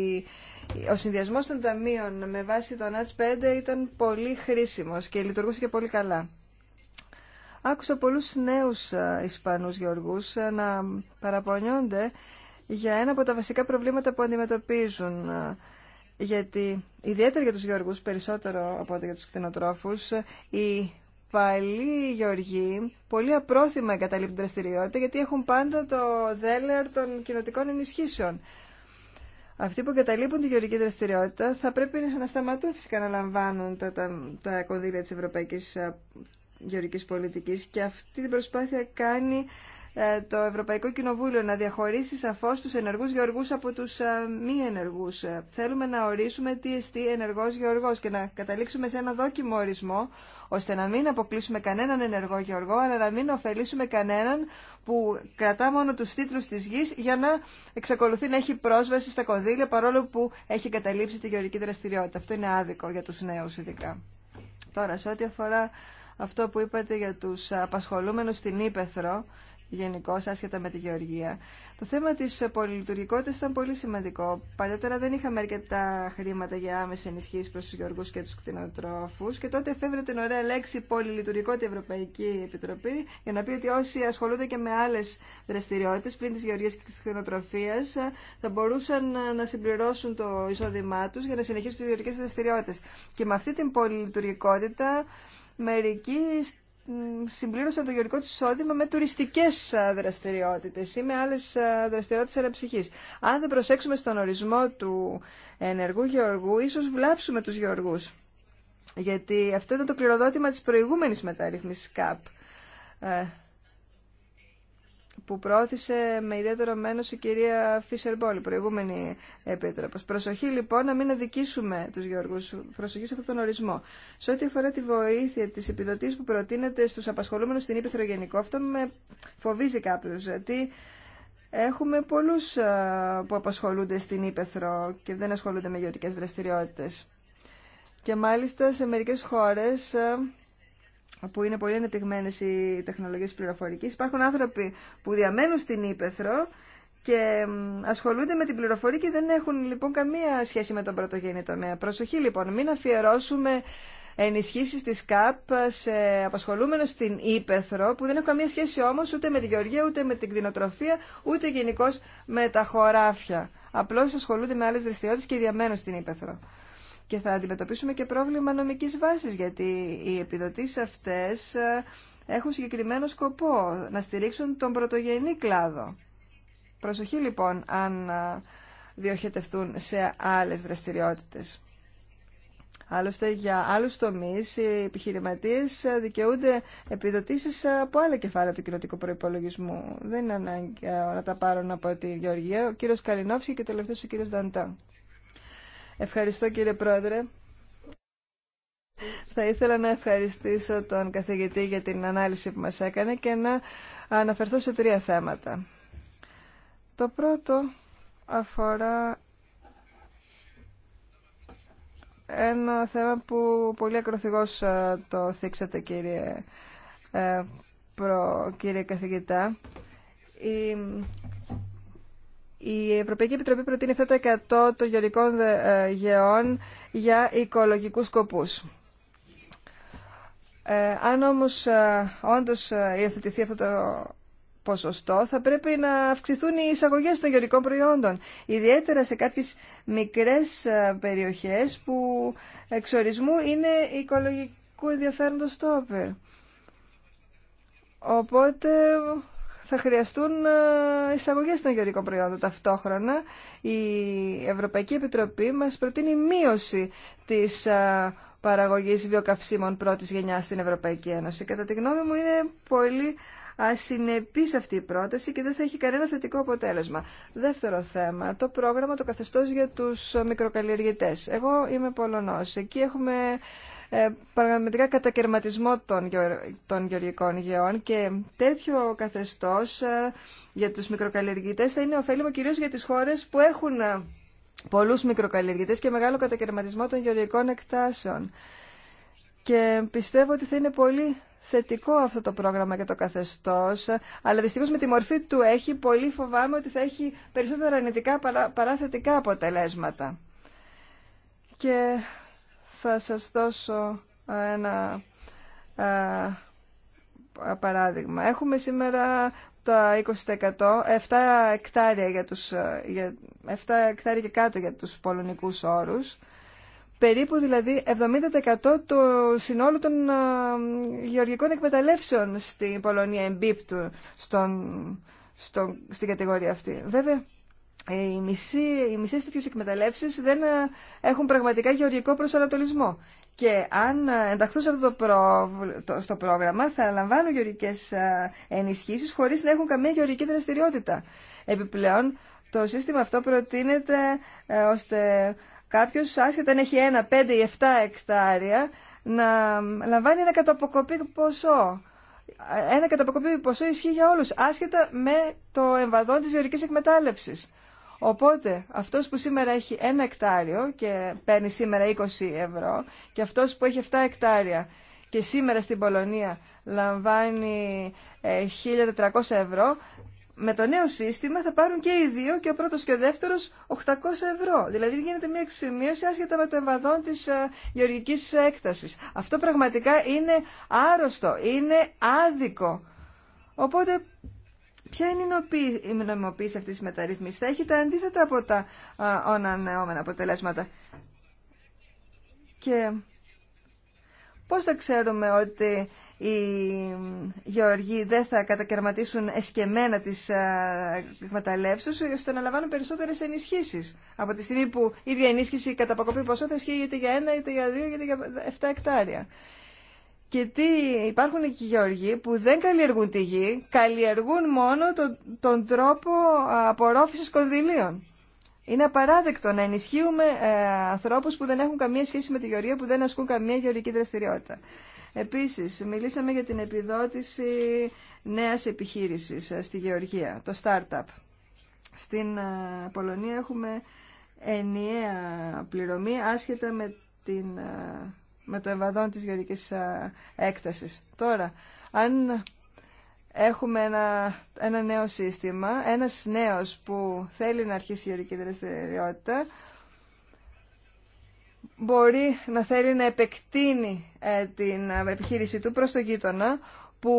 ο συνδυασμός των ταμείων με βάση τον h 5 ήταν πολύ χρήσιμος και λειτουργούσε και πολύ καλά. Άκουσα πολλούς νέους ε, Ισπανούς γεωργούς ε, να παραπονιόνται για ένα από τα βασικά προβλήματα που αντιμετωπίζουν. Ε, γιατί ιδιαίτερα για τους γεωργούς, περισσότερο από ό,τι για τους κτηνοτρόφους, ε, οι παλιοί γεωργοί πολύ απρόθυμα εγκαταλείπουν δραστηριότητα γιατί έχουν πάντα το δέλεαρ των κοινοτικών ενισχύσεων. Αυτοί που εγκαταλείπουν τη γεωργική δραστηριότητα θα πρέπει να σταματούν φυσικά να λαμβάνουν τα, τα, τα κονδύλια της Ευρωπαϊκής ε, Γεωργικής Πολιτικής και αυτή την προσπάθεια κάνει ε, το Ευρωπαϊκό Κοινοβούλιο να διαχωρίσει σαφώς τους ενεργούς γεωργούς από του ε, μη ενεργού, ε, Θέλουμε να ορίσουμε τι εστί ενεργό γεωργός και να καταλήξουμε σε ένα δόκιμο ορισμό ώστε να μην αποκλείσουμε κανέναν ενεργό γεωργό αλλά να μην ωφελήσουμε κανέναν που κρατά μόνο τους τίτλους της γη για να εξακολουθεί να έχει πρόσβαση στα κονδύλια παρόλο που έχει καταλήψει τη γεωργική δραστηριότητα. Αυτό είναι άδικο για του νέου ειδικά. Τώρα, σε ό,τι αφορά αυτό που είπατε για τους απασχολούμενους στην Ήπεθρο γενικώ, άσχετα με τη γεωργία. Το θέμα τη πολυλειτουργικότητα ήταν πολύ σημαντικό. Παλιότερα δεν είχαμε αρκετά χρήματα για άμεση ενισχύσει προ του γεωργού και του κτηνοτρόφου και τότε εφεύρε την ωραία λέξη πολυλειτουργικότητα η Ευρωπαϊκή Επιτροπή για να πει ότι όσοι ασχολούνται και με άλλε δραστηριότητε πριν τη γεωργία και τη κτηνοτροφία ε, θα μπορούσαν ε, να συμπληρώσουν το εισόδημά του για να συνεχίσουν τι γεωργικέ δραστηριότητε. Και με αυτή την πολυλειτουργικότητα μερικοί συμπλήρωσαν το γεωργικό της εισόδημα με τουριστικές δραστηριότητες ή με άλλες δραστηριότητες αναψυχής. Αν δεν προσέξουμε στον ορισμό του ενεργού γεωργού, ίσως βλάψουμε τους γεωργούς. Γιατί αυτό ήταν το κληροδότημα της προηγούμενης μεταρρύθμισης ΚΑΠ. Ε, που πρόθεσε με ιδιαίτερο μένος η κυρία Φίσερ Μπόλ, προηγούμενη επίτροπος. Προσοχή λοιπόν να μην αδικήσουμε τους Γιώργους, προσοχή σε αυτόν τον ορισμό. Σε ό,τι αφορά τη βοήθεια της επιδοτής που προτείνεται στους απασχολούμενους στην Ήπειθρο Γενικό, αυτό με φοβίζει κάποιος, γιατί έχουμε πολλούς που απασχολούνται στην Ήπεθρο και δεν ασχολούνται με γεωργικές δραστηριότητες. Και μάλιστα σε μερικές χώρες που είναι πολύ ανεπτυγμένε οι τεχνολογίε πληροφορική. Υπάρχουν άνθρωποι που διαμένουν στην Ήπεθρο και ασχολούνται με την πληροφορία και δεν έχουν λοιπόν καμία σχέση με τον πρωτογενή τομέα. Προσοχή λοιπόν, μην αφιερώσουμε ενισχύσεις της ΚΑΠ σε απασχολούμενο στην Ήπεθρο που δεν έχουν καμία σχέση όμως ούτε με τη γεωργία, ούτε με την κτηνοτροφία, ούτε γενικώ με τα χωράφια. Απλώς ασχολούνται με άλλες δραστηριότητες και διαμένουν στην Ήπεθρο και θα αντιμετωπίσουμε και πρόβλημα νομικής βάσης γιατί οι επιδοτήσεις αυτές ε, έχουν συγκεκριμένο σκοπό να στηρίξουν τον πρωτογενή κλάδο. Προσοχή λοιπόν αν ε, διοχετευτούν σε άλλες δραστηριότητες. Άλλωστε για άλλους τομείς οι επιχειρηματίες ε, δικαιούνται επιδοτήσεις από άλλα κεφάλαια του κοινωτικού προϋπολογισμού. Δεν είναι ανάγκη να τα πάρουν από τη Γεωργία. Ο κύριος Καλινόφσκι και τελευταίος ο κύριος Δαντά. Ευχαριστώ κύριε Πρόεδρε. Θα ήθελα να ευχαριστήσω τον καθηγητή για την ανάλυση που μας έκανε και να αναφερθώ σε τρία θέματα. Το πρώτο αφορά ένα θέμα που πολύ ακροθυγώς ε, το θίξατε κύριε, ε, προ, κύριε καθηγητά η Ευρωπαϊκή Επιτροπή προτείνει 7% των γεωρικών ε, γεών για οικολογικούς σκοπούς. Ε, αν όμως ε, όντως υιοθετηθεί αυτό το ποσοστό, θα πρέπει να αυξηθούν οι εισαγωγές των γεωρικών προϊόντων. Ιδιαίτερα σε κάποιες μικρές περιοχές που εξορισμού είναι οικολογικού ενδιαφέροντος τόπερ. Οπότε θα χρειαστούν ε, εισαγωγές των γεωρικών προϊόντων. Ταυτόχρονα η Ευρωπαϊκή Επιτροπή μας προτείνει μείωση της ε, παραγωγής βιοκαυσίμων πρώτη γενιά στην Ευρωπαϊκή Ένωση. Κατά τη γνώμη μου είναι πολύ ασυνεπής αυτή η πρόταση και δεν θα έχει κανένα θετικό αποτέλεσμα. Δεύτερο θέμα, το πρόγραμμα, το καθεστώς για του μικροκαλλιεργητέ. Εγώ είμαι Πολωνός. Εκεί έχουμε ε, πραγματικά κατακαιρματισμό των γεωργικών γεών και τέτοιο καθεστώς ε, για τους μικροκαλλιεργητές θα είναι ωφέλιμο κυρίως για τις χώρες που έχουν ε, πολλούς μικροκαλλιεργητές και μεγάλο κατακαιρματισμό των γεωργικών εκτάσεων. Και πιστεύω ότι θα είναι πολύ θετικό αυτό το πρόγραμμα και το καθεστώς, αλλά δυστυχώς με τη μορφή του έχει, πολύ φοβάμαι ότι θα έχει περισσότερα αρνητικά παρά, θετικά αποτελέσματα. Και θα σας δώσω ε, ένα ε, παράδειγμα. Έχουμε σήμερα το 20%, 7 εκτάρια, για τους, ε, για, 7 εκτάρια και κάτω για τους πολωνικούς όρους, περίπου δηλαδή 70% του συνόλου των γεωργικών εκμεταλλεύσεων στην Πολωνία εμπίπτουν στον, στον, στην κατηγορία αυτή. Βέβαια, ε, οι, μισοί, οι μισές τέτοιες εκμεταλλεύσεις δεν ε, έχουν πραγματικά γεωργικό προσανατολισμό. Και αν ε, ενταχθούν σε αυτό το, στο πρόγραμμα θα λαμβάνουν γεωργικές ενισχύσεις χωρίς να έχουν καμία γεωργική δραστηριότητα. Επιπλέον το σύστημα αυτό προτείνεται ώστε κάποιος άσχετα αν έχει ένα, πέντε ή εφτά εκτάρια να λαμβάνει ένα καταποκοπή ποσό. Ένα καταποκοπή ποσό ισχύει για όλους, άσχετα με το εμβαδόν της γεωρικής εκμετάλλευσης. Οπότε, αυτό που σήμερα έχει ένα εκτάριο και παίρνει σήμερα 20 ευρώ και αυτό που έχει 7 εκτάρια και σήμερα στην Πολωνία λαμβάνει 1.400 ε, ευρώ, με το νέο σύστημα θα πάρουν και οι δύο και ο πρώτος και ο δεύτερος 800 ευρώ. Δηλαδή γίνεται μια εξημείωση άσχετα με το εμβαδόν της ε, γεωργικής έκτασης. Αυτό πραγματικά είναι άρρωστο, είναι άδικο. Οπότε Ποια είναι η νομιμοποίηση αυτής της μεταρρύθμισης. Θα έχει τα αντίθετα από τα ανανεώμενα αποτελέσματα. Και πώς θα ξέρουμε ότι οι γεωργοί δεν θα κατακαιρματίσουν εσκεμμένα τις εκμεταλλεύσεις ώστε να λαμβάνουν περισσότερες ενισχύσεις. Από τη στιγμή που η ίδια ενίσχυση κατά ποσό θα ισχύει είτε για ένα, είτε για δύο, είτε για 7 εκτάρια. Και τι, υπάρχουν και γεωργοί που δεν καλλιεργούν τη γη, καλλιεργούν μόνο τον, τρόπο απορρόφησης κονδυλίων. Είναι απαράδεκτο να ενισχύουμε ε, ανθρώπους που δεν έχουν καμία σχέση με τη γεωργία, που δεν ασκούν καμία γεωργική δραστηριότητα. Επίσης, μιλήσαμε για την επιδότηση νέας επιχείρησης ε, στη γεωργία, το startup. Στην ε, Πολωνία έχουμε ενιαία πληρωμή άσχετα με την ε, με το εμβαδόν της γεωργικής έκτασης. Τώρα, αν έχουμε ένα, ένα νέο σύστημα, ένας νέος που θέλει να αρχίσει η δραστηριότητα, μπορεί να θέλει να επεκτείνει ε, την ε, επιχείρησή του προς τον γείτονα, που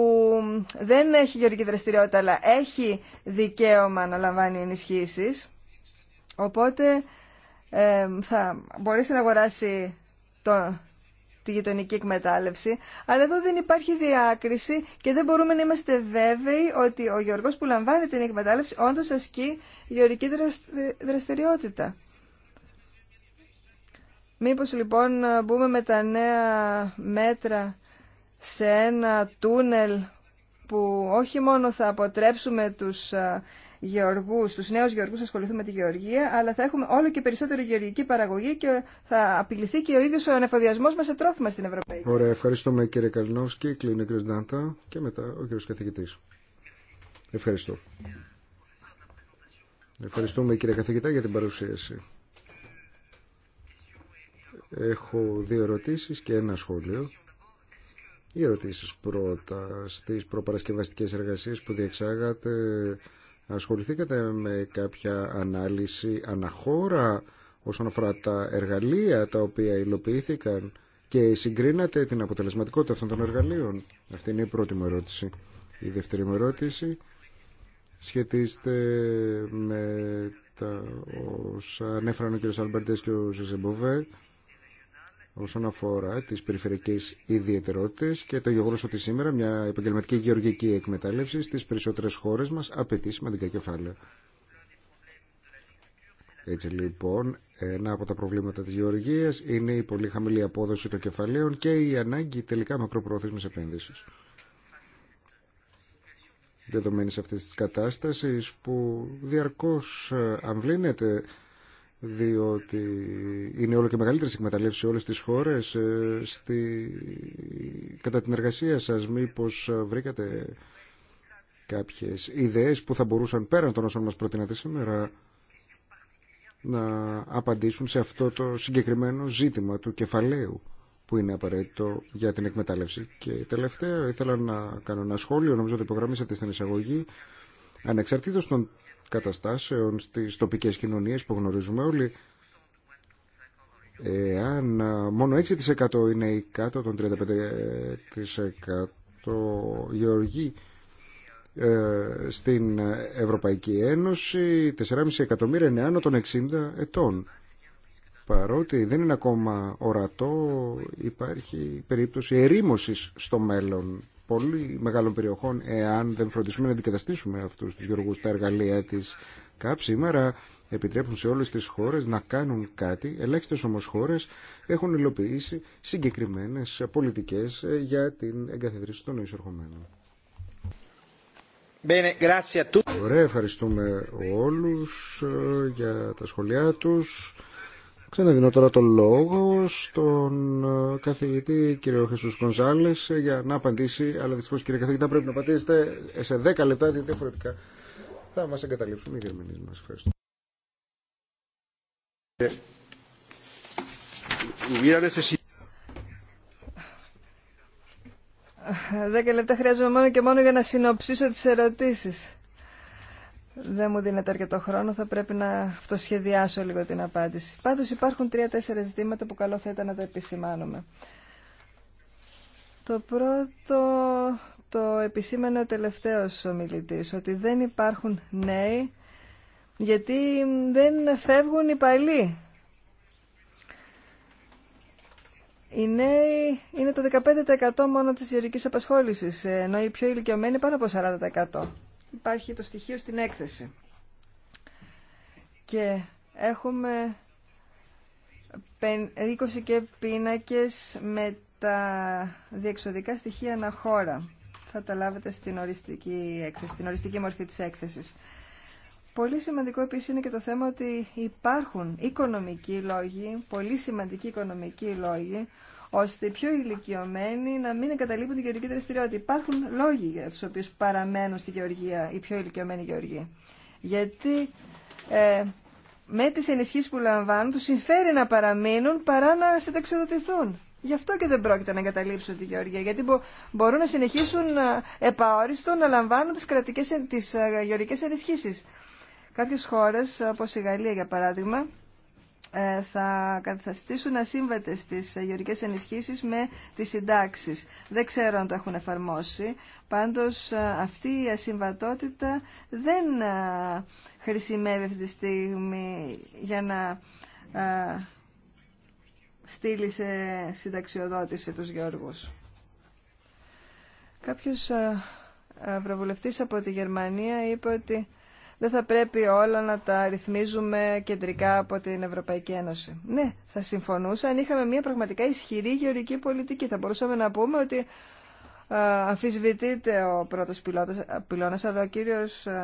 δεν έχει γεωρική δραστηριότητα, αλλά έχει δικαίωμα να λαμβάνει ενισχύσεις. Οπότε ε, θα μπορέσει να αγοράσει το τη γειτονική εκμετάλλευση, αλλά εδώ δεν υπάρχει διάκριση και δεν μπορούμε να είμαστε βέβαιοι ότι ο Γιώργος που λαμβάνει την εκμετάλλευση όντω ασκεί γεωργική δραστηριότητα. Μήπως λοιπόν μπούμε με τα νέα μέτρα σε ένα τούνελ που όχι μόνο θα αποτρέψουμε τους ε, γεωργούς, τους νέους γεωργούς να ασχοληθούν με τη γεωργία, αλλά θα έχουμε όλο και περισσότερη γεωργική παραγωγή και θα απειληθεί και ο ίδιος ο ανεφοδιασμός μας σε τρόφιμα στην Ευρωπαϊκή. Ωραία, ευχαριστούμε κύριε Καλινόφσκι, κλείνει ο Ντάντα και μετά ο κύριος καθηγητής. Ευχαριστώ. Ευχαριστούμε κύριε καθηγητά για την παρουσίαση. Έχω δύο ερωτήσεις και ένα σχόλιο. Οι ερωτήσεις πρώτα. Στις προπαρασκευαστικές εργασίες που διεξάγατε, ασχοληθήκατε με κάποια ανάλυση αναχώρα όσον αφορά τα εργαλεία τα οποία υλοποιήθηκαν και συγκρίνατε την αποτελεσματικότητα αυτών των εργαλείων. Αυτή είναι η πρώτη μου ερώτηση. Η δεύτερη μου ερώτηση σχετίζεται με τα όσα ανέφεραν ο κ. Αλμπερντές και ο Ζεζεμποβέ όσον αφορά τι περιφερειακές ιδιαιτερότητες και το γεγονό ότι σήμερα μια επαγγελματική γεωργική εκμετάλλευση στι περισσότερε χώρε μα απαιτεί σημαντικά κεφάλαια. Έτσι λοιπόν, ένα από τα προβλήματα τη γεωργία είναι η πολύ χαμηλή απόδοση των κεφαλαίων και η ανάγκη τελικά μακροπρόθεσμη επένδυση. Δεδομένη αυτή τη κατάσταση που διαρκώ αμβλύνεται διότι είναι όλο και μεγαλύτερες εκμεταλλεύσεις σε όλες τις χώρες ε, στη... κατά την εργασία σας μήπως ε, βρήκατε κάποιες ιδέες που θα μπορούσαν πέραν των όσων μας προτείνατε σήμερα να απαντήσουν σε αυτό το συγκεκριμένο ζήτημα του κεφαλαίου που είναι απαραίτητο για την εκμετάλλευση. Και τελευταίο ήθελα να κάνω ένα σχόλιο, νομίζω ότι υπογραμμίσατε στην εισαγωγή, ανεξαρτήτως των καταστάσεων στις τοπικές κοινωνίες που γνωρίζουμε όλοι. Εάν ε, μόνο 6% είναι οι κάτω των 35% γεωργοί ε, στην Ευρωπαϊκή Ένωση, 4,5 εκατομμύρια είναι άνω των 60 ετών. Παρότι δεν είναι ακόμα ορατό, υπάρχει περίπτωση ερήμωσης στο μέλλον πολύ μεγάλων περιοχών εάν δεν φροντίσουμε να αντικαταστήσουμε αυτούς τους γεωργούς τα εργαλεία της ΚΑΠ σήμερα επιτρέπουν σε όλες τις χώρες να κάνουν κάτι ελάχιστες όμως χώρες έχουν υλοποιήσει συγκεκριμένες πολιτικές ε, για την εγκαθιδρύση των εισερχομένων Ωραία, ευχαριστούμε όλους ε, για τα σχολιά τους. Ξαναδίνω τώρα το λόγο στον ε, καθηγητή κύριο Χεσούς Κονζάλης ε, για να απαντήσει, αλλά δυστυχώς κύριε καθηγητά πρέπει να απαντήσετε σε 10 λεπτά γιατί διαφορετικά θα μας εγκαταλείψουν οι διερμηνείς μας. Ευχαριστώ. Δέκα λεπτά χρειάζομαι μόνο και μόνο για να συνοψίσω τις ερωτήσεις δεν μου δίνεται αρκετό χρόνο, θα πρέπει να αυτοσχεδιάσω λίγο την απάντηση. Πάντως υπάρχουν τρία-τέσσερα ζητήματα που καλό θα ήταν να τα επισημάνουμε. Το πρώτο το επισήμανε ο τελευταίος ομιλητής, ότι δεν υπάρχουν νέοι γιατί δεν φεύγουν οι παλιοί. Οι νέοι είναι το 15% μόνο της ιερικής απασχόλησης, ενώ οι πιο ηλικιωμένοι πάνω από 40% υπάρχει το στοιχείο στην έκθεση. Και έχουμε 20 και πίνακες με τα διεξοδικά στοιχεία χώρα. Θα τα λάβετε στην οριστική, έκθεση, στην οριστική μορφή της έκθεσης. Πολύ σημαντικό επίσης είναι και το θέμα ότι υπάρχουν οικονομικοί λόγοι, πολύ σημαντικοί οικονομικοί λόγοι, ώστε οι πιο ηλικιωμένοι να μην εγκαταλείπουν τη γεωργική δραστηριότητα. Υπάρχουν λόγοι για του οποίου παραμένουν στη γεωργία οι πιο ηλικιωμένοι γεωργοί. Γιατί ε, με τι ενισχύσει που λαμβάνουν του συμφέρει να παραμείνουν παρά να συνταξιοδοτηθούν. Γι' αυτό και δεν πρόκειται να εγκαταλείψουν τη Γεωργία, γιατί μπορούν να συνεχίσουν ε, επαόριστο να λαμβάνουν τι κρατικές, τις ε, γεωργικές ενισχύσεις. Κάποιες χώρες, όπως η Γαλλία για παράδειγμα, ε, θα καταστήσουν ασύμβατες τις γεωργικές ενισχύσεις με τις συντάξεις. Δεν ξέρω αν το έχουν εφαρμόσει. Πάντως ε, αυτή η ασυμβατότητα δεν ε, χρησιμεύει αυτή τη στιγμή για να στείλει σε συνταξιοδότηση τους Γιώργους. Κάποιος βροβουλευτής από τη Γερμανία είπε ότι δεν θα πρέπει όλα να τα ρυθμίζουμε κεντρικά από την Ευρωπαϊκή Ένωση. Ναι, θα συμφωνούσα αν είχαμε μια πραγματικά ισχυρή γεωρική πολιτική. Θα μπορούσαμε να πούμε ότι ε, αμφισβητείται ο πρώτος ε, πυλώνας, αλλά ο κύριος ε,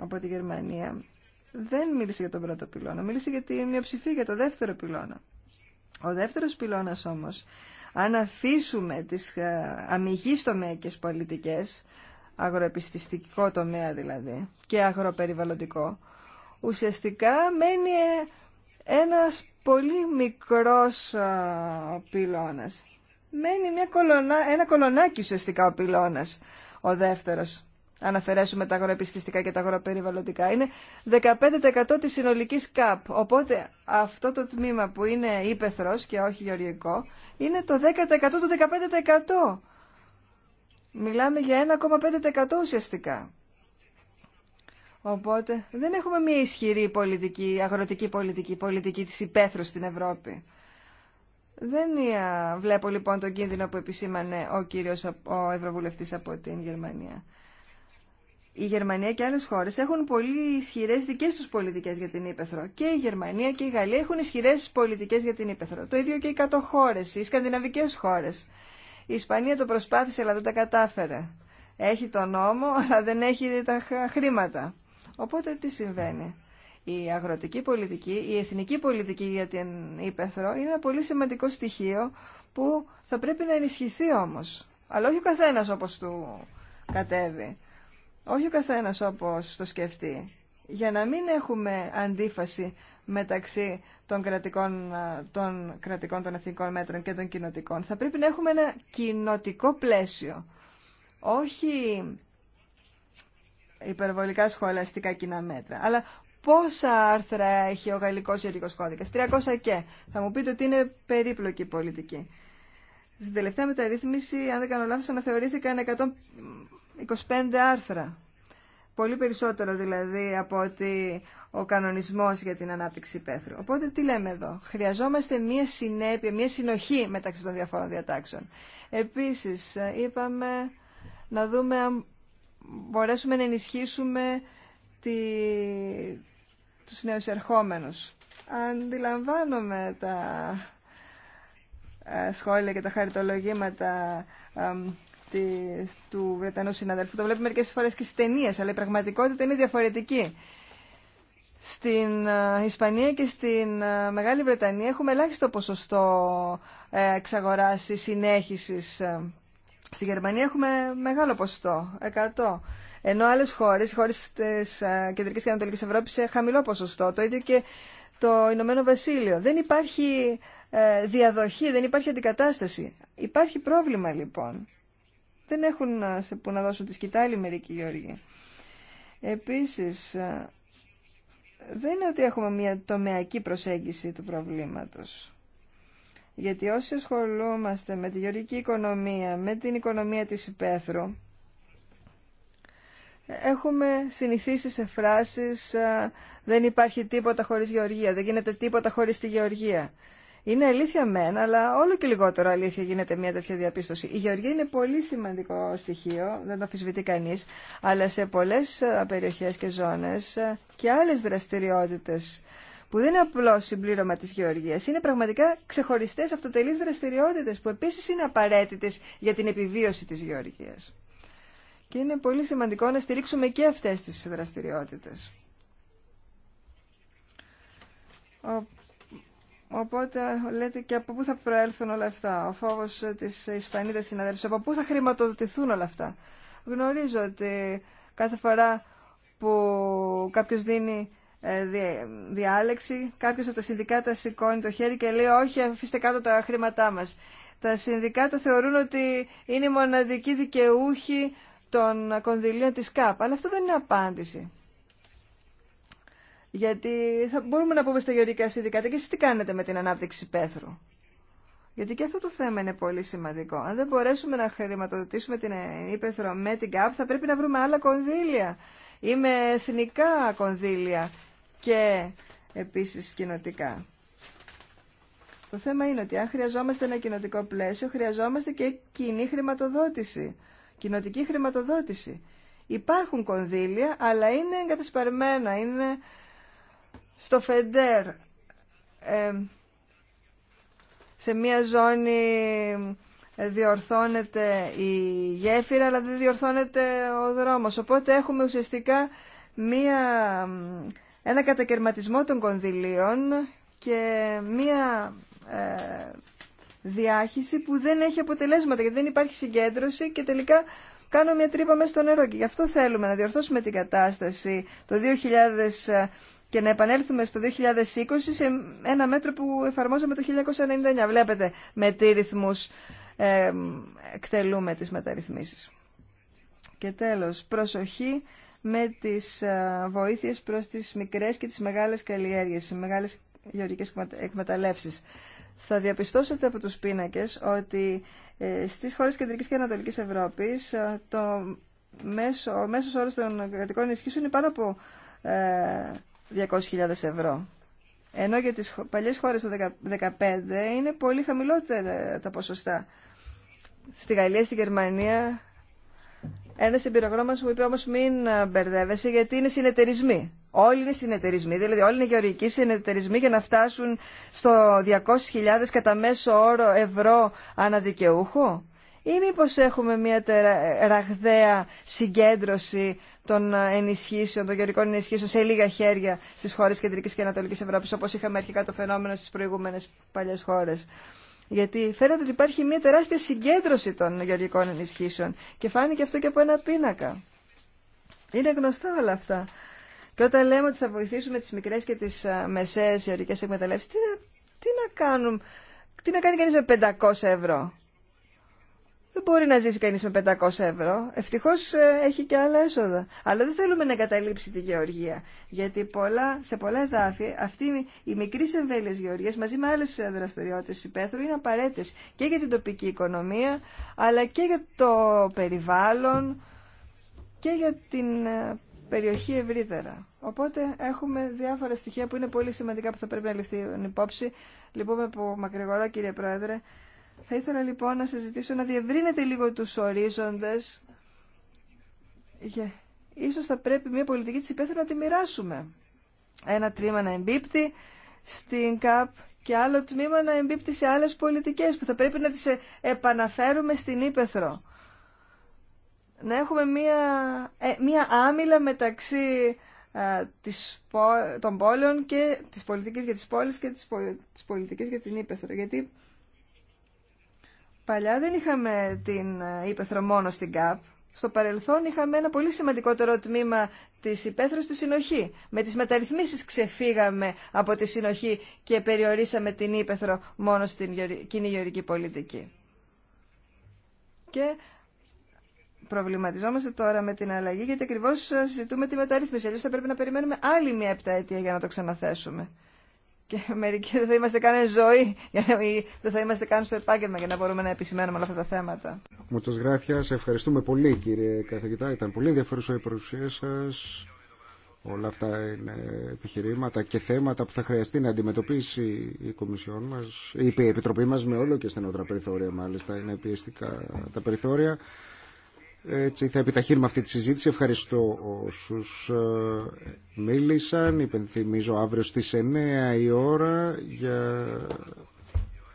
από τη Γερμανία δεν μίλησε για τον πρώτο πυλώνα, μίλησε για την μειοψηφία, για το δεύτερο πυλώνα. Ο δεύτερος πυλώνας όμως, αν αφήσουμε τις αμυγείς πολιτικές, αγροεπιστηστικό τομέα δηλαδή και αγροπεριβαλλοντικό, ουσιαστικά μένει ένας πολύ μικρός πυλώνας. Μένει μια κολονά, ένα κολονάκι ουσιαστικά ο πυλώνας, ο δεύτερος. Αν αφαιρέσουμε τα αγροεπιστηστικά και τα αγροπεριβαλλοντικά, είναι 15% της συνολικής ΚΑΠ. Οπότε αυτό το τμήμα που είναι ύπεθρος και όχι γεωργικό, είναι το 10% του 15%. Μιλάμε για 1,5% ουσιαστικά. Οπότε δεν έχουμε μια ισχυρή πολιτική, αγροτική πολιτική, πολιτική της υπαίθρου στην Ευρώπη. Δεν βλέπω λοιπόν τον κίνδυνο που επισήμανε ο κύριος ο Ευρωβουλευτής από την Γερμανία. Η Γερμανία και άλλες χώρες έχουν πολύ ισχυρές δικές τους πολιτικές για την Ήπεθρο. Και η Γερμανία και η Γαλλία έχουν ισχυρές πολιτικές για την Ήπεθρο. Το ίδιο και οι κατοχώρες, οι σκανδιναβικές χώρες. Η Ισπανία το προσπάθησε αλλά δεν τα κατάφερε. Έχει τον νόμο αλλά δεν έχει τα χρήματα. Οπότε τι συμβαίνει. Η αγροτική πολιτική, η εθνική πολιτική για την Ήπεθρο είναι ένα πολύ σημαντικό στοιχείο που θα πρέπει να ενισχυθεί όμως. Αλλά όχι ο καθένας όπως του κατέβει. Όχι ο καθένας όπως το σκεφτεί για να μην έχουμε αντίφαση μεταξύ των κρατικών, των κρατικών των εθνικών μέτρων και των κοινοτικών. Θα πρέπει να έχουμε ένα κοινοτικό πλαίσιο, όχι υπερβολικά σχολαστικά κοινά μέτρα, αλλά πόσα άρθρα έχει ο γαλλικός ιερικός κώδικας, 300 και. Θα μου πείτε ότι είναι περίπλοκη η πολιτική. Στην τελευταία μεταρρύθμιση, αν δεν κάνω λάθος, αναθεωρήθηκαν 125 άρθρα πολύ περισσότερο δηλαδή από ότι ο κανονισμός για την ανάπτυξη πέθρου. Οπότε τι λέμε εδώ. Χρειαζόμαστε μία συνέπεια, μία συνοχή μεταξύ των διαφόρων διατάξεων. Επίσης ε, είπαμε να δούμε αν μπορέσουμε να ενισχύσουμε τη... τους νέους ερχόμενους. Αντιλαμβάνομαι τα ε, σχόλια και τα χαριτολογήματα του Βρετανού συναδέλφου. Το βλέπουμε μερικές φορέ και στι ταινίε, αλλά η πραγματικότητα είναι διαφορετική. Στην ε, Ισπανία και στην ε, Μεγάλη Βρετανία έχουμε ελάχιστο ποσοστό ε, εξαγοράση συνέχιση. Στη Γερμανία έχουμε μεγάλο ποσοστό, 100. Ενώ άλλε χώρε, οι χώρες της Κεντρική και Ανατολική Ευρώπη, σε χαμηλό ποσοστό. Το ίδιο και το Ηνωμένο Βασίλειο. Δεν υπάρχει διαδοχή, δεν υπάρχει αντικατάσταση. Υπάρχει πρόβλημα λοιπόν δεν έχουν ε, σε που να δώσουν τη σκητάλη μερικοί γεωργοί. Επίσης, ε, δεν είναι ότι έχουμε μια τομεακή προσέγγιση του προβλήματος. Γιατί όσοι ασχολούμαστε με τη γεωργική οικονομία, με την οικονομία της υπαίθρου, έχουμε συνηθίσει σε φράσεις ε, «δεν υπάρχει τίποτα χωρίς γεωργία», «δεν γίνεται τίποτα χωρίς τη γεωργία». Είναι αλήθεια μεν, αλλά όλο και λιγότερο αλήθεια γίνεται μια τέτοια διαπίστωση. Η γεωργία είναι πολύ σημαντικό στοιχείο, δεν το αφισβητεί κανεί, αλλά σε πολλέ ε, περιοχέ και ζώνε ε, και άλλε δραστηριότητε που δεν είναι απλώ συμπλήρωμα τη γεωργία, είναι πραγματικά ξεχωριστέ αυτοτελεί δραστηριότητε που επίση είναι απαραίτητε για την επιβίωση τη γεωργία. Και είναι πολύ σημαντικό να στηρίξουμε και αυτέ τι δραστηριότητε. Οπότε λέτε και από πού θα προέλθουν όλα αυτά. Ο φόβος της Ισπανίδας συναδέλφου. Από πού θα χρηματοδοτηθούν όλα αυτά. Γνωρίζω ότι κάθε φορά που κάποιος φοβο τη ισπανιδα συναδελφου απο διάλεξη, κάποιος καποιο δινει διαλεξη καποιο απο τα συνδικάτα σηκώνει το χέρι και λέει όχι αφήστε κάτω τα χρήματά μας. Τα συνδικάτα θεωρούν ότι είναι οι μοναδικοί δικαιούχοι των κονδυλίων της ΚΑΠ. Αλλά αυτό δεν είναι απάντηση. Γιατί θα μπορούμε να πούμε στα γεωργικά συνδικάτα και εσείς τι κάνετε με την ανάπτυξη πέθρου. Γιατί και αυτό το θέμα είναι πολύ σημαντικό. Αν δεν μπορέσουμε να χρηματοδοτήσουμε την ύπεθρο με την ΚΑΠ, θα πρέπει να βρούμε άλλα κονδύλια ή με εθνικά κονδύλια και επίσης κοινοτικά. Το θέμα είναι ότι αν χρειαζόμαστε ένα κοινοτικό πλαίσιο, χρειαζόμαστε και κοινή χρηματοδότηση, κοινοτική χρηματοδότηση. Υπάρχουν κονδύλια, αλλά είναι εγκατασπαρμένα, είναι στο Φεντέρ, ε, σε μία ζώνη ε, διορθώνεται η γέφυρα, αλλά δεν διορθώνεται ο δρόμος. Οπότε έχουμε ουσιαστικά μία, ένα κατακαιρματισμό των κονδυλίων και μία ε, διάχυση που δεν έχει αποτελέσματα, γιατί δεν υπάρχει συγκέντρωση και τελικά κάνω μια τρύπα μέσα στο νερό. Και γι' αυτό θέλουμε να διορθώσουμε την κατάσταση το και να επανέλθουμε στο 2020 σε ένα μέτρο που εφαρμόζαμε το 1999. Βλέπετε με τι ρυθμούς ε, εκτελούμε τις μεταρρυθμίσεις. Και τέλος, προσοχή με τις ε, βοήθειες προς τις μικρές και τις μεγάλες καλλιέργειες, τις μεγάλες γεωργικές εκμεταλλεύσεις. Θα διαπιστώσετε από τους πίνακες ότι ε, στις χώρες Κεντρικής και Ανατολικής Ευρώπης ε, το μέσο, ο μέσος όρος των κρατικών ενισχύσεων είναι πάνω από 200.000 ευρώ. Ενώ για τις παλιές χώρες το 2015 είναι πολύ χαμηλότερα τα ποσοστά. Στη Γαλλία, στη Γερμανία, ένας εμπειρογνώμας μου είπε όμως μην ε, μπερδεύεσαι γιατί είναι συνεταιρισμοί. Όλοι είναι συνεταιρισμοί, δηλαδή όλοι είναι γεωργικοί συνεταιρισμοί για να φτάσουν στο 200.000 κατά μέσο όρο ευρώ αναδικαιούχο ή μήπως έχουμε μια ραγδαία συγκέντρωση των ενισχύσεων, των γεωρικών ενισχύσεων σε λίγα χέρια στις χώρες Κεντρικής και Ανατολικής Ευρώπης, όπως είχαμε αρχικά το φαινόμενο στις προηγούμενες παλιές χώρες. Γιατί φαίνεται ότι υπάρχει μια τεράστια συγκέντρωση των γεωργικών ενισχύσεων και φάνηκε αυτό και από ένα πίνακα. Είναι γνωστά όλα αυτά. Και όταν λέμε ότι θα βοηθήσουμε τις μικρές και τις μεσαίες γεωργικές εκμεταλλεύσεις, τι, τι να κάνουν, τι να κάνει κανείς με 500 ευρώ. Δεν μπορεί να ζήσει κανείς με 500 ευρώ. Ευτυχώς ε, έχει και άλλα έσοδα. Αλλά δεν θέλουμε να εγκαταλείψει τη γεωργία. Γιατί πολλά, σε πολλά εδάφη αυτή η μικρή εμβέλεια γεωργίας μαζί με άλλες δραστηριότητες υπαίθρου είναι απαραίτητες και για την τοπική οικονομία αλλά και για το περιβάλλον και για την ε, περιοχή ευρύτερα. Οπότε έχουμε διάφορα στοιχεία που είναι πολύ σημαντικά που θα πρέπει να ληφθεί υπόψη. Λυπούμε που μακρηγορώ κύριε Πρόεδρε. Θα ήθελα λοιπόν να σας ζητήσω να διευρύνετε λίγο τους ορίζοντες. Yeah. Ίσως θα πρέπει μια πολιτική της υπαίθρου να τη μοιράσουμε. Ένα τμήμα να εμπίπτει στην ΚΑΠ και άλλο τμήμα να εμπίπτει σε άλλες πολιτικές που θα πρέπει να τις ε- επαναφέρουμε στην Ήπεθρο. Να έχουμε μία, ε, μία άμυλα μεταξύ ε, της, των πόλεων και της πολιτικής για τις πόλεις και της, της πολιτικής για την Ήπεθρο. Γιατί Παλιά δεν είχαμε την ε, ύπεθρο μόνο στην ΚΑΠ. Στο παρελθόν είχαμε ένα πολύ σημαντικότερο τμήμα της υπαίθρου στη συνοχή. Με τις μεταρρυθμίσεις ξεφύγαμε από τη συνοχή και περιορίσαμε την ύπεθρο μόνο στην κοινή γεωρική πολιτική. Και προβληματιζόμαστε τώρα με την αλλαγή γιατί ακριβώ ε, συζητούμε τη μεταρρύθμιση. θα πρέπει να περιμένουμε άλλη μια αίτια για να το ξαναθέσουμε και μερικοί δεν θα είμαστε καν ζωή, ή δεν θα είμαστε καν στο επάγγελμα για να μπορούμε να επισημαίνουμε όλα αυτά τα θέματα. γράφια, σε ευχαριστούμε πολύ κύριε καθηγητά. Ήταν πολύ ενδιαφέρουσα η παρουσία σα Όλα αυτά είναι επιχειρήματα και θέματα που θα χρειαστεί να αντιμετωπίσει η Κομισιόν μα, η Επιτροπή μα με όλο και στενότερα περιθώρια μάλιστα. Είναι πιεστικά τα περιθώρια. Έτσι θα επιταχύνουμε αυτή τη συζήτηση. Ευχαριστώ όσους ε, μίλησαν. Υπενθυμίζω αύριο στι 9 η ώρα για...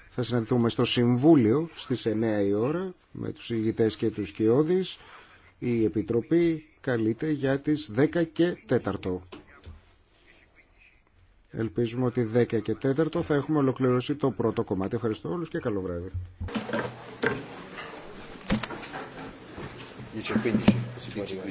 θα συναντηθούμε στο Συμβούλιο στι 9 η ώρα με του ηγητέ και του κοιόδη. Η Επιτροπή καλείται για τι 10 και 4. Ελπίζουμε ότι 10 και 4 θα έχουμε ολοκληρώσει το πρώτο κομμάτι. Ευχαριστώ όλους και καλό βράδυ. 10 e 15, Sì, 13.